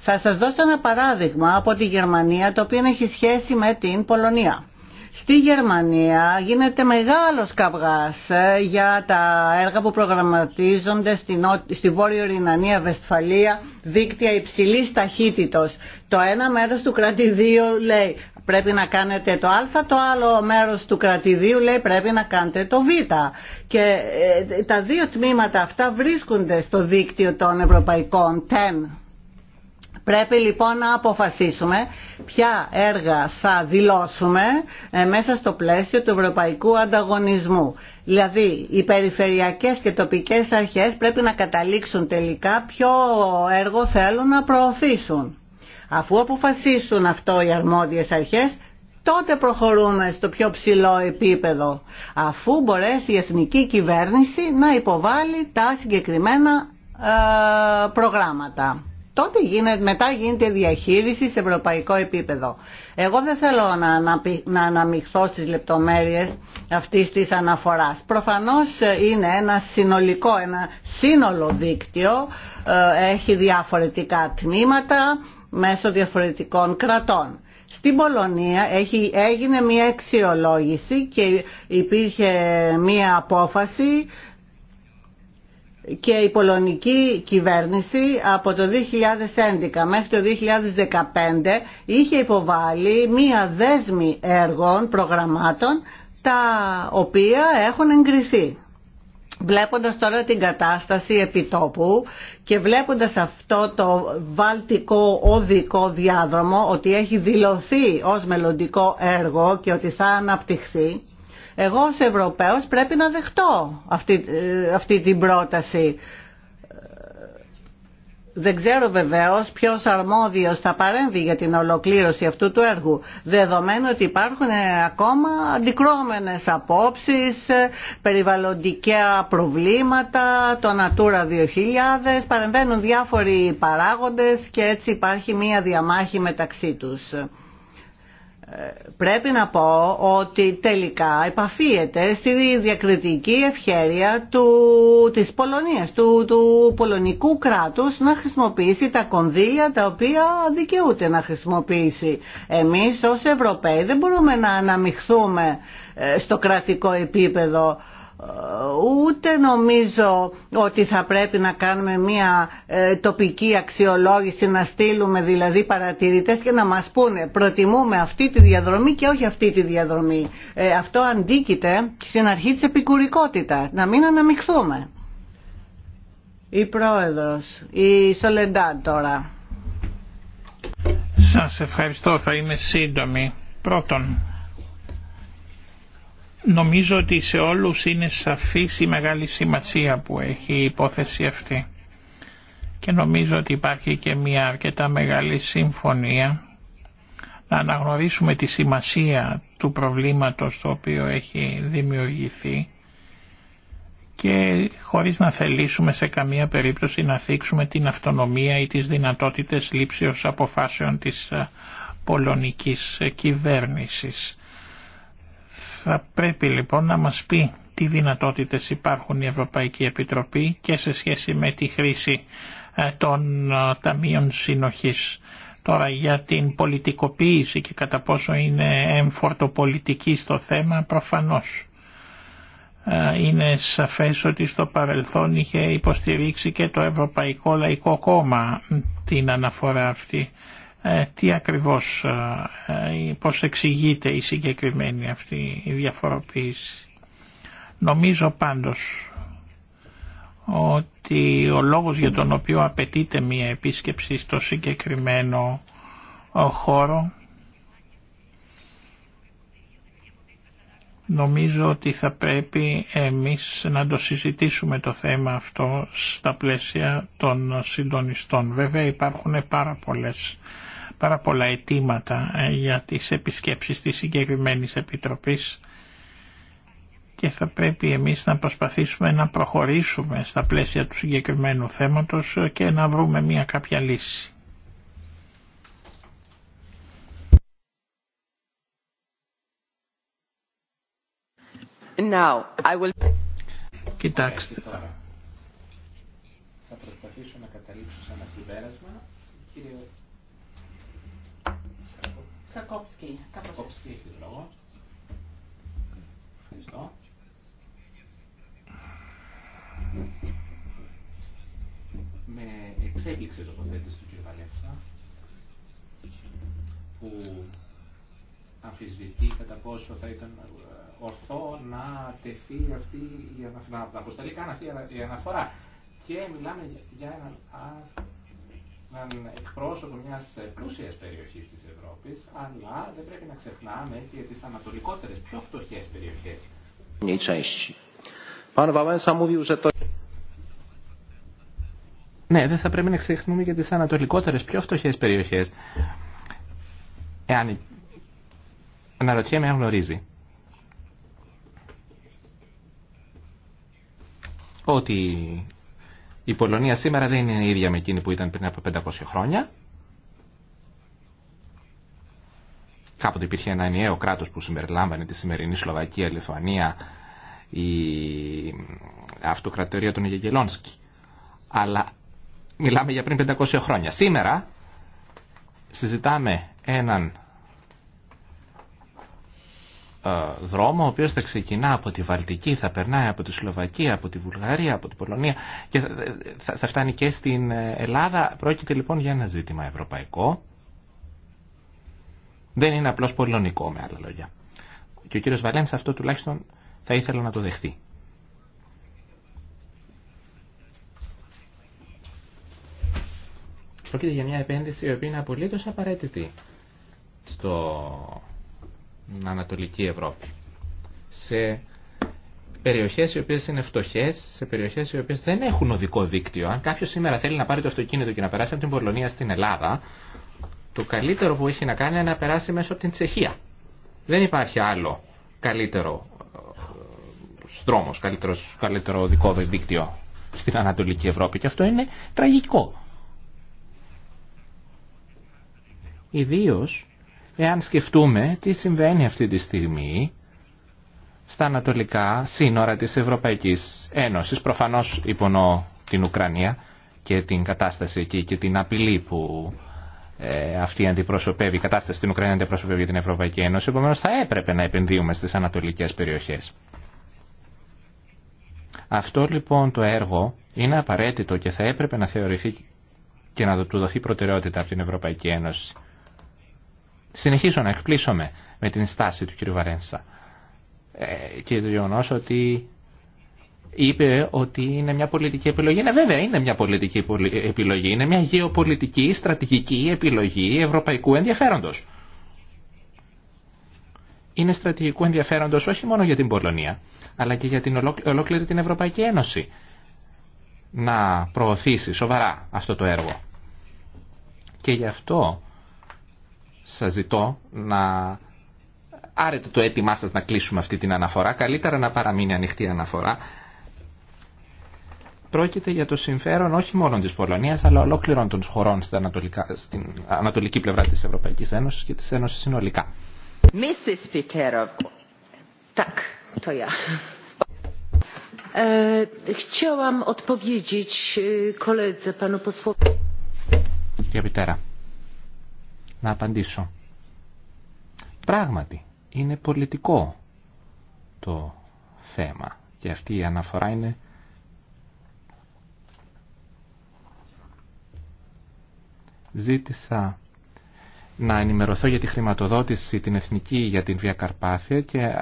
θα σας δώσω ένα παράδειγμα από τη Γερμανία το οποίο έχει σχέση με την Πολωνία. Στη Γερμανία γίνεται μεγάλος καυγάς ε, για τα έργα που προγραμματίζονται στη Βόρειο Ρινανία, Βεσφαλία, δίκτυα υψηλής ταχύτητος. Το ένα μέρος του κρατηδίου λέει πρέπει να κάνετε το α, το άλλο μέρος του κρατηδίου λέει πρέπει να κάνετε το β. Και ε, τα δύο τμήματα αυτά βρίσκονται στο δίκτυο των ευρωπαϊκών TEN Πρέπει λοιπόν να αποφασίσουμε ποια έργα θα δηλώσουμε ε, μέσα στο πλαίσιο του ευρωπαϊκού ανταγωνισμού. Δηλαδή οι περιφερειακές και τοπικές αρχές πρέπει να καταλήξουν τελικά ποιο έργο θέλουν να προωθήσουν. Αφού αποφασίσουν αυτό οι αρμόδιες αρχές, τότε προχωρούμε στο πιο ψηλό επίπεδο, αφού μπορέσει η εθνική κυβέρνηση να υποβάλει τα συγκεκριμένα ε, προγράμματα τότε γίνεται, μετά γίνεται διαχείριση σε ευρωπαϊκό επίπεδο. Εγώ δεν θέλω να, να, να αναμειχθώ στις λεπτομέρειες αυτής της αναφοράς. Προφανώς ε, είναι ένα συνολικό, ένα σύνολο δίκτυο, ε, έχει διαφορετικά τμήματα μέσω διαφορετικών κρατών. Στην Πολωνία έχει, έγινε μια αξιολόγηση και υπήρχε μια απόφαση και η πολωνική κυβέρνηση από το 2011 μέχρι το 2015 είχε υποβάλει μία δέσμη έργων, προγραμμάτων τα οποία έχουν εγκριθεί. Βλέποντας τώρα την κατάσταση επιτόπου και βλέποντας αυτό το βαλτικό οδικό διάδρομο ότι έχει δηλωθεί ως μελλοντικό έργο και ότι θα αναπτυχθεί εγώ ως Ευρωπαίος πρέπει να δεχτώ αυτή, ε, αυτή την πρόταση. Δεν ξέρω βεβαίως ποιος αρμόδιος θα παρέμβει για την ολοκλήρωση αυτού του έργου. Δεδομένου ότι υπάρχουν ε, ακόμα αντικρώμενες απόψεις, ε, περιβαλλοντικά προβλήματα, το Natura 2000, παρεμβαίνουν διάφοροι παράγοντες και έτσι υπάρχει μία διαμάχη μεταξύ τους πρέπει να πω ότι τελικά επαφίεται στη διακριτική ευχέρεια του, της Πολωνίας, του, του πολωνικού κράτους να χρησιμοποιήσει τα κονδύλια τα οποία δικαιούται να χρησιμοποιήσει. Εμείς ως Ευρωπαίοι δεν μπορούμε να αναμειχθούμε ε, στο κρατικό επίπεδο ούτε νομίζω ότι θα πρέπει να κάνουμε μια ε, τοπική αξιολόγηση να στείλουμε δηλαδή παρατηρητές και να μας πούνε προτιμούμε αυτή τη διαδρομή και όχι αυτή τη διαδρομή. Ε, αυτό αντίκειται στην αρχή της επικουρικότητας, να μην αναμειχθούμε. Η Πρόεδρος, η Σολεντά τώρα. Σας ευχαριστώ, θα είμαι σύντομη. Πρώτον, Νομίζω ότι σε όλους είναι σαφής η μεγάλη σημασία που έχει η υπόθεση αυτή και νομίζω ότι υπάρχει και μια αρκετά μεγάλη συμφωνία να αναγνωρίσουμε τη σημασία του προβλήματος το οποίο έχει δημιουργηθεί και χωρίς να θελήσουμε σε καμία περίπτωση να θίξουμε την αυτονομία ή τις δυνατότητες λήψεως αποφάσεων της ε, πολωνικής κυβέρνησης. Θα πρέπει λοιπόν να μας πει τι δυνατότητες υπάρχουν η Ευρωπαϊκή Επιτροπή και σε σχέση με τη χρήση ε, των ε, ταμείων συνοχής. Τώρα για την πολιτικοποίηση και κατά πόσο είναι εμφορτοπολιτική στο θέμα προφανώς. Ε, είναι σαφές ότι στο παρελθόν είχε υποστηρίξει και το Ευρωπαϊκό Λαϊκό Κόμμα την αναφορά αυτή. Ε, τι ακριβώς, ε, ε, πώς εξηγείται η συγκεκριμένη αυτή η διαφοροποίηση. Νομίζω πάντως ότι ο λόγος για τον οποίο απαιτείται μία επίσκεψη στο συγκεκριμένο χώρο νομίζω ότι θα πρέπει εμείς να το συζητήσουμε το θέμα αυτό στα πλαίσια των συντονιστών. Βέβαια υπάρχουν πάρα πολλές πάρα πολλά αιτήματα ε, για τις επισκέψεις της συγκεκριμένη Επιτροπής και θα πρέπει εμείς να προσπαθήσουμε να προχωρήσουμε στα πλαίσια του συγκεκριμένου θέματος ε, και να βρούμε μια κάποια λύση. Now, I Κοιτάξτε. Θα προσπαθήσω να καταλήξω σε ένα συμπέρασμα. Κύριε Κακόψκι. Κακόψκι έχει το λόγο. Ευχαριστώ. Με εξέπληξε το τοποθέτηση του κ. Βαλέτσα που αμφισβητεί κατά πόσο θα ήταν ε, ορθό να τεθεί αυτή η αναφορά, να αποσταλεί καν αυτή η αναφορά. Και μιλάμε για έναν έναν εκπρόσωπο μια πλούσια περιοχή τη Ευρώπη, αλλά δεν πρέπει να ξεχνάμε και τι ανατολικότερε, πιο φτωχέ περιοχέ. Ναι, δεν θα πρέπει να ξεχνούμε και τι ανατολικότερε πιο φτωχέ περιοχέ. Εάν αναρωτιέμαι αν γνωρίζει ότι η Πολωνία σήμερα δεν είναι η ίδια με εκείνη που ήταν πριν από 500 χρόνια. Κάποτε υπήρχε ένα ενιαίο κράτος που συμπεριλάμβανε τη σημερινή Σλοβακία, Λιθουανία, η αυτοκρατορία των Γεγελόνσκι. Αλλά μιλάμε για πριν 500 χρόνια. Σήμερα συζητάμε έναν ε, δρόμο ο οποίος θα ξεκινά από τη Βαλτική, θα περνάει από τη Σλοβακία, από τη Βουλγαρία, από την Πολωνία και θα φτάνει και στην ε, Ελλάδα. Πρόκειται λοιπόν για ένα ζήτημα ευρωπαϊκό. Δεν είναι απλώς πολωνικό με άλλα λόγια. Και ο κύριος Βαλένς αυτό τουλάχιστον θα ήθελα να το δεχτεί. Πρόκειται για μια επένδυση η οποία είναι απολύτως απαραίτητη στο Ανατολική Ευρώπη. Σε περιοχές οι οποίες είναι φτωχές, σε περιοχές οι οποίες δεν έχουν οδικό δίκτυο. Αν κάποιο σήμερα θέλει να πάρει το αυτοκίνητο και να περάσει από την Πολωνία στην Ελλάδα, το καλύτερο που έχει να κάνει είναι να περάσει μέσω από την Τσεχία. Δεν υπάρχει άλλο καλύτερο ε, δρόμος, καλύτερο, καλύτερο οδικό δίκτυο στην Ανατολική Ευρώπη και αυτό είναι τραγικό. Ιδίως εάν σκεφτούμε τι συμβαίνει αυτή τη στιγμή στα ανατολικά σύνορα της Ευρωπαϊκής Ένωσης. Προφανώς υπονοώ την Ουκρανία και την κατάσταση εκεί και την απειλή που ε, αυτή αντιπροσωπεύει, η κατάσταση στην Ουκρανία αντιπροσωπεύει την Ευρωπαϊκή Ένωση. Επομένω, θα έπρεπε να επενδύουμε στις ανατολικές περιοχέ. Αυτό λοιπόν το έργο είναι απαραίτητο και θα έπρεπε να θεωρηθεί και να του δοθεί προτεραιότητα από την Ευρωπαϊκή Ένωση συνεχίζω να εκπλήσω με την στάση του κ. Βαρένσα ε, και το γεγονό ότι είπε ότι είναι μια πολιτική επιλογή. Ναι, βέβαια είναι μια πολιτική επιλογή. Είναι μια γεωπολιτική στρατηγική επιλογή ευρωπαϊκού ενδιαφέροντος. Είναι στρατηγικού ενδιαφέροντο όχι μόνο για την Πολωνία, αλλά και για την ολόκληρη την Ευρωπαϊκή Ένωση να προωθήσει σοβαρά αυτό το έργο. Και γι' αυτό Σα ζητώ να άρετε το αίτημά σα να κλείσουμε αυτή την αναφορά. Καλύτερα να παραμείνει ανοιχτή η αναφορά. Πρόκειται για το συμφέρον όχι μόνο της Πολωνίας, αλλά ολόκληρων των χωρών στην, ανατολική πλευρά της Ευρωπαϊκής Ένωσης και της Ένωσης συνολικά. Ε, chciałam odpowiedzieć e, koledze, panu posłowi να απαντήσω. Πράγματι, είναι πολιτικό το θέμα και αυτή η αναφορά είναι ζήτησα να ενημερωθώ για τη χρηματοδότηση την εθνική για την Βία και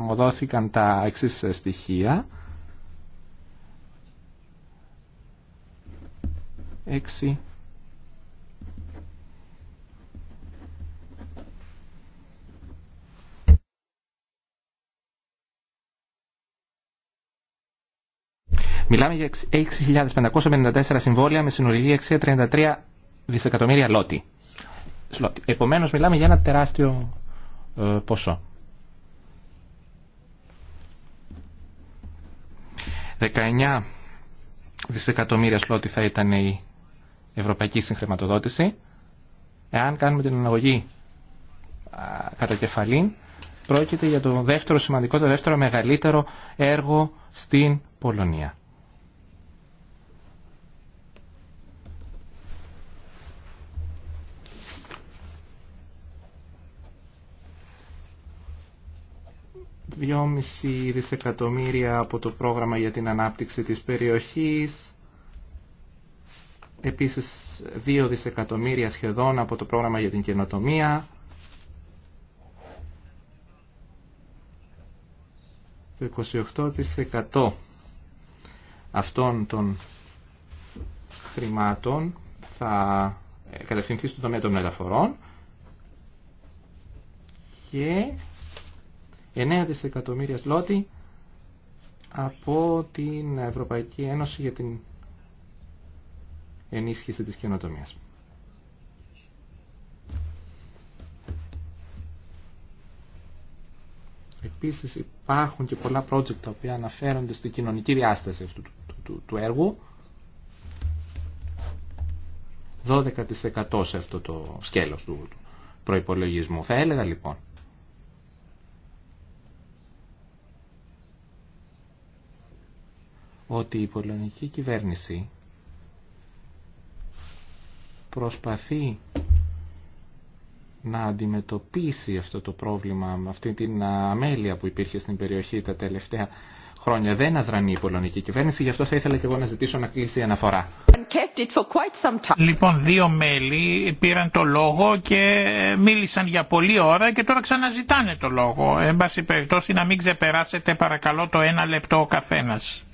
μου δόθηκαν τα εξής στοιχεία. Μιλάμε για 6.554 συμβόλαια με συνολική αξία 33 δισεκατομμύρια λότι. Επομένως μιλάμε για ένα τεράστιο ε, ποσό. 19 δισεκατομμύρια σλότη θα ήταν η ευρωπαϊκή συγχρηματοδότηση. Εάν κάνουμε την αναγωγή κατά κεφαλή, πρόκειται για το δεύτερο σημαντικό, το δεύτερο μεγαλύτερο έργο στην Πολωνία. 2,5 δισεκατομμύρια από το πρόγραμμα για την ανάπτυξη της περιοχής, επίσης 2 δισεκατομμύρια σχεδόν από το πρόγραμμα για την καινοτομία, το 28% αυτών των χρημάτων θα κατευθυνθεί στον τομέα των μεταφορών και 9 δισεκατομμύρια σλότη από την Ευρωπαϊκή Ένωση για την ενίσχυση της καινοτομίας. Επίσης υπάρχουν και πολλά project τα οποία αναφέρονται στην κοινωνική διάσταση αυτού του, έργου. 12% σε αυτό το σκέλος του προϋπολογισμού. Θα έλεγα λοιπόν ότι η πολωνική κυβέρνηση προσπαθεί να αντιμετωπίσει αυτό το πρόβλημα, με αυτή την αμέλεια που υπήρχε στην περιοχή τα τελευταία χρόνια. Δεν αδρανεί η πολωνική κυβέρνηση, γι' αυτό θα ήθελα και εγώ να ζητήσω να κλείσει η αναφορά. Λοιπόν, δύο μέλη πήραν το λόγο και μίλησαν για πολλή ώρα και τώρα ξαναζητάνε το λόγο. Εν πάση περιπτώσει να μην ξεπεράσετε παρακαλώ το ένα λεπτό ο καθένας.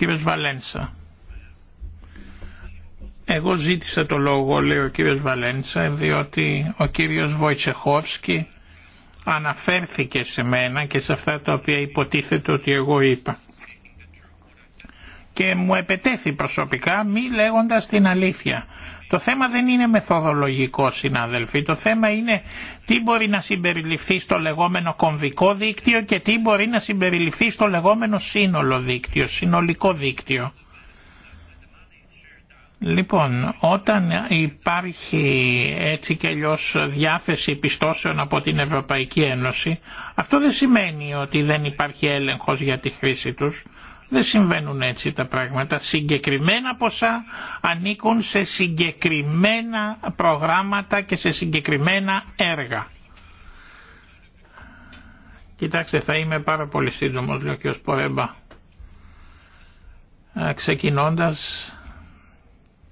κύριος Βαλένσα. Εγώ ζήτησα το λόγο, λέει ο κύριος Βαλένσα, διότι ο κύριος Βοητσεχόφσκι αναφέρθηκε σε μένα και σε αυτά τα οποία υποτίθεται ότι εγώ είπα και μου επετέθη προσωπικά μη λέγοντας την αλήθεια. Το θέμα δεν είναι μεθοδολογικό συνάδελφοι, το θέμα είναι τι μπορεί να συμπεριληφθεί στο λεγόμενο κομβικό δίκτυο και τι μπορεί να συμπεριληφθεί στο λεγόμενο σύνολο δίκτυο, συνολικό δίκτυο. Λοιπόν, όταν υπάρχει έτσι και αλλιώ διάθεση πιστώσεων από την Ευρωπαϊκή Ένωση, αυτό δεν σημαίνει ότι δεν υπάρχει έλεγχος για τη χρήση τους. Δεν συμβαίνουν έτσι τα πράγματα. Συγκεκριμένα ποσά ανήκουν σε συγκεκριμένα προγράμματα και σε συγκεκριμένα έργα. Κοιτάξτε, θα είμαι πάρα πολύ σύντομος, λέει ο κ. Πορέμπα. Ε, ξεκινώντας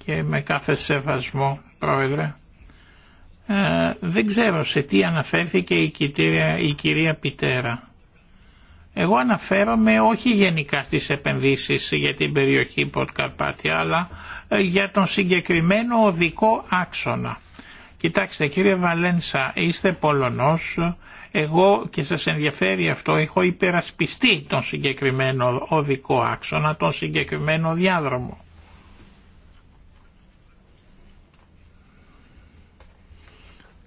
και με κάθε σεβασμό, Πρόεδρε, ε, δεν ξέρω σε τι αναφέρθηκε η κυρία, η κυρία Πιτέρα. Εγώ αναφέρομαι όχι γενικά στις επενδύσεις για την περιοχή Ποτκαρπάτια, αλλά ε, για τον συγκεκριμένο οδικό άξονα. Κοιτάξτε κύριε Βαλένσα, είστε Πολωνός, εγώ και σας ενδιαφέρει αυτό, έχω υπερασπιστεί τον συγκεκριμένο οδικό άξονα, τον συγκεκριμένο διάδρομο.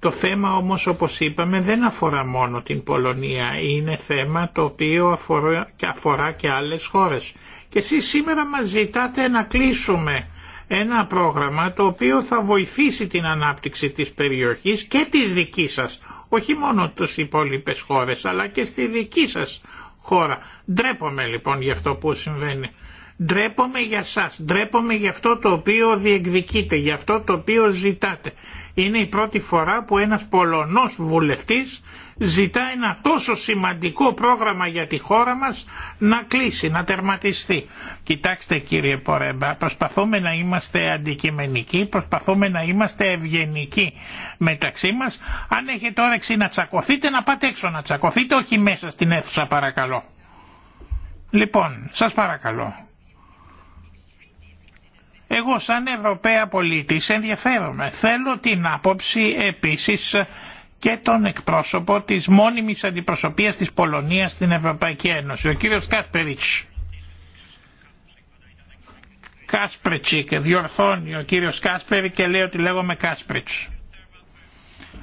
Το θέμα όμως όπως είπαμε δεν αφορά μόνο την Πολωνία, είναι θέμα το οποίο αφορά και, αφορά και άλλες χώρες. Και εσείς σήμερα μας ζητάτε να κλείσουμε ένα πρόγραμμα το οποίο θα βοηθήσει την ανάπτυξη της περιοχής και της δικής σας, όχι μόνο τις υπόλοιπες χώρες αλλά και στη δική σας χώρα. Ντρέπομαι λοιπόν για αυτό που συμβαίνει. Ντρέπομαι για σας, ντρέπομαι για αυτό το οποίο διεκδικείτε, για αυτό το οποίο ζητάτε. Είναι η πρώτη φορά που ένας Πολωνός βουλευτής ζητά ένα τόσο σημαντικό πρόγραμμα για τη χώρα μας να κλείσει, να τερματιστεί. Κοιτάξτε κύριε Πορέμπα, προσπαθούμε να είμαστε αντικειμενικοί, προσπαθούμε να είμαστε ευγενικοί μεταξύ μας. Αν έχετε όρεξη να τσακωθείτε, να πάτε έξω να τσακωθείτε, όχι μέσα στην αίθουσα παρακαλώ. Λοιπόν, σας παρακαλώ. Εγώ σαν Ευρωπαία πολίτης ενδιαφέρομαι. Θέλω την άποψη επίσης και τον εκπρόσωπο της μόνιμης αντιπροσωπείας της Πολωνίας στην Ευρωπαϊκή Ένωση, ο κύριος Κάσπεριτς. και διορθώνει ο κύριος Κάσπερι και λέει ότι λέγομαι Κάσπριτς.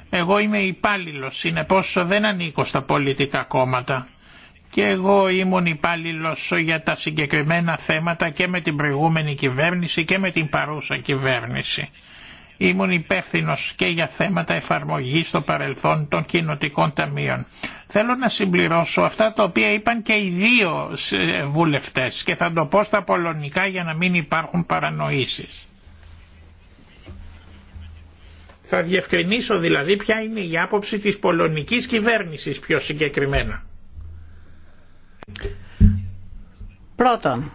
Εγώ είμαι υπάλληλο, συνεπώς δεν ανήκω στα πολιτικά κόμματα και εγώ ήμουν υπάλληλο για τα συγκεκριμένα θέματα και με την προηγούμενη κυβέρνηση και με την παρούσα κυβέρνηση. Ήμουν υπεύθυνο και για θέματα εφαρμογής στο παρελθόν των κοινοτικών ταμείων. Θέλω να συμπληρώσω αυτά τα οποία είπαν και οι δύο ε, βουλευτές και θα το πω στα πολωνικά για να μην υπάρχουν παρανοήσεις. Θα διευκρινίσω δηλαδή ποια είναι η άποψη της πολωνικής κυβέρνησης πιο συγκεκριμένα. Πρώτον,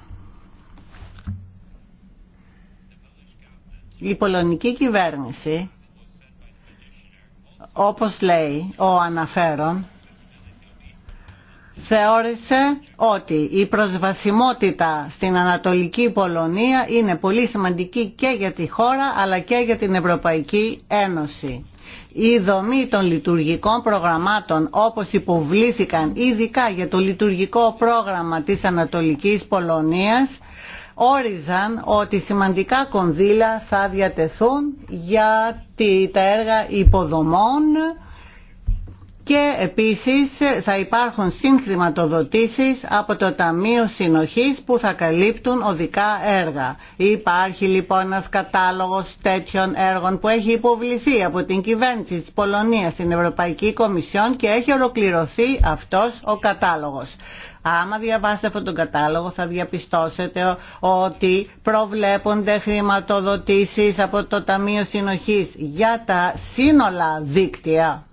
η πολωνική κυβέρνηση, όπως λέει ο αναφέρον, θεώρησε ότι η προσβασιμότητα στην Ανατολική Πολωνία είναι πολύ σημαντική και για τη χώρα αλλά και για την Ευρωπαϊκή Ένωση. Η δομή των λειτουργικών προγραμμάτων όπως υποβλήθηκαν ειδικά για το λειτουργικό πρόγραμμα της Ανατολικής Πολωνίας όριζαν ότι σημαντικά κονδύλα θα διατεθούν για τα έργα υποδομών και επίσης θα υπάρχουν συγχρηματοδοτήσεις από το Ταμείο Συνοχής που θα καλύπτουν οδικά έργα. Υπάρχει λοιπόν ένας κατάλογος τέτοιων έργων που έχει υποβληθεί από την κυβέρνηση της Πολωνίας στην Ευρωπαϊκή Κομισιόν και έχει ολοκληρωθεί αυτός ο κατάλογος. Άμα διαβάσετε αυτόν τον κατάλογο θα διαπιστώσετε ότι προβλέπονται χρηματοδοτήσεις από το Ταμείο Συνοχής για τα σύνολα δίκτυα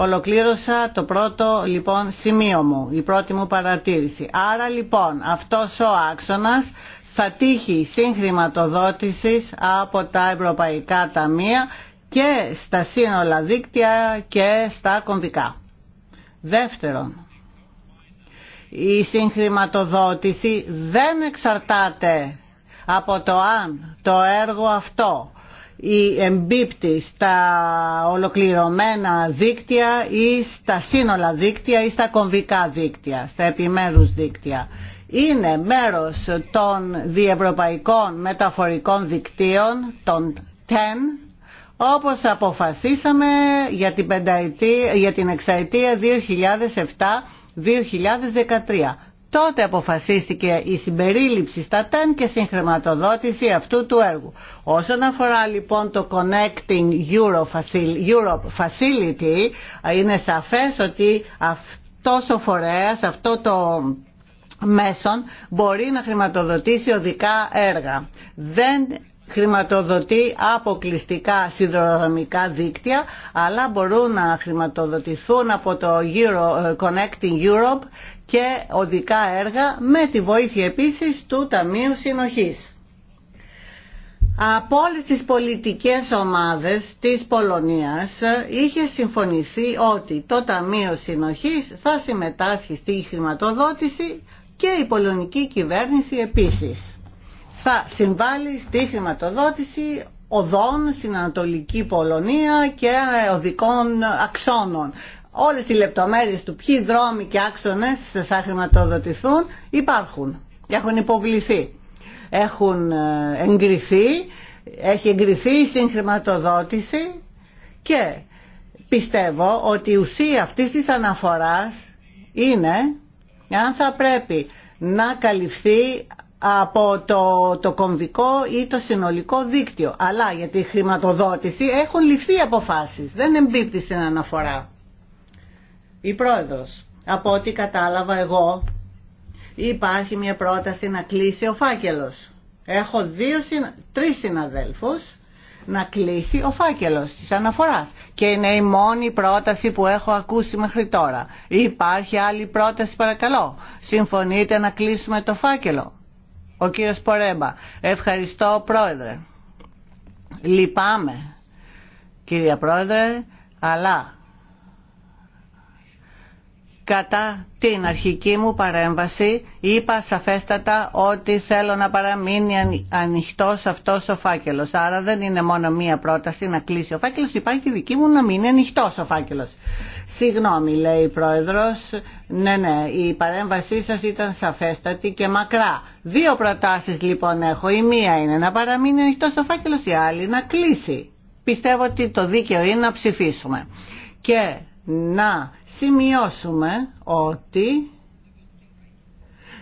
Ολοκλήρωσα το πρώτο λοιπόν σημείο μου, η πρώτη μου παρατήρηση. Άρα λοιπόν αυτός ο άξονας θα τύχει συγχρηματοδότησης από τα Ευρωπαϊκά Ταμεία και στα σύνολα δίκτυα και στα κομβικά. Δεύτερον, η συγχρηματοδότηση δεν εξαρτάται από το αν το έργο αυτό η εμπίπτει στα ολοκληρωμένα δίκτυα ή στα σύνολα δίκτυα ή στα κομβικά δίκτυα, στα επιμέρους δίκτυα. Είναι μέρος των διευρωπαϊκών μεταφορικών δικτύων, των TEN, όπως αποφασίσαμε για την, πενταετία, για την εξαετία 2007-2013 τότε αποφασίστηκε η συμπερίληψη στα τέν και συγχρηματοδότηση αυτού του έργου. Όσον αφορά λοιπόν το Connecting Europe Facility, είναι σαφές ότι αυτός ο φορέας, αυτό το μέσον μπορεί να χρηματοδοτήσει οδικά έργα. Δεν χρηματοδοτεί αποκλειστικά σιδηροδρομικά δίκτυα, αλλά μπορούν να χρηματοδοτηθούν από το Euro, Connecting Europe και οδικά έργα με τη βοήθεια επίσης του Ταμείου Συνοχής. Από όλες τις πολιτικές ομάδες της Πολωνίας είχε συμφωνηθεί ότι το Ταμείο Συνοχής θα συμμετάσχει στη χρηματοδότηση και η πολωνική κυβέρνηση επίσης. Θα συμβάλλει στη χρηματοδότηση οδών στην Ανατολική Πολωνία και οδικών αξώνων όλες οι λεπτομέρειες του ποιοι δρόμοι και άξονες θα χρηματοδοτηθούν υπάρχουν και έχουν υποβληθεί. Έχουν ε, εγκριθεί, έχει εγκριθεί η συγχρηματοδότηση και πιστεύω ότι η ουσία αυτής της αναφοράς είναι αν θα πρέπει να καλυφθεί από το, το κομβικό ή το συνολικό δίκτυο. Αλλά για τη χρηματοδότηση έχουν ληφθεί αποφάσεις, δεν εμπίπτει στην αναφορά η πρόεδρος. Από ό,τι κατάλαβα εγώ υπάρχει μια πρόταση να κλείσει ο φάκελος. Έχω δύο, τρεις συναδέλφους να κλείσει ο φάκελος της αναφοράς και είναι η μόνη πρόταση που έχω ακούσει μέχρι τώρα. Υπάρχει άλλη πρόταση παρακαλώ. Συμφωνείτε να κλείσουμε το φάκελο. Ο κύριος Πορέμπα. Ευχαριστώ πρόεδρε. Λυπάμαι κυρία πρόεδρε αλλά κατά την αρχική μου παρέμβαση είπα σαφέστατα ότι θέλω να παραμείνει ανοιχτός αυτός ο φάκελος. Άρα δεν είναι μόνο μία πρόταση να κλείσει ο φάκελος, υπάρχει και δική μου να μείνει ανοιχτός ο φάκελος. Συγγνώμη λέει η Πρόεδρος, ναι ναι η παρέμβασή σας ήταν σαφέστατη και μακρά. Δύο προτάσεις λοιπόν έχω, η μία είναι να παραμείνει ανοιχτός ο φάκελος, η άλλη να κλείσει. Πιστεύω ότι το δίκαιο είναι να ψηφίσουμε. Και να σημειώσουμε ότι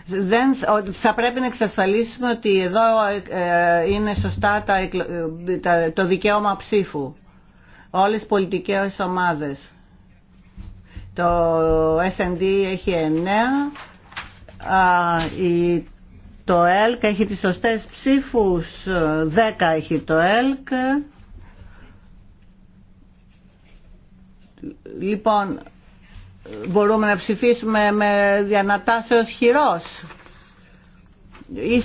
δεν, θα πρέπει να εξασφαλίσουμε ότι εδώ ε, είναι σωστά ε, τα, το δικαίωμα ψήφου. Όλες οι πολιτικές ομάδες. Το S&D έχει 9, το ΕΛΚ έχει τις σωστές ψήφους, 10 έχει το ΕΛΚ. Λοιπόν, μπορούμε να ψηφίσουμε με διανατάσεως χειρός ή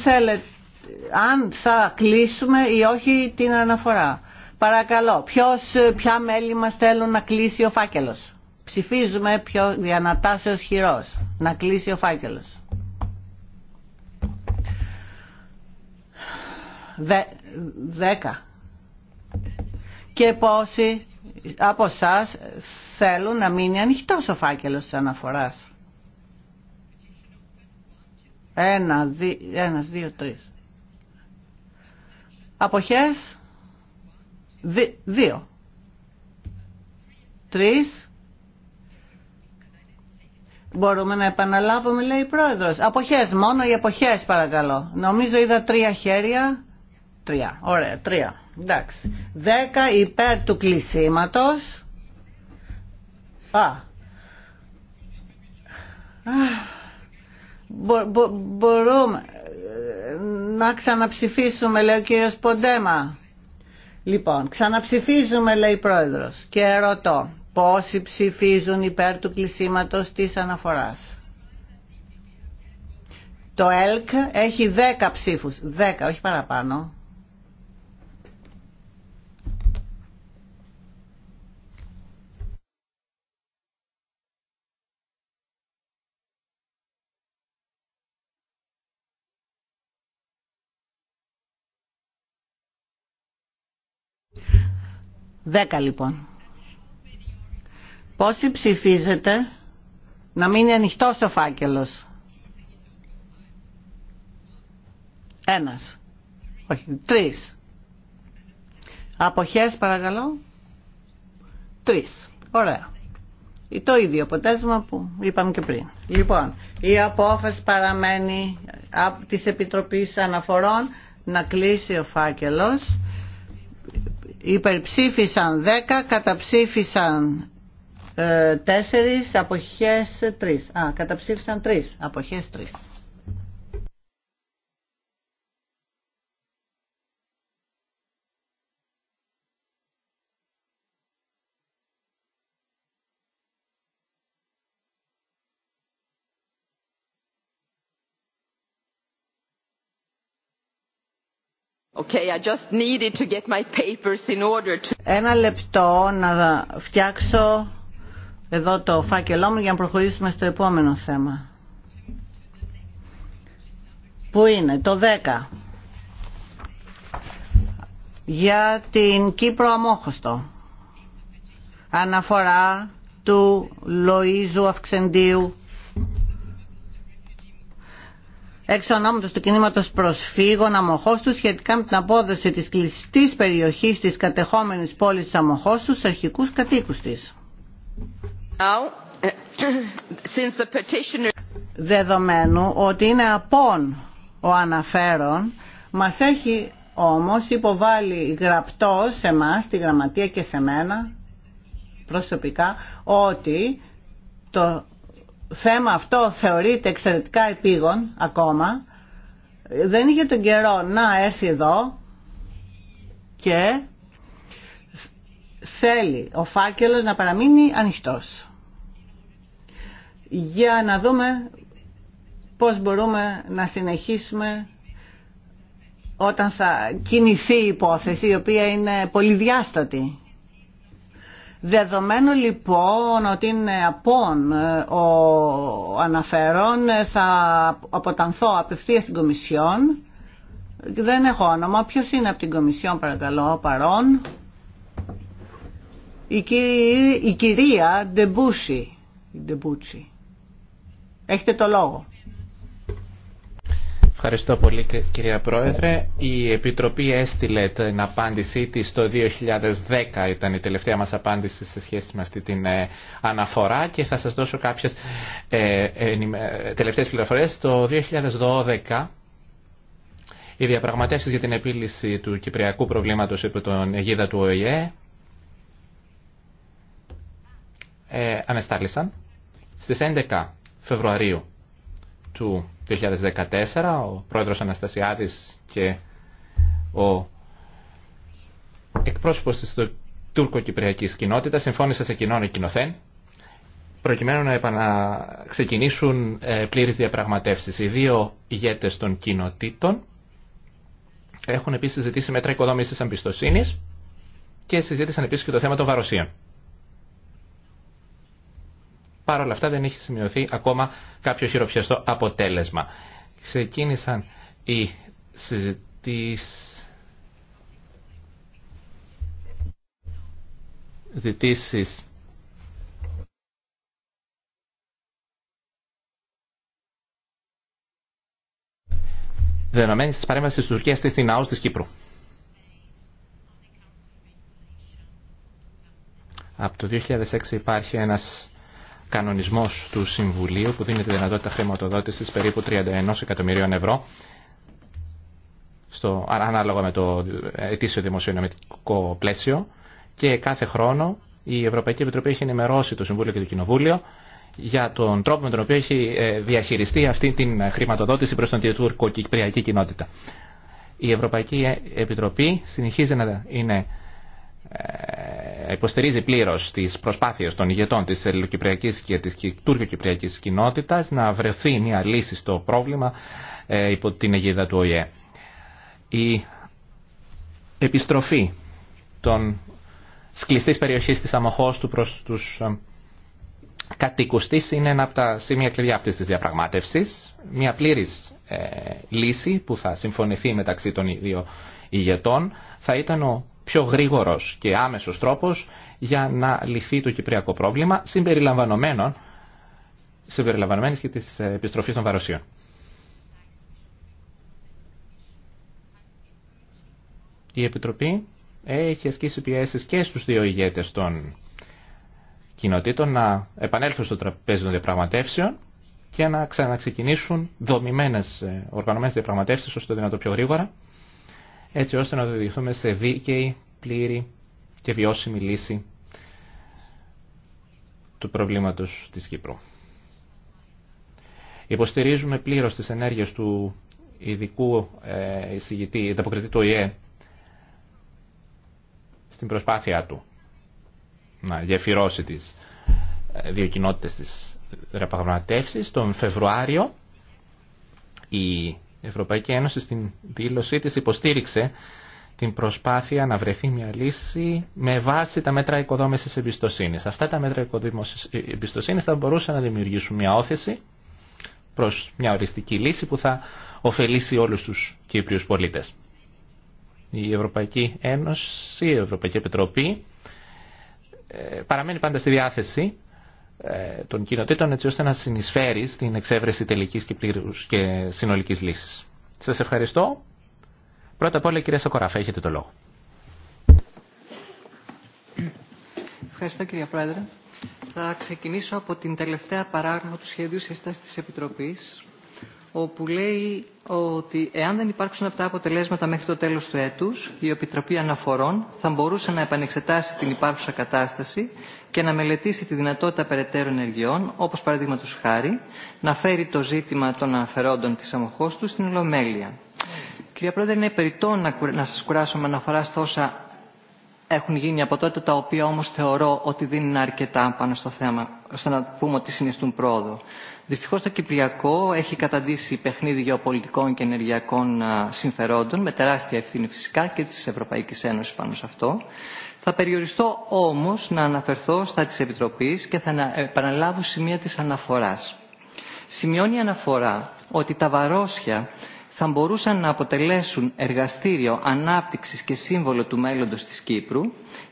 αν θα κλείσουμε ή όχι την αναφορά. Παρακαλώ, ποιος, ποια μέλη μας θέλουν να κλείσει ο φάκελος. Ψηφίζουμε ποιο διανατάσεως χειρός να κλείσει ο φάκελος. δέκα. Και πόσοι από εσά θέλουν να μείνει ανοιχτό ο φάκελο τη αναφορά. Ένα, δι, δύο, τρεις. Αποχές, δύο. Τρεις. Μπορούμε να επαναλάβουμε, λέει η πρόεδρος. Αποχές, μόνο οι αποχές παρακαλώ. Νομίζω είδα τρία χέρια. Τρία. Ωραία, τρία. Εντάξει. Δέκα υπέρ του κλεισίματος. Α. μπορούμε ε, να ξαναψηφίσουμε, λέει ο κύριος Ποντέμα. Λοιπόν, ξαναψηφίζουμε, λέει η πρόεδρος. Και ρωτώ, πόσοι ψηφίζουν υπέρ του κλεισίματος της αναφοράς. Το ΕΛΚ έχει 10 ψήφους. 10, όχι παραπάνω. Δέκα λοιπόν. Πόσοι ψηφίζετε να μείνει ανοιχτό ο φάκελος. Ένας. Όχι, τρεις. Αποχές παρακαλώ. Τρεις. Ωραία. Ε, το ίδιο αποτέλεσμα που είπαμε και πριν. Λοιπόν, η απόφαση παραμένει από της Επιτροπής Αναφορών να κλείσει ο φάκελος Υπερψήφισαν 10, καταψήφισαν 4, ε, αποχές 3. Α, καταψήφισαν 3, αποχές 3. Ένα λεπτό να φτιάξω εδώ το φάκελό μου για να προχωρήσουμε στο επόμενο θέμα. Πού είναι, το 10. Για την Κύπρο Αμόχωστο. Αναφορά του Λοΐζου Αυξεντίου έξω ονόματος του κινήματος προσφύγων Αμοχώστου σχετικά με την απόδοση της κλειστής περιοχής της κατεχόμενης πόλης της Αμοχώστου στους αρχικούς κατοίκους της. *clears throat* Δεδομένου ότι είναι απόν ο αναφέρον, μας έχει όμως υποβάλει γραπτό σε εμά, τη γραμματεία και σε μένα προσωπικά, ότι το θέμα αυτό θεωρείται εξαιρετικά επίγον ακόμα. Δεν είχε τον καιρό να έρθει εδώ και θέλει ο φάκελος να παραμείνει ανοιχτός. Για να δούμε πώς μπορούμε να συνεχίσουμε όταν θα κινηθεί η υπόθεση η οποία είναι πολυδιάστατη Δεδομένου λοιπόν ότι είναι απόν ε, ο αναφέρον ε, θα αποτανθώ απευθεία στην Κομισιόν. Δεν έχω όνομα. Ποιος είναι από την Κομισιόν παρακαλώ παρόν. Η, κυρία Ντεμπούση. Έχετε το λόγο. Ευχαριστώ πολύ κυρία Πρόεδρε. Η Επιτροπή έστειλε την απάντησή της το 2010, ήταν η τελευταία μας απάντηση σε σχέση με αυτή την ε, αναφορά και θα σας δώσω κάποιες ε, τελευταίες πληροφορίες. Το 2012 οι διαπραγματεύσεις για την επίλυση του κυπριακού προβλήματος υπό τον αιγίδα του ΟΗΕ ε, ανεστάλησαν στις 11 Φεβρουαρίου του το 2014 ο πρόεδρος Αναστασιάδης και ο εκπρόσωπος της τουρκοκυπριακής κοινότητας συμφώνησε σε κοινόν εκκοινοθέν προκειμένου να επαναξεκινήσουν ε, πλήρες διαπραγματεύσεις. Οι δύο ηγέτες των κοινοτήτων έχουν επίσης ζητήσει μέτρα οικοδόμησης εμπιστοσύνη και συζήτησαν επίσης και το θέμα των βαροσίων. Παρ' όλα αυτά δεν έχει σημειωθεί ακόμα κάποιο χειροπιαστό αποτέλεσμα. Ξεκίνησαν οι συζητήσει δεδομένη τη παρέμβαση τη Τουρκία στην ΑΟΣ της Κύπρου. Από το 2006 υπάρχει ένας κανονισμός του Συμβουλίου που δίνει τη δυνατότητα χρηματοδότησης περίπου 31 εκατομμυρίων ευρώ στο, ανάλογα με το ετήσιο δημοσιονομικό πλαίσιο και κάθε χρόνο η Ευρωπαϊκή Επιτροπή έχει ενημερώσει το Συμβούλιο και το Κοινοβούλιο για τον τρόπο με τον οποίο έχει ε, διαχειριστεί αυτή την χρηματοδότηση προς τον τουρκοκυπριακή κοινότητα. Η Ευρωπαϊκή Επιτροπή συνεχίζει να είναι ε, υποστηρίζει πλήρω τις προσπάθειες των ηγετών της ελληνοκυπριακής και της τουρκοκυπριακής κοινότητας να βρεθεί μια λύση στο πρόβλημα ε, υπό την αιγίδα του ΟΗΕ. Η επιστροφή των σκληστής περιοχή της Αμοχώστου προς τους ε, κατοίκου τη είναι ένα από τα σημεία κλειδιά αυτή της διαπραγματεύση, Μια πλήρης λύση που θα συμφωνηθεί μεταξύ των δύο ηγετών θα ήταν ο πιο γρήγορος και άμεσος τρόπος για να λυθεί το κυπριακό πρόβλημα συμπεριλαμβανομένων συμπεριλαμβανομένης και της ε, επιστροφής των βαροσίων. Η Επιτροπή έχει ασκήσει πιέσει και στους δύο ηγέτες των κοινοτήτων να επανέλθουν στο τραπέζι των διαπραγματεύσεων και να ξαναξεκινήσουν δομημένες ε, οργανωμένες διαπραγματεύσεις ώστε το δυνατό πιο γρήγορα έτσι ώστε να οδηγηθούμε σε δίκαιη, πλήρη και βιώσιμη λύση του προβλήματος της Κύπρου. Υποστηρίζουμε πλήρως τις ενέργειες του ειδικού ε, εισηγητή, ανταποκριτή του ΟΗΕ, στην προσπάθειά του να γεφυρώσει τις ε, δύο κοινότητες της ρεπαγματεύσεις. Τον Φεβρουάριο η η Ευρωπαϊκή Ένωση στην δήλωσή της υποστήριξε την προσπάθεια να βρεθεί μια λύση με βάση τα μέτρα οικοδόμησης εμπιστοσύνης. Αυτά τα μέτρα οικοδόμησης εμπιστοσύνης θα μπορούσαν να δημιουργήσουν μια όθεση προς μια οριστική λύση που θα ωφελήσει όλους τους Κύπριους πολίτες. Η Ευρωπαϊκή Ένωση, η Ευρωπαϊκή Επιτροπή ε, παραμένει πάντα στη διάθεση ε, των κοινοτήτων έτσι ώστε να συνεισφέρει στην εξέβρεση τελικής και, πλήρους και συνολικής λύσης. Σας ευχαριστώ. Πρώτα απ' όλα κυρία Σακοράφα, έχετε το λόγο. Ευχαριστώ κυρία Πρόεδρε. Θα ξεκινήσω από την τελευταία παράγραφο του σχέδιου συστάσης της Επιτροπής όπου λέει ότι εάν δεν υπάρξουν αυτά αποτελέσματα μέχρι το τέλος του έτους, η Επιτροπή Αναφορών θα μπορούσε να επανεξετάσει την υπάρχουσα κατάσταση και να μελετήσει τη δυνατότητα περαιτέρω ενεργειών, όπως παραδείγματος χάρη, να φέρει το ζήτημα των αναφερόντων της αμοχώς του στην Ολομέλεια. Κυρία Πρόεδρε, είναι περιττό να, να σας κουράσω με αναφορά στα όσα έχουν γίνει από τότε, τα οποία όμως θεωρώ ότι δεν είναι αρκετά πάνω στο θέμα, ώστε να πούμε ότι συνιστούν πρόοδο. Δυστυχώς το Κυπριακό έχει καταντήσει παιχνίδι γεωπολιτικών και ενεργειακών συμφερόντων με τεράστια ευθύνη φυσικά και της Ευρωπαϊκής Ένωσης πάνω σε αυτό. Θα περιοριστώ όμως να αναφερθώ στα της Επιτροπής και θα ε, επαναλάβω σημεία της αναφοράς. Σημειώνει η αναφορά ότι τα βαρόσια θα μπορούσαν να αποτελέσουν εργαστήριο ανάπτυξης και σύμβολο του μέλλοντος της Κύπρου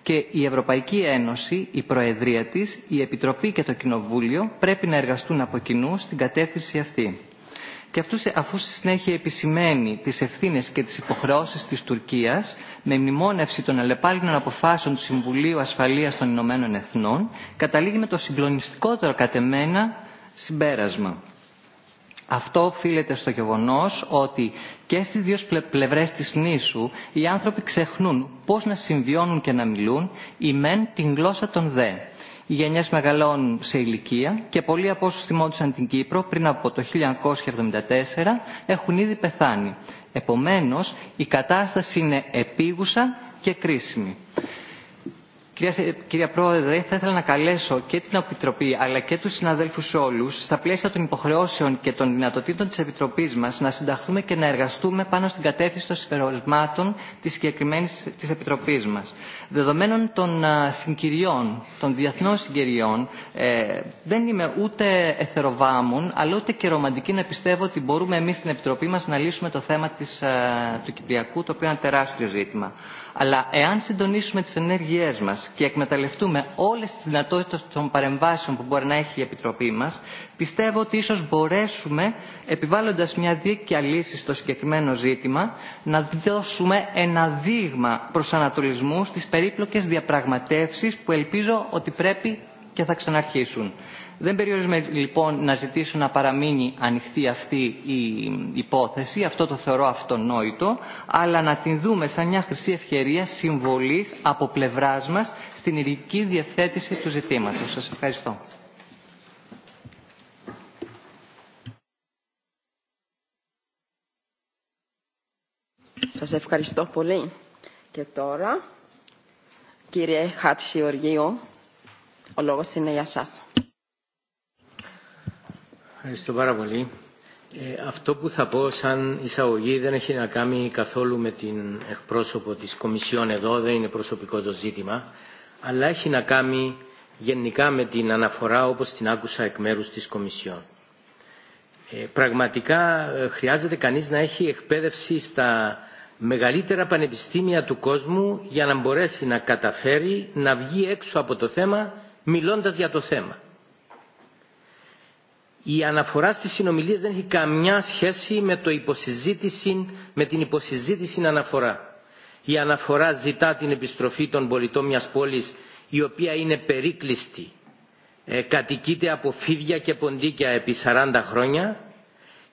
και η Ευρωπαϊκή Ένωση, η Προεδρία της, η Επιτροπή και το Κοινοβούλιο πρέπει να εργαστούν από κοινού στην κατεύθυνση αυτή. Και αυτού, αφού στη συνέχεια επισημαίνει τις ευθύνες και τις υποχρεώσεις της Τουρκίας με μνημόνευση των αλλεπάλληλων αποφάσεων του Συμβουλίου Ασφαλείας των Ηνωμένων Εθνών, καταλήγει με το συγκλονιστικότερο κατεμένα συμπέρασμα αυτό οφείλεται στο γεγονό ότι και στις δύο πλευρές της νήσου οι άνθρωποι ξεχνούν πώς να συμβιώνουν και να μιλούν η μεν την γλώσσα των δε. Οι γενιές μεγαλώνουν σε ηλικία και πολλοί από όσου θυμόντουσαν την Κύπρο πριν από το 1974 έχουν ήδη πεθάνει. Επομένως, η κατάσταση είναι επίγουσα και κρίσιμη. Κυρία Πρόεδρε, θα ήθελα να καλέσω και την Επιτροπή αλλά και τους συναδέλφους όλους στα πλαίσια των υποχρεώσεων και των δυνατοτήτων της Επιτροπής μας να συνταχθούμε και να εργαστούμε πάνω στην κατεύθυνση των συμπερισμάτων της συγκεκριμένης της Επιτροπής μας δεδομένων των συγκυριών, των διεθνών συγκυριών, ε, δεν είμαι ούτε εθεροβάμων, αλλά ούτε και ρομαντική να πιστεύω ότι μπορούμε εμείς στην Επιτροπή μας να λύσουμε το θέμα της, του Κυπριακού, το οποίο είναι ένα τεράστιο ζήτημα. Αλλά εάν συντονίσουμε τις ενέργειές μας και εκμεταλλευτούμε όλες τις δυνατότητες των παρεμβάσεων που μπορεί να έχει η Επιτροπή μας, πιστεύω ότι ίσως μπορέσουμε, επιβάλλοντας μια δίκαια λύση στο συγκεκριμένο ζήτημα, να δώσουμε ένα δείγμα ανατολισμού στις περίπλοκες διαπραγματεύσεις που ελπίζω ότι πρέπει και θα ξαναρχίσουν. Δεν περιορίζουμε λοιπόν να ζητήσω να παραμείνει ανοιχτή αυτή η υπόθεση, αυτό το θεωρώ αυτονόητο, αλλά να την δούμε σαν μια χρυσή ευκαιρία συμβολής από πλευράς μας στην ειρική διευθέτηση του ζητήματος. Σας ευχαριστώ. Σας ευχαριστώ πολύ. Και τώρα Κύριε Οργείο, ο λόγος είναι για σας. Ευχαριστώ πάρα πολύ. Ε, αυτό που θα πω σαν εισαγωγή δεν έχει να κάνει καθόλου με την εκπρόσωπο της Κομισιόν εδώ, δεν είναι προσωπικό το ζήτημα, αλλά έχει να κάνει γενικά με την αναφορά όπως την άκουσα εκ μέρους της Κομισιόν. Ε, πραγματικά ε, χρειάζεται κανείς να έχει εκπαίδευση στα μεγαλύτερα πανεπιστήμια του κόσμου για να μπορέσει να καταφέρει να βγει έξω από το θέμα μιλώντας για το θέμα. Η αναφορά στις συνομιλίες δεν έχει καμιά σχέση με, το υποσυζήτηση, με την υποσυζήτηση αναφορά. Η αναφορά ζητά την επιστροφή των πολιτών μιας πόλης η οποία είναι περίκλειστη, ε, κατοικείται από φίδια και ποντίκια επί 40 χρόνια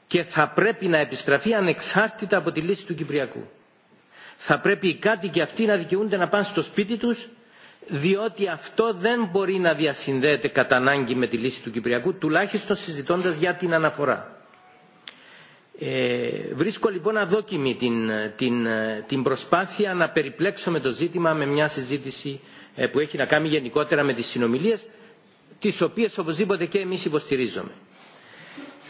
και θα πρέπει να επιστραφεί ανεξάρτητα από τη λύση του Κυπριακού. Θα πρέπει οι κάτοικοι αυτοί να δικαιούνται να πάνε στο σπίτι τους διότι αυτό δεν μπορεί να διασυνδέεται κατά ανάγκη με τη λύση του Κυπριακού, τουλάχιστον συζητώντας για την αναφορά. Ε, βρίσκω λοιπόν αδόκιμη την, την, την προσπάθεια να με το ζήτημα με μια συζήτηση ε, που έχει να κάνει γενικότερα με τις συνομιλίες, τις οποίες οπωσδήποτε και εμείς υποστηρίζουμε.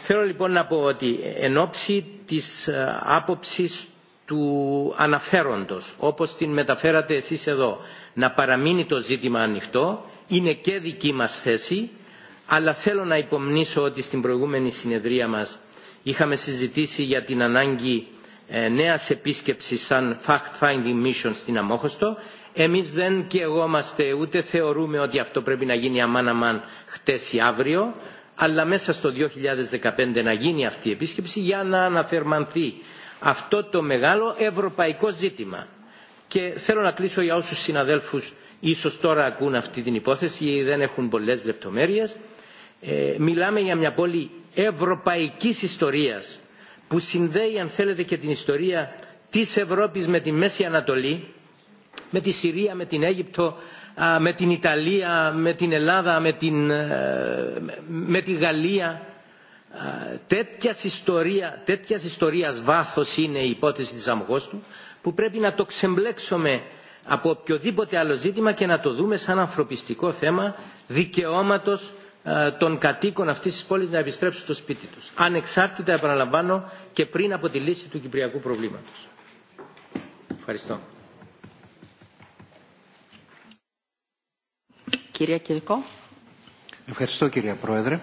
Θέλω λοιπόν να πω ότι εν ώψη της ε, άποψης του αναφέροντος, όπως την μεταφέρατε εσείς εδώ, να παραμείνει το ζήτημα ανοιχτό, είναι και δική μας θέση, αλλά θέλω να υπομνήσω ότι στην προηγούμενη συνεδρία μας είχαμε συζητήσει για την ανάγκη ε, νέας επίσκεψης σαν fact-finding mission στην Αμόχωστο. Εμείς δεν και εγώ είμαστε, ούτε θεωρούμε ότι αυτό πρέπει να γίνει αμάν-αμάν ή αύριο, αλλά μέσα στο 2015 να γίνει αυτή η επίσκεψη για να αναθερμανθεί αυτό το μεγάλο ευρωπαϊκό ζήτημα. Και θέλω να κλείσω για όσους συναδέλφους ίσως τώρα ακούν αυτή την υπόθεση ή δεν έχουν πολλές λεπτομέρειες. Ε, μιλάμε για μια πόλη ευρωπαϊκής ιστορίας που συνδέει αν θέλετε και την ιστορία της Ευρώπης με τη Μέση Ανατολή, με τη Συρία, με την Αίγυπτο, με την Ιταλία, με την Ελλάδα, με, την, ε, με τη Γαλλία τέτοιας, ιστορία, τέτοιας ιστορίας βάθος είναι η υπόθεση της του που πρέπει να το ξεμπλέξουμε από οποιοδήποτε άλλο ζήτημα και να το δούμε σαν ανθρωπιστικό θέμα δικαιώματος των κατοίκων αυτής της πόλης να επιστρέψουν στο σπίτι τους. Ανεξάρτητα, επαναλαμβάνω, και πριν από τη λύση του κυπριακού προβλήματος. Ευχαριστώ. Κυρία Κυρικό. Ευχαριστώ κυρία Πρόεδρε.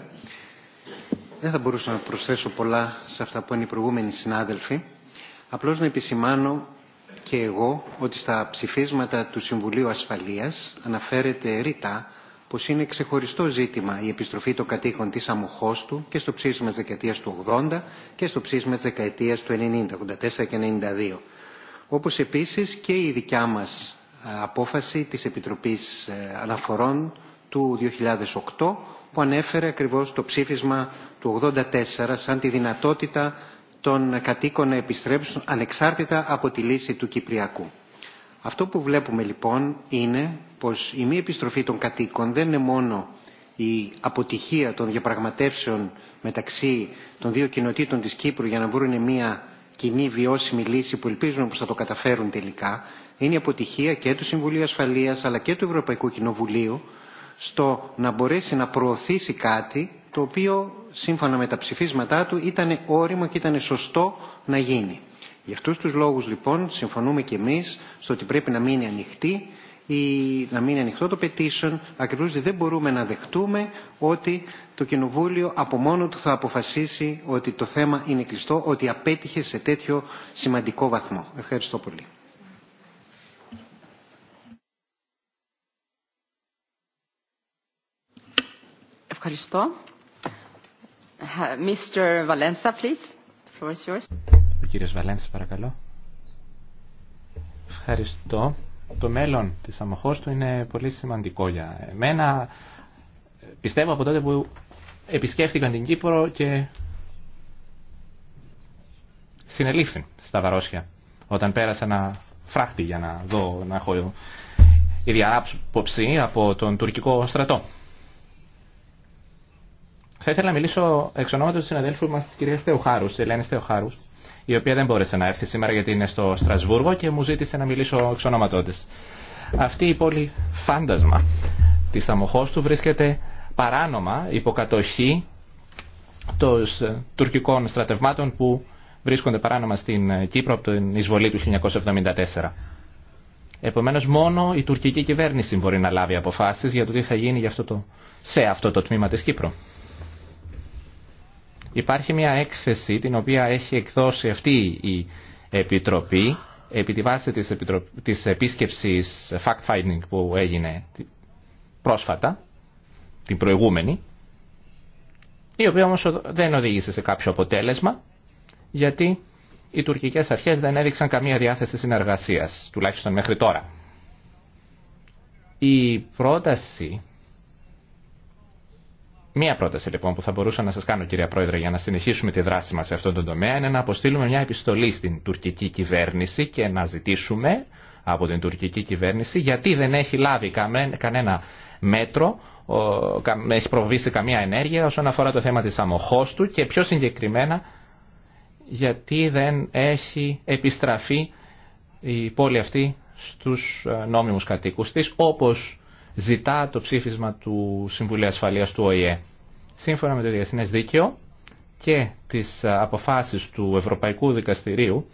Δεν θα μπορούσα να προσθέσω πολλά σε αυτά που είναι οι προηγούμενοι συνάδελφοι. Απλώς να επισημάνω και εγώ ότι στα ψηφίσματα του Συμβουλίου Ασφαλείας αναφέρεται ρητά πως είναι ξεχωριστό ζήτημα η επιστροφή των κατοίκων της Αμοχώστου και στο ψήφισμα της δεκαετίας του 80 και στο ψήφισμα της δεκαετίας του 90, 84 και 92. Όπως επίσης και η δικιά μας ε, απόφαση της Επιτροπής ε, Αναφορών του 2008 που ανέφερε ακριβώς το ψήφισμα του 1984 σαν τη δυνατότητα των κατοίκων να επιστρέψουν ανεξάρτητα από τη λύση του Κυπριακού. Αυτό που βλέπουμε λοιπόν είναι πως η μη επιστροφή των κατοίκων δεν είναι μόνο η αποτυχία των διαπραγματεύσεων μεταξύ των δύο κοινοτήτων της Κύπρου για να βρουν μια κοινή βιώσιμη λύση που ελπίζουμε πως θα το καταφέρουν τελικά είναι η αποτυχία και του Συμβουλίου Ασφαλείας αλλά και του Ευρωπαϊκού Κοινοβουλίου στο να μπορέσει να προωθήσει κάτι το οποίο σύμφωνα με τα ψηφίσματά του ήταν όριμο και ήταν σωστό να γίνει. Γι' αυτούς τους λόγους λοιπόν συμφωνούμε και εμείς στο ότι πρέπει να μείνει ανοιχτή ή να μείνει ανοιχτό το petition ακριβώς δεν μπορούμε να δεχτούμε ότι το Κοινοβούλιο από μόνο του θα αποφασίσει ότι το θέμα είναι κλειστό, ότι απέτυχε σε τέτοιο σημαντικό βαθμό. Ευχαριστώ πολύ. Ευχαριστώ. Ε, Mr. Το μέλλον της του είναι πολύ σημαντικό για εμένα. Πιστεύω από τότε που επισκέφθηκαν την Κύπρο και συνελήφθη στα Βαρόσια όταν πέρασα ένα φράχτη για να δω να έχω η διαράψη από τον τουρκικό στρατό. Θα ήθελα να μιλήσω εξ ονόματο του συναδέλφου μα τη κυρία Θεοχάρου, η Ελένη Θεοχάρους, η οποία δεν μπόρεσε να έρθει σήμερα γιατί είναι στο Στρασβούργο και μου ζήτησε να μιλήσω εξ ονόματό τη. Αυτή η πόλη φάντασμα τη αμοχώ του βρίσκεται παράνομα υποκατοχή των τουρκικών στρατευμάτων που βρίσκονται παράνομα στην Κύπρο από την εισβολή του 1974. Επομένως μόνο η τουρκική κυβέρνηση μπορεί να λάβει αποφάσεις για το τι θα γίνει για αυτό το, σε αυτό το τμήμα της Κύπρου. Υπάρχει μια έκθεση την οποία έχει εκδώσει αυτή η Επιτροπή επί τη βάση της, επίσκεψης fact-finding που έγινε πρόσφατα, την προηγούμενη, η οποία όμως δεν οδήγησε σε κάποιο αποτέλεσμα, γιατί οι τουρκικές αρχές δεν έδειξαν καμία διάθεση συνεργασίας, τουλάχιστον μέχρι τώρα. Η πρόταση Μία πρόταση λοιπόν που θα μπορούσα να σας κάνω κυρία Πρόεδρε για να συνεχίσουμε τη δράση μας σε αυτόν τον τομέα είναι να αποστείλουμε μια επιστολή στην τουρκική κυβέρνηση και να ζητήσουμε από την τουρκική κυβέρνηση γιατί δεν έχει λάβει κανένα μέτρο, έχει προβήσει καμία ενέργεια όσον αφορά το θέμα τη αμοχώς του και πιο συγκεκριμένα γιατί δεν έχει επιστραφεί η πόλη αυτή στους ε, νόμιμους κατοίκους της όπως ζητά το ψήφισμα του Συμβουλίου Ασφαλείας του ΟΗΕ. Σύμφωνα με το Διεθνές Δίκαιο και τις ε, αποφάσεις του Ευρωπαϊκού Δικαστηρίου,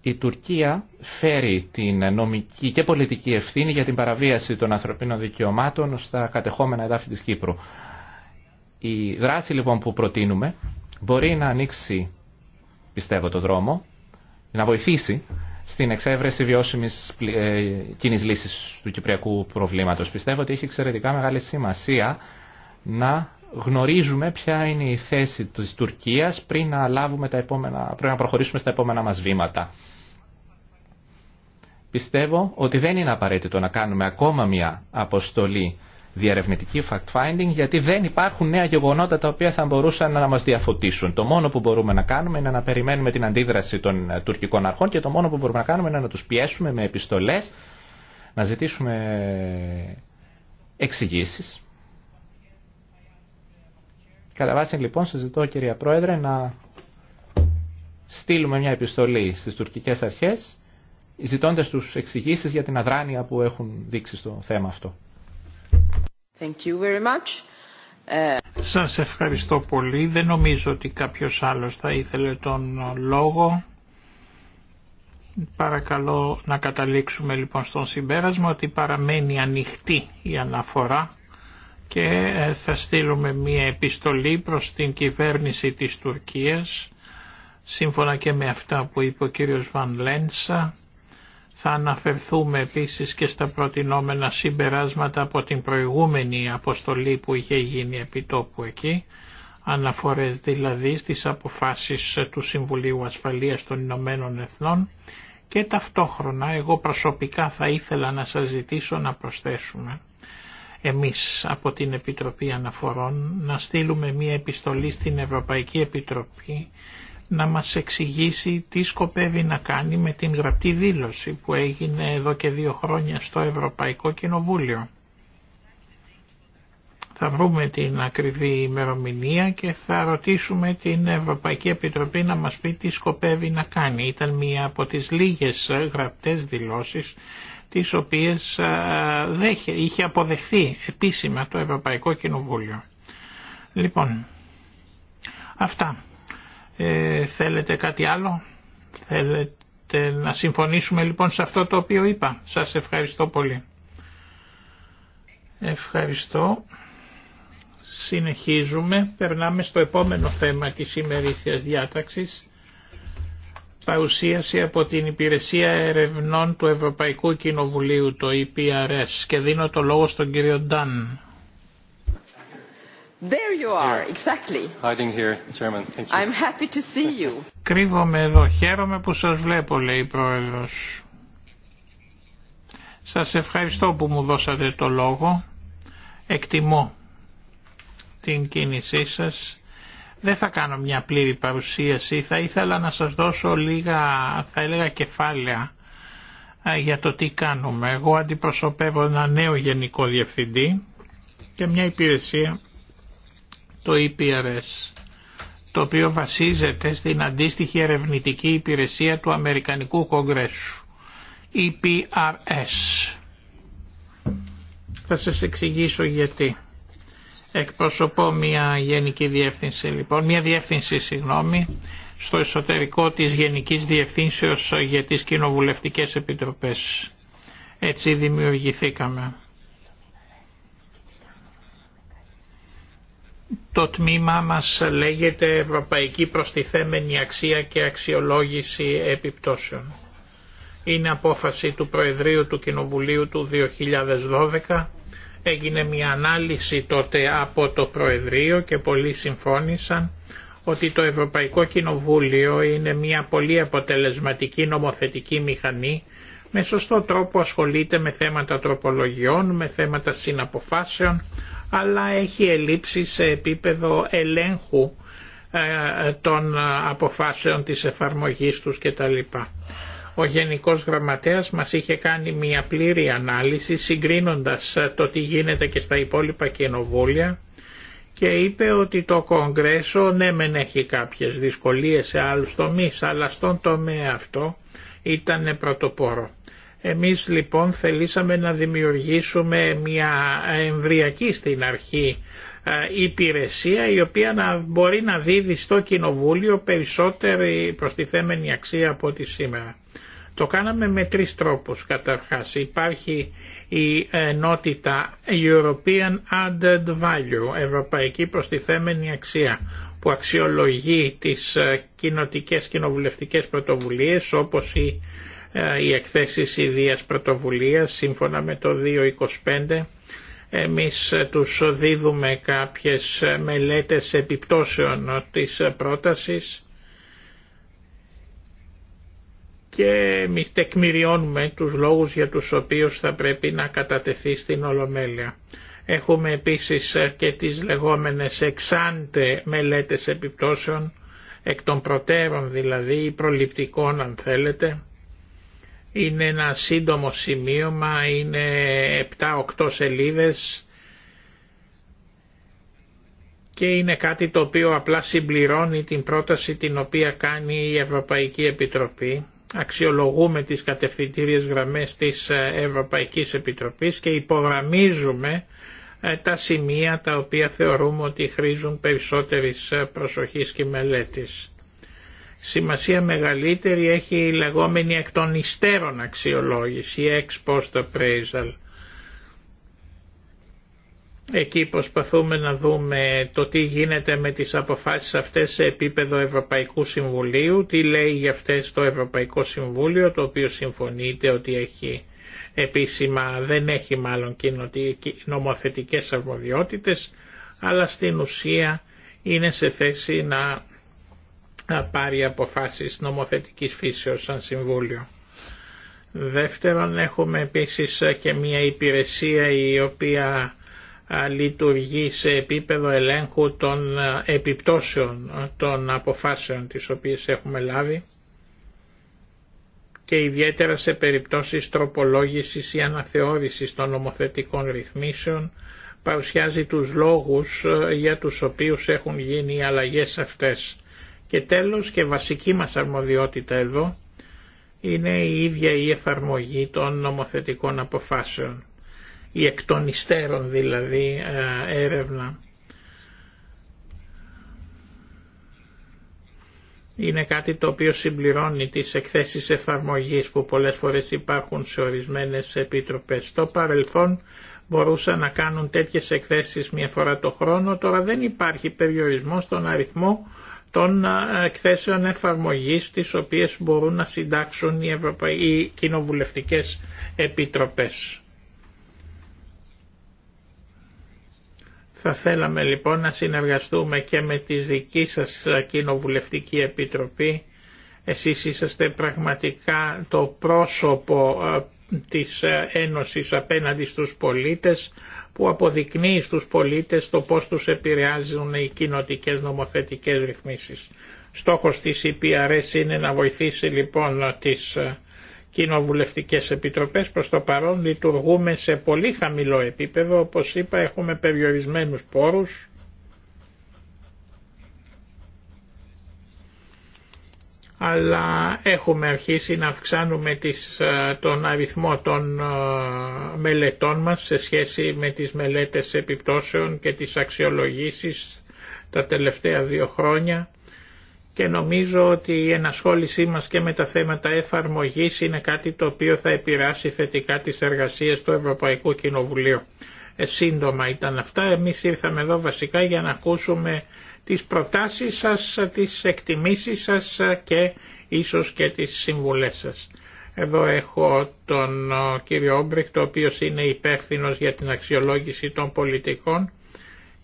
η Τουρκία φέρει την νομική και πολιτική ευθύνη για την παραβίαση των ανθρωπίνων δικαιωμάτων στα κατεχόμενα εδάφη της Κύπρου. Η δράση λοιπόν που προτείνουμε μπορεί να ανοίξει, πιστεύω, το δρόμο, να βοηθήσει στην εξέβρεση βιώσιμη ε, κοινή λύση του κυπριακού προβλήματος. Πιστεύω ότι έχει εξαιρετικά μεγάλη σημασία να γνωρίζουμε ποια είναι η θέση της Τουρκίας πριν να, τα επόμενα, πριν να προχωρήσουμε στα επόμενα μας βήματα. Πιστεύω ότι δεν είναι απαραίτητο να κάνουμε ακόμα μια αποστολή διαρευνητική fact-finding γιατί δεν υπάρχουν νέα γεγονότα τα οποία θα μπορούσαν να μας διαφωτίσουν. Το μόνο που μπορούμε να κάνουμε είναι να περιμένουμε την αντίδραση των ε, τουρκικών αρχών και το μόνο που μπορούμε να κάνουμε είναι να τους πιέσουμε με επιστολές, να ζητήσουμε εξηγήσει. Κατά βάση λοιπόν ζητώ κυρία Πρόεδρε να στείλουμε μια επιστολή στις τουρκικές αρχές ζητώντας τους εξηγήσει για την αδράνεια που έχουν δείξει στο θέμα αυτό. Thank ε, Σας ευχαριστώ πολύ. Δεν νομίζω ότι κάποιος άλλος θα ήθελε τον λόγο. Παρακαλώ να καταλήξουμε λοιπόν στον συμπέρασμα ότι παραμένει ανοιχτή η αναφορά και ε, θα στείλουμε μία επιστολή προς την κυβέρνηση της Τουρκίας σύμφωνα και με αυτά που είπε ο κύριος Βαν Λέντσα θα αναφερθούμε επίσης και στα προτινόμενα συμπεράσματα από την προηγούμενη αποστολή που είχε γίνει επιτόπου εκεί, αναφορές δηλαδή στις αποφάσεις του Συμβουλίου Ασφαλείας των Ηνωμένων Εθνών και ταυτόχρονα εγώ προσωπικά θα ήθελα να σας ζητήσω να προσθέσουμε εμείς από την Επιτροπή Αναφορών να στείλουμε μία επιστολή στην Ευρωπαϊκή Επιτροπή να μας εξηγήσει τι σκοπεύει να κάνει με την γραπτή δήλωση που έγινε εδώ και δύο χρόνια στο Ευρωπαϊκό Κοινοβούλιο. Θα βρούμε την ακριβή ημερομηνία και θα ρωτήσουμε την Ευρωπαϊκή Επιτροπή να μας πει τι σκοπεύει να κάνει. Ήταν μία από τις λίγες γραπτές δηλώσεις τις οποίες είχε αποδεχθεί επίσημα το Ευρωπαϊκό Κοινοβούλιο. Λοιπόν, αυτά. Ε, θέλετε κάτι άλλο. Θέλετε να συμφωνήσουμε λοιπόν σε αυτό το οποίο είπα. Σας ευχαριστώ πολύ. Ευχαριστώ. Συνεχίζουμε. Περνάμε στο επόμενο θέμα της ημερήσιας διάταξης. Παρουσίαση από την Υπηρεσία Ερευνών του Ευρωπαϊκού Κοινοβουλίου, το EPRS, και δίνω το λόγο στον κύριο Ντάν. There you are, exactly. Hiding here, Chairman. Thank you. I'm happy Κρύβομαι εδώ. Χαίρομαι που σας βλέπω, λέει η Πρόεδρος. Σας ευχαριστώ που μου δώσατε το λόγο. Εκτιμώ την κίνησή σας. Δεν θα κάνω μια πλήρη παρουσίαση. Θα ήθελα να σας δώσω λίγα, θα έλεγα κεφάλαια ε, για το τι κάνουμε. Εγώ αντιπροσωπεύω ένα νέο γενικό διευθυντή και μια υπηρεσία το EPRS, το οποίο βασίζεται στην αντίστοιχη ερευνητική υπηρεσία του Αμερικανικού Κογκρέσου, EPRS. Θα σας εξηγήσω γιατί. Εκπροσωπώ μια γενική διεύθυνση λοιπόν, μια διεύθυνση συγγνώμη, στο εσωτερικό της Γενικής Διευθύνσεως για τις Κοινοβουλευτικές Επιτροπές. Έτσι δημιουργηθήκαμε. Το τμήμα μας λέγεται Ευρωπαϊκή Προστιθέμενη Αξία και Αξιολόγηση Επιπτώσεων. Είναι απόφαση του Προεδρείου του Κοινοβουλίου του 2012. Έγινε μια ανάλυση τότε από το Προεδρείο και πολλοί συμφώνησαν ότι το Ευρωπαϊκό Κοινοβούλιο είναι μια πολύ αποτελεσματική νομοθετική μηχανή με σωστό τρόπο ασχολείται με θέματα τροπολογιών, με θέματα συναποφάσεων, αλλά έχει ελλείψει σε επίπεδο ελέγχου ε, των αποφάσεων της εφαρμογής τους κτλ. Ο Γενικός Γραμματέας μας είχε κάνει μια πλήρη ανάλυση συγκρίνοντας ε, το τι γίνεται και στα υπόλοιπα κοινοβούλια και είπε ότι το Κογκρέσο ναι μεν έχει κάποιες δυσκολίες σε άλλους τομείς αλλά στον τομέα αυτό ήταν πρωτοπόρο. Εμείς λοιπόν θελήσαμε να δημιουργήσουμε μια εμβριακή στην αρχή ε, υπηρεσία η οποία να μπορεί να δίδει στο Κοινοβούλιο περισσότερη προστιθέμενη αξία από ό,τι σήμερα. Το κάναμε με τρεις τρόπους καταρχάς. Υπάρχει η ενότητα European Added Value, Ευρωπαϊκή Προστιθέμενη Αξία, που αξιολογεί τις ε, κοινοτικές κοινοβουλευτικές πρωτοβουλίες όπως η ε, οι εκθέσεις ιδίας πρωτοβουλίας σύμφωνα με το 225 εμείς τους δίδουμε κάποιες μελέτες επιπτώσεων της πρότασης και εμεί τεκμηριώνουμε τους λόγους για τους οποίους θα πρέπει να κατατεθεί στην Ολομέλεια. Έχουμε επίσης και τις λεγόμενες εξάντε μελέτες επιπτώσεων, εκ των προτέρων δηλαδή προληπτικών αν θέλετε, είναι ένα σύντομο σημείωμα, είναι 7-8 σελίδες και είναι κάτι το οποίο απλά συμπληρώνει την πρόταση την οποία κάνει η Ευρωπαϊκή Επιτροπή. Αξιολογούμε τις κατευθυντήριες γραμμές της Ευρωπαϊκής Επιτροπής και υπογραμμίζουμε ε, τα σημεία τα οποία θεωρούμε ότι χρήζουν περισσότερης ε, προσοχής και μελέτης. Σημασία μεγαλύτερη έχει η λεγόμενη εκ των υστέρων αξιολόγηση, η ex post appraisal. Εκεί προσπαθούμε να δούμε το τι γίνεται με τις αποφάσεις αυτές σε επίπεδο Ευρωπαϊκού Συμβουλίου, τι λέει για αυτές το Ευρωπαϊκό Συμβούλιο, το οποίο συμφωνείται ότι έχει επίσημα, δεν έχει μάλλον νομοθετικές αρμοδιότητες, αλλά στην ουσία είναι σε θέση να να πάρει αποφάσεις νομοθετικής φύσεως σαν Συμβούλιο. Δεύτερον έχουμε επίσης και μια υπηρεσία η οποία λειτουργεί σε επίπεδο ελέγχου των επιπτώσεων των αποφάσεων τις οποίες έχουμε λάβει και ιδιαίτερα σε περιπτώσεις τροπολόγησης ή αναθεώρησης των νομοθετικών ρυθμίσεων παρουσιάζει τους λόγους για τους οποίους έχουν γίνει οι αλλαγές αυτές. Και τέλος και βασική μας αρμοδιότητα εδώ είναι η ίδια η εφαρμογή των νομοθετικών αποφάσεων, η εκ των υστέρων δηλαδή ε, έρευνα. Είναι κάτι το οποίο συμπληρώνει τις εκθέσεις εφαρμογής που πολλές φορές υπάρχουν σε ορισμένες επίτροπες. Στο παρελθόν μπορούσαν να κάνουν τέτοιες εκθέσεις μία φορά το χρόνο, τώρα δεν υπάρχει περιορισμό στον αριθμό των εκθέσεων εφαρμογής τις οποίες μπορούν να συντάξουν οι, Ευρωπα... οι κοινοβουλευτικές επιτροπές. Θα θέλαμε λοιπόν να συνεργαστούμε και με τη δική σας κοινοβουλευτική επιτροπή. Εσείς είσαστε πραγματικά το πρόσωπο της ε, Ένωσης απέναντι στους πολίτες που αποδεικνύει στους πολίτες το πώς τους επηρεάζουν οι κοινοτικέ νομοθετικές ρυθμίσεις. Στόχος της EPRS είναι να βοηθήσει λοιπόν τις ε, κοινοβουλευτικές επιτροπές. Προς το παρόν λειτουργούμε σε πολύ χαμηλό επίπεδο, όπως είπα έχουμε περιορισμένους πόρους αλλά έχουμε αρχίσει να αυξάνουμε τις, ε, τον αριθμό των ε, μελετών μας σε σχέση με τις μελέτες επιπτώσεων και τις αξιολογήσεις τα τελευταία δύο χρόνια και νομίζω ότι η ενασχόλησή μας και με τα θέματα εφαρμογής είναι κάτι το οποίο θα επηρεάσει θετικά τις εργασίες του Ευρωπαϊκού Κοινοβουλίου. Ε, σύντομα ήταν αυτά. Εμείς ήρθαμε εδώ βασικά για να ακούσουμε τις προτάσεις σας, τις εκτιμήσεις σας και ίσως και τις συμβουλές σας. Εδώ έχω τον ε, κύριο Όμπριχτ, ο οποίος είναι υπεύθυνος για την αξιολόγηση των πολιτικών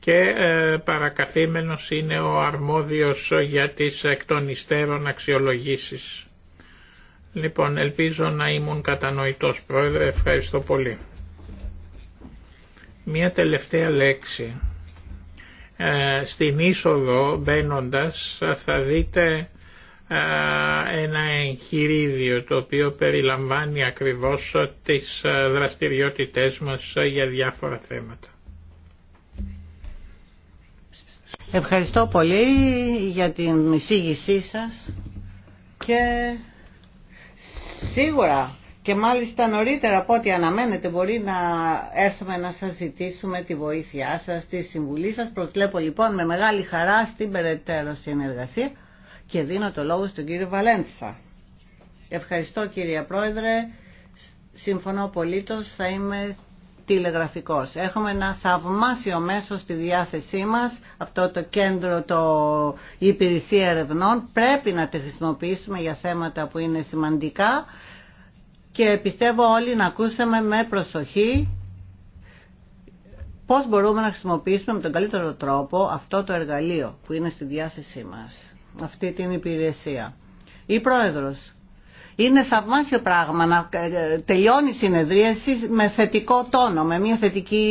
και ε, παρακαθήμενος είναι ο αρμόδιος για τις εκ των υστέρων αξιολογήσεις. Λοιπόν, ελπίζω να ήμουν κατανοητός πρόεδρε, ευχαριστώ πολύ. Μία τελευταία λέξη ε, στην είσοδο μπαίνοντας θα δείτε ε, ένα εγχειρίδιο το οποίο περιλαμβάνει ακριβώς τις ε, δραστηριότητές μας για διάφορα θέματα. Ευχαριστώ πολύ για την εισήγησή σας και σίγουρα και μάλιστα νωρίτερα από ό,τι αναμένετε μπορεί να έρθουμε να σας ζητήσουμε τη βοήθειά σας, τη συμβουλή σας. Προσλέπω λοιπόν με μεγάλη χαρά στην περαιτέρω συνεργασία και δίνω το λόγο στον κύριο Βαλέντσα. Ευχαριστώ κύριε Πρόεδρε, συμφωνώ απολύτως, θα είμαι τηλεγραφικός. Έχουμε ένα θαυμάσιο μέσο στη διάθεσή μας, αυτό το κέντρο, το υπηρεσία ερευνών, πρέπει να τη χρησιμοποιήσουμε για θέματα που είναι σημαντικά και πιστεύω όλοι να ακούσαμε με προσοχή πώς μπορούμε να χρησιμοποιήσουμε με τον καλύτερο τρόπο αυτό το εργαλείο που είναι στη διάθεσή μας, αυτή την υπηρεσία. Η Πρόεδρος, είναι θαυμάσιο πράγμα να ε, τελειώνει η συνεδρίαση με θετικό τόνο, με μια θετική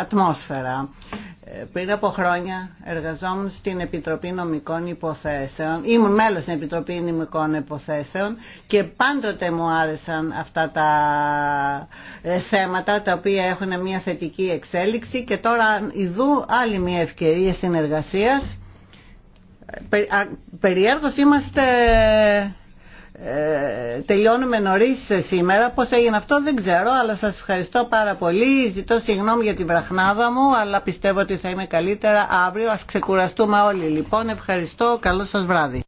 ατμόσφαιρα πριν από χρόνια εργαζόμουν στην Επιτροπή Νομικών Υποθέσεων. Ήμουν μέλος στην Επιτροπή Νομικών Υποθέσεων και πάντοτε μου άρεσαν αυτά τα ε, θέματα τα οποία έχουν μια θετική εξέλιξη και τώρα ειδού άλλη μια ευκαιρία συνεργασίας. Ε, περιέργως είμαστε ε, τελειώνουμε νωρίς σήμερα. πώ έγινε αυτό δεν ξέρω, αλλά σα ευχαριστώ πάρα πολύ. Ζητώ συγγνώμη για την βραχνάδα μου, αλλά πιστεύω ότι θα είμαι καλύτερα αύριο. Α ξεκουραστούμε όλοι λοιπόν. Ευχαριστώ. Καλό σα βράδυ.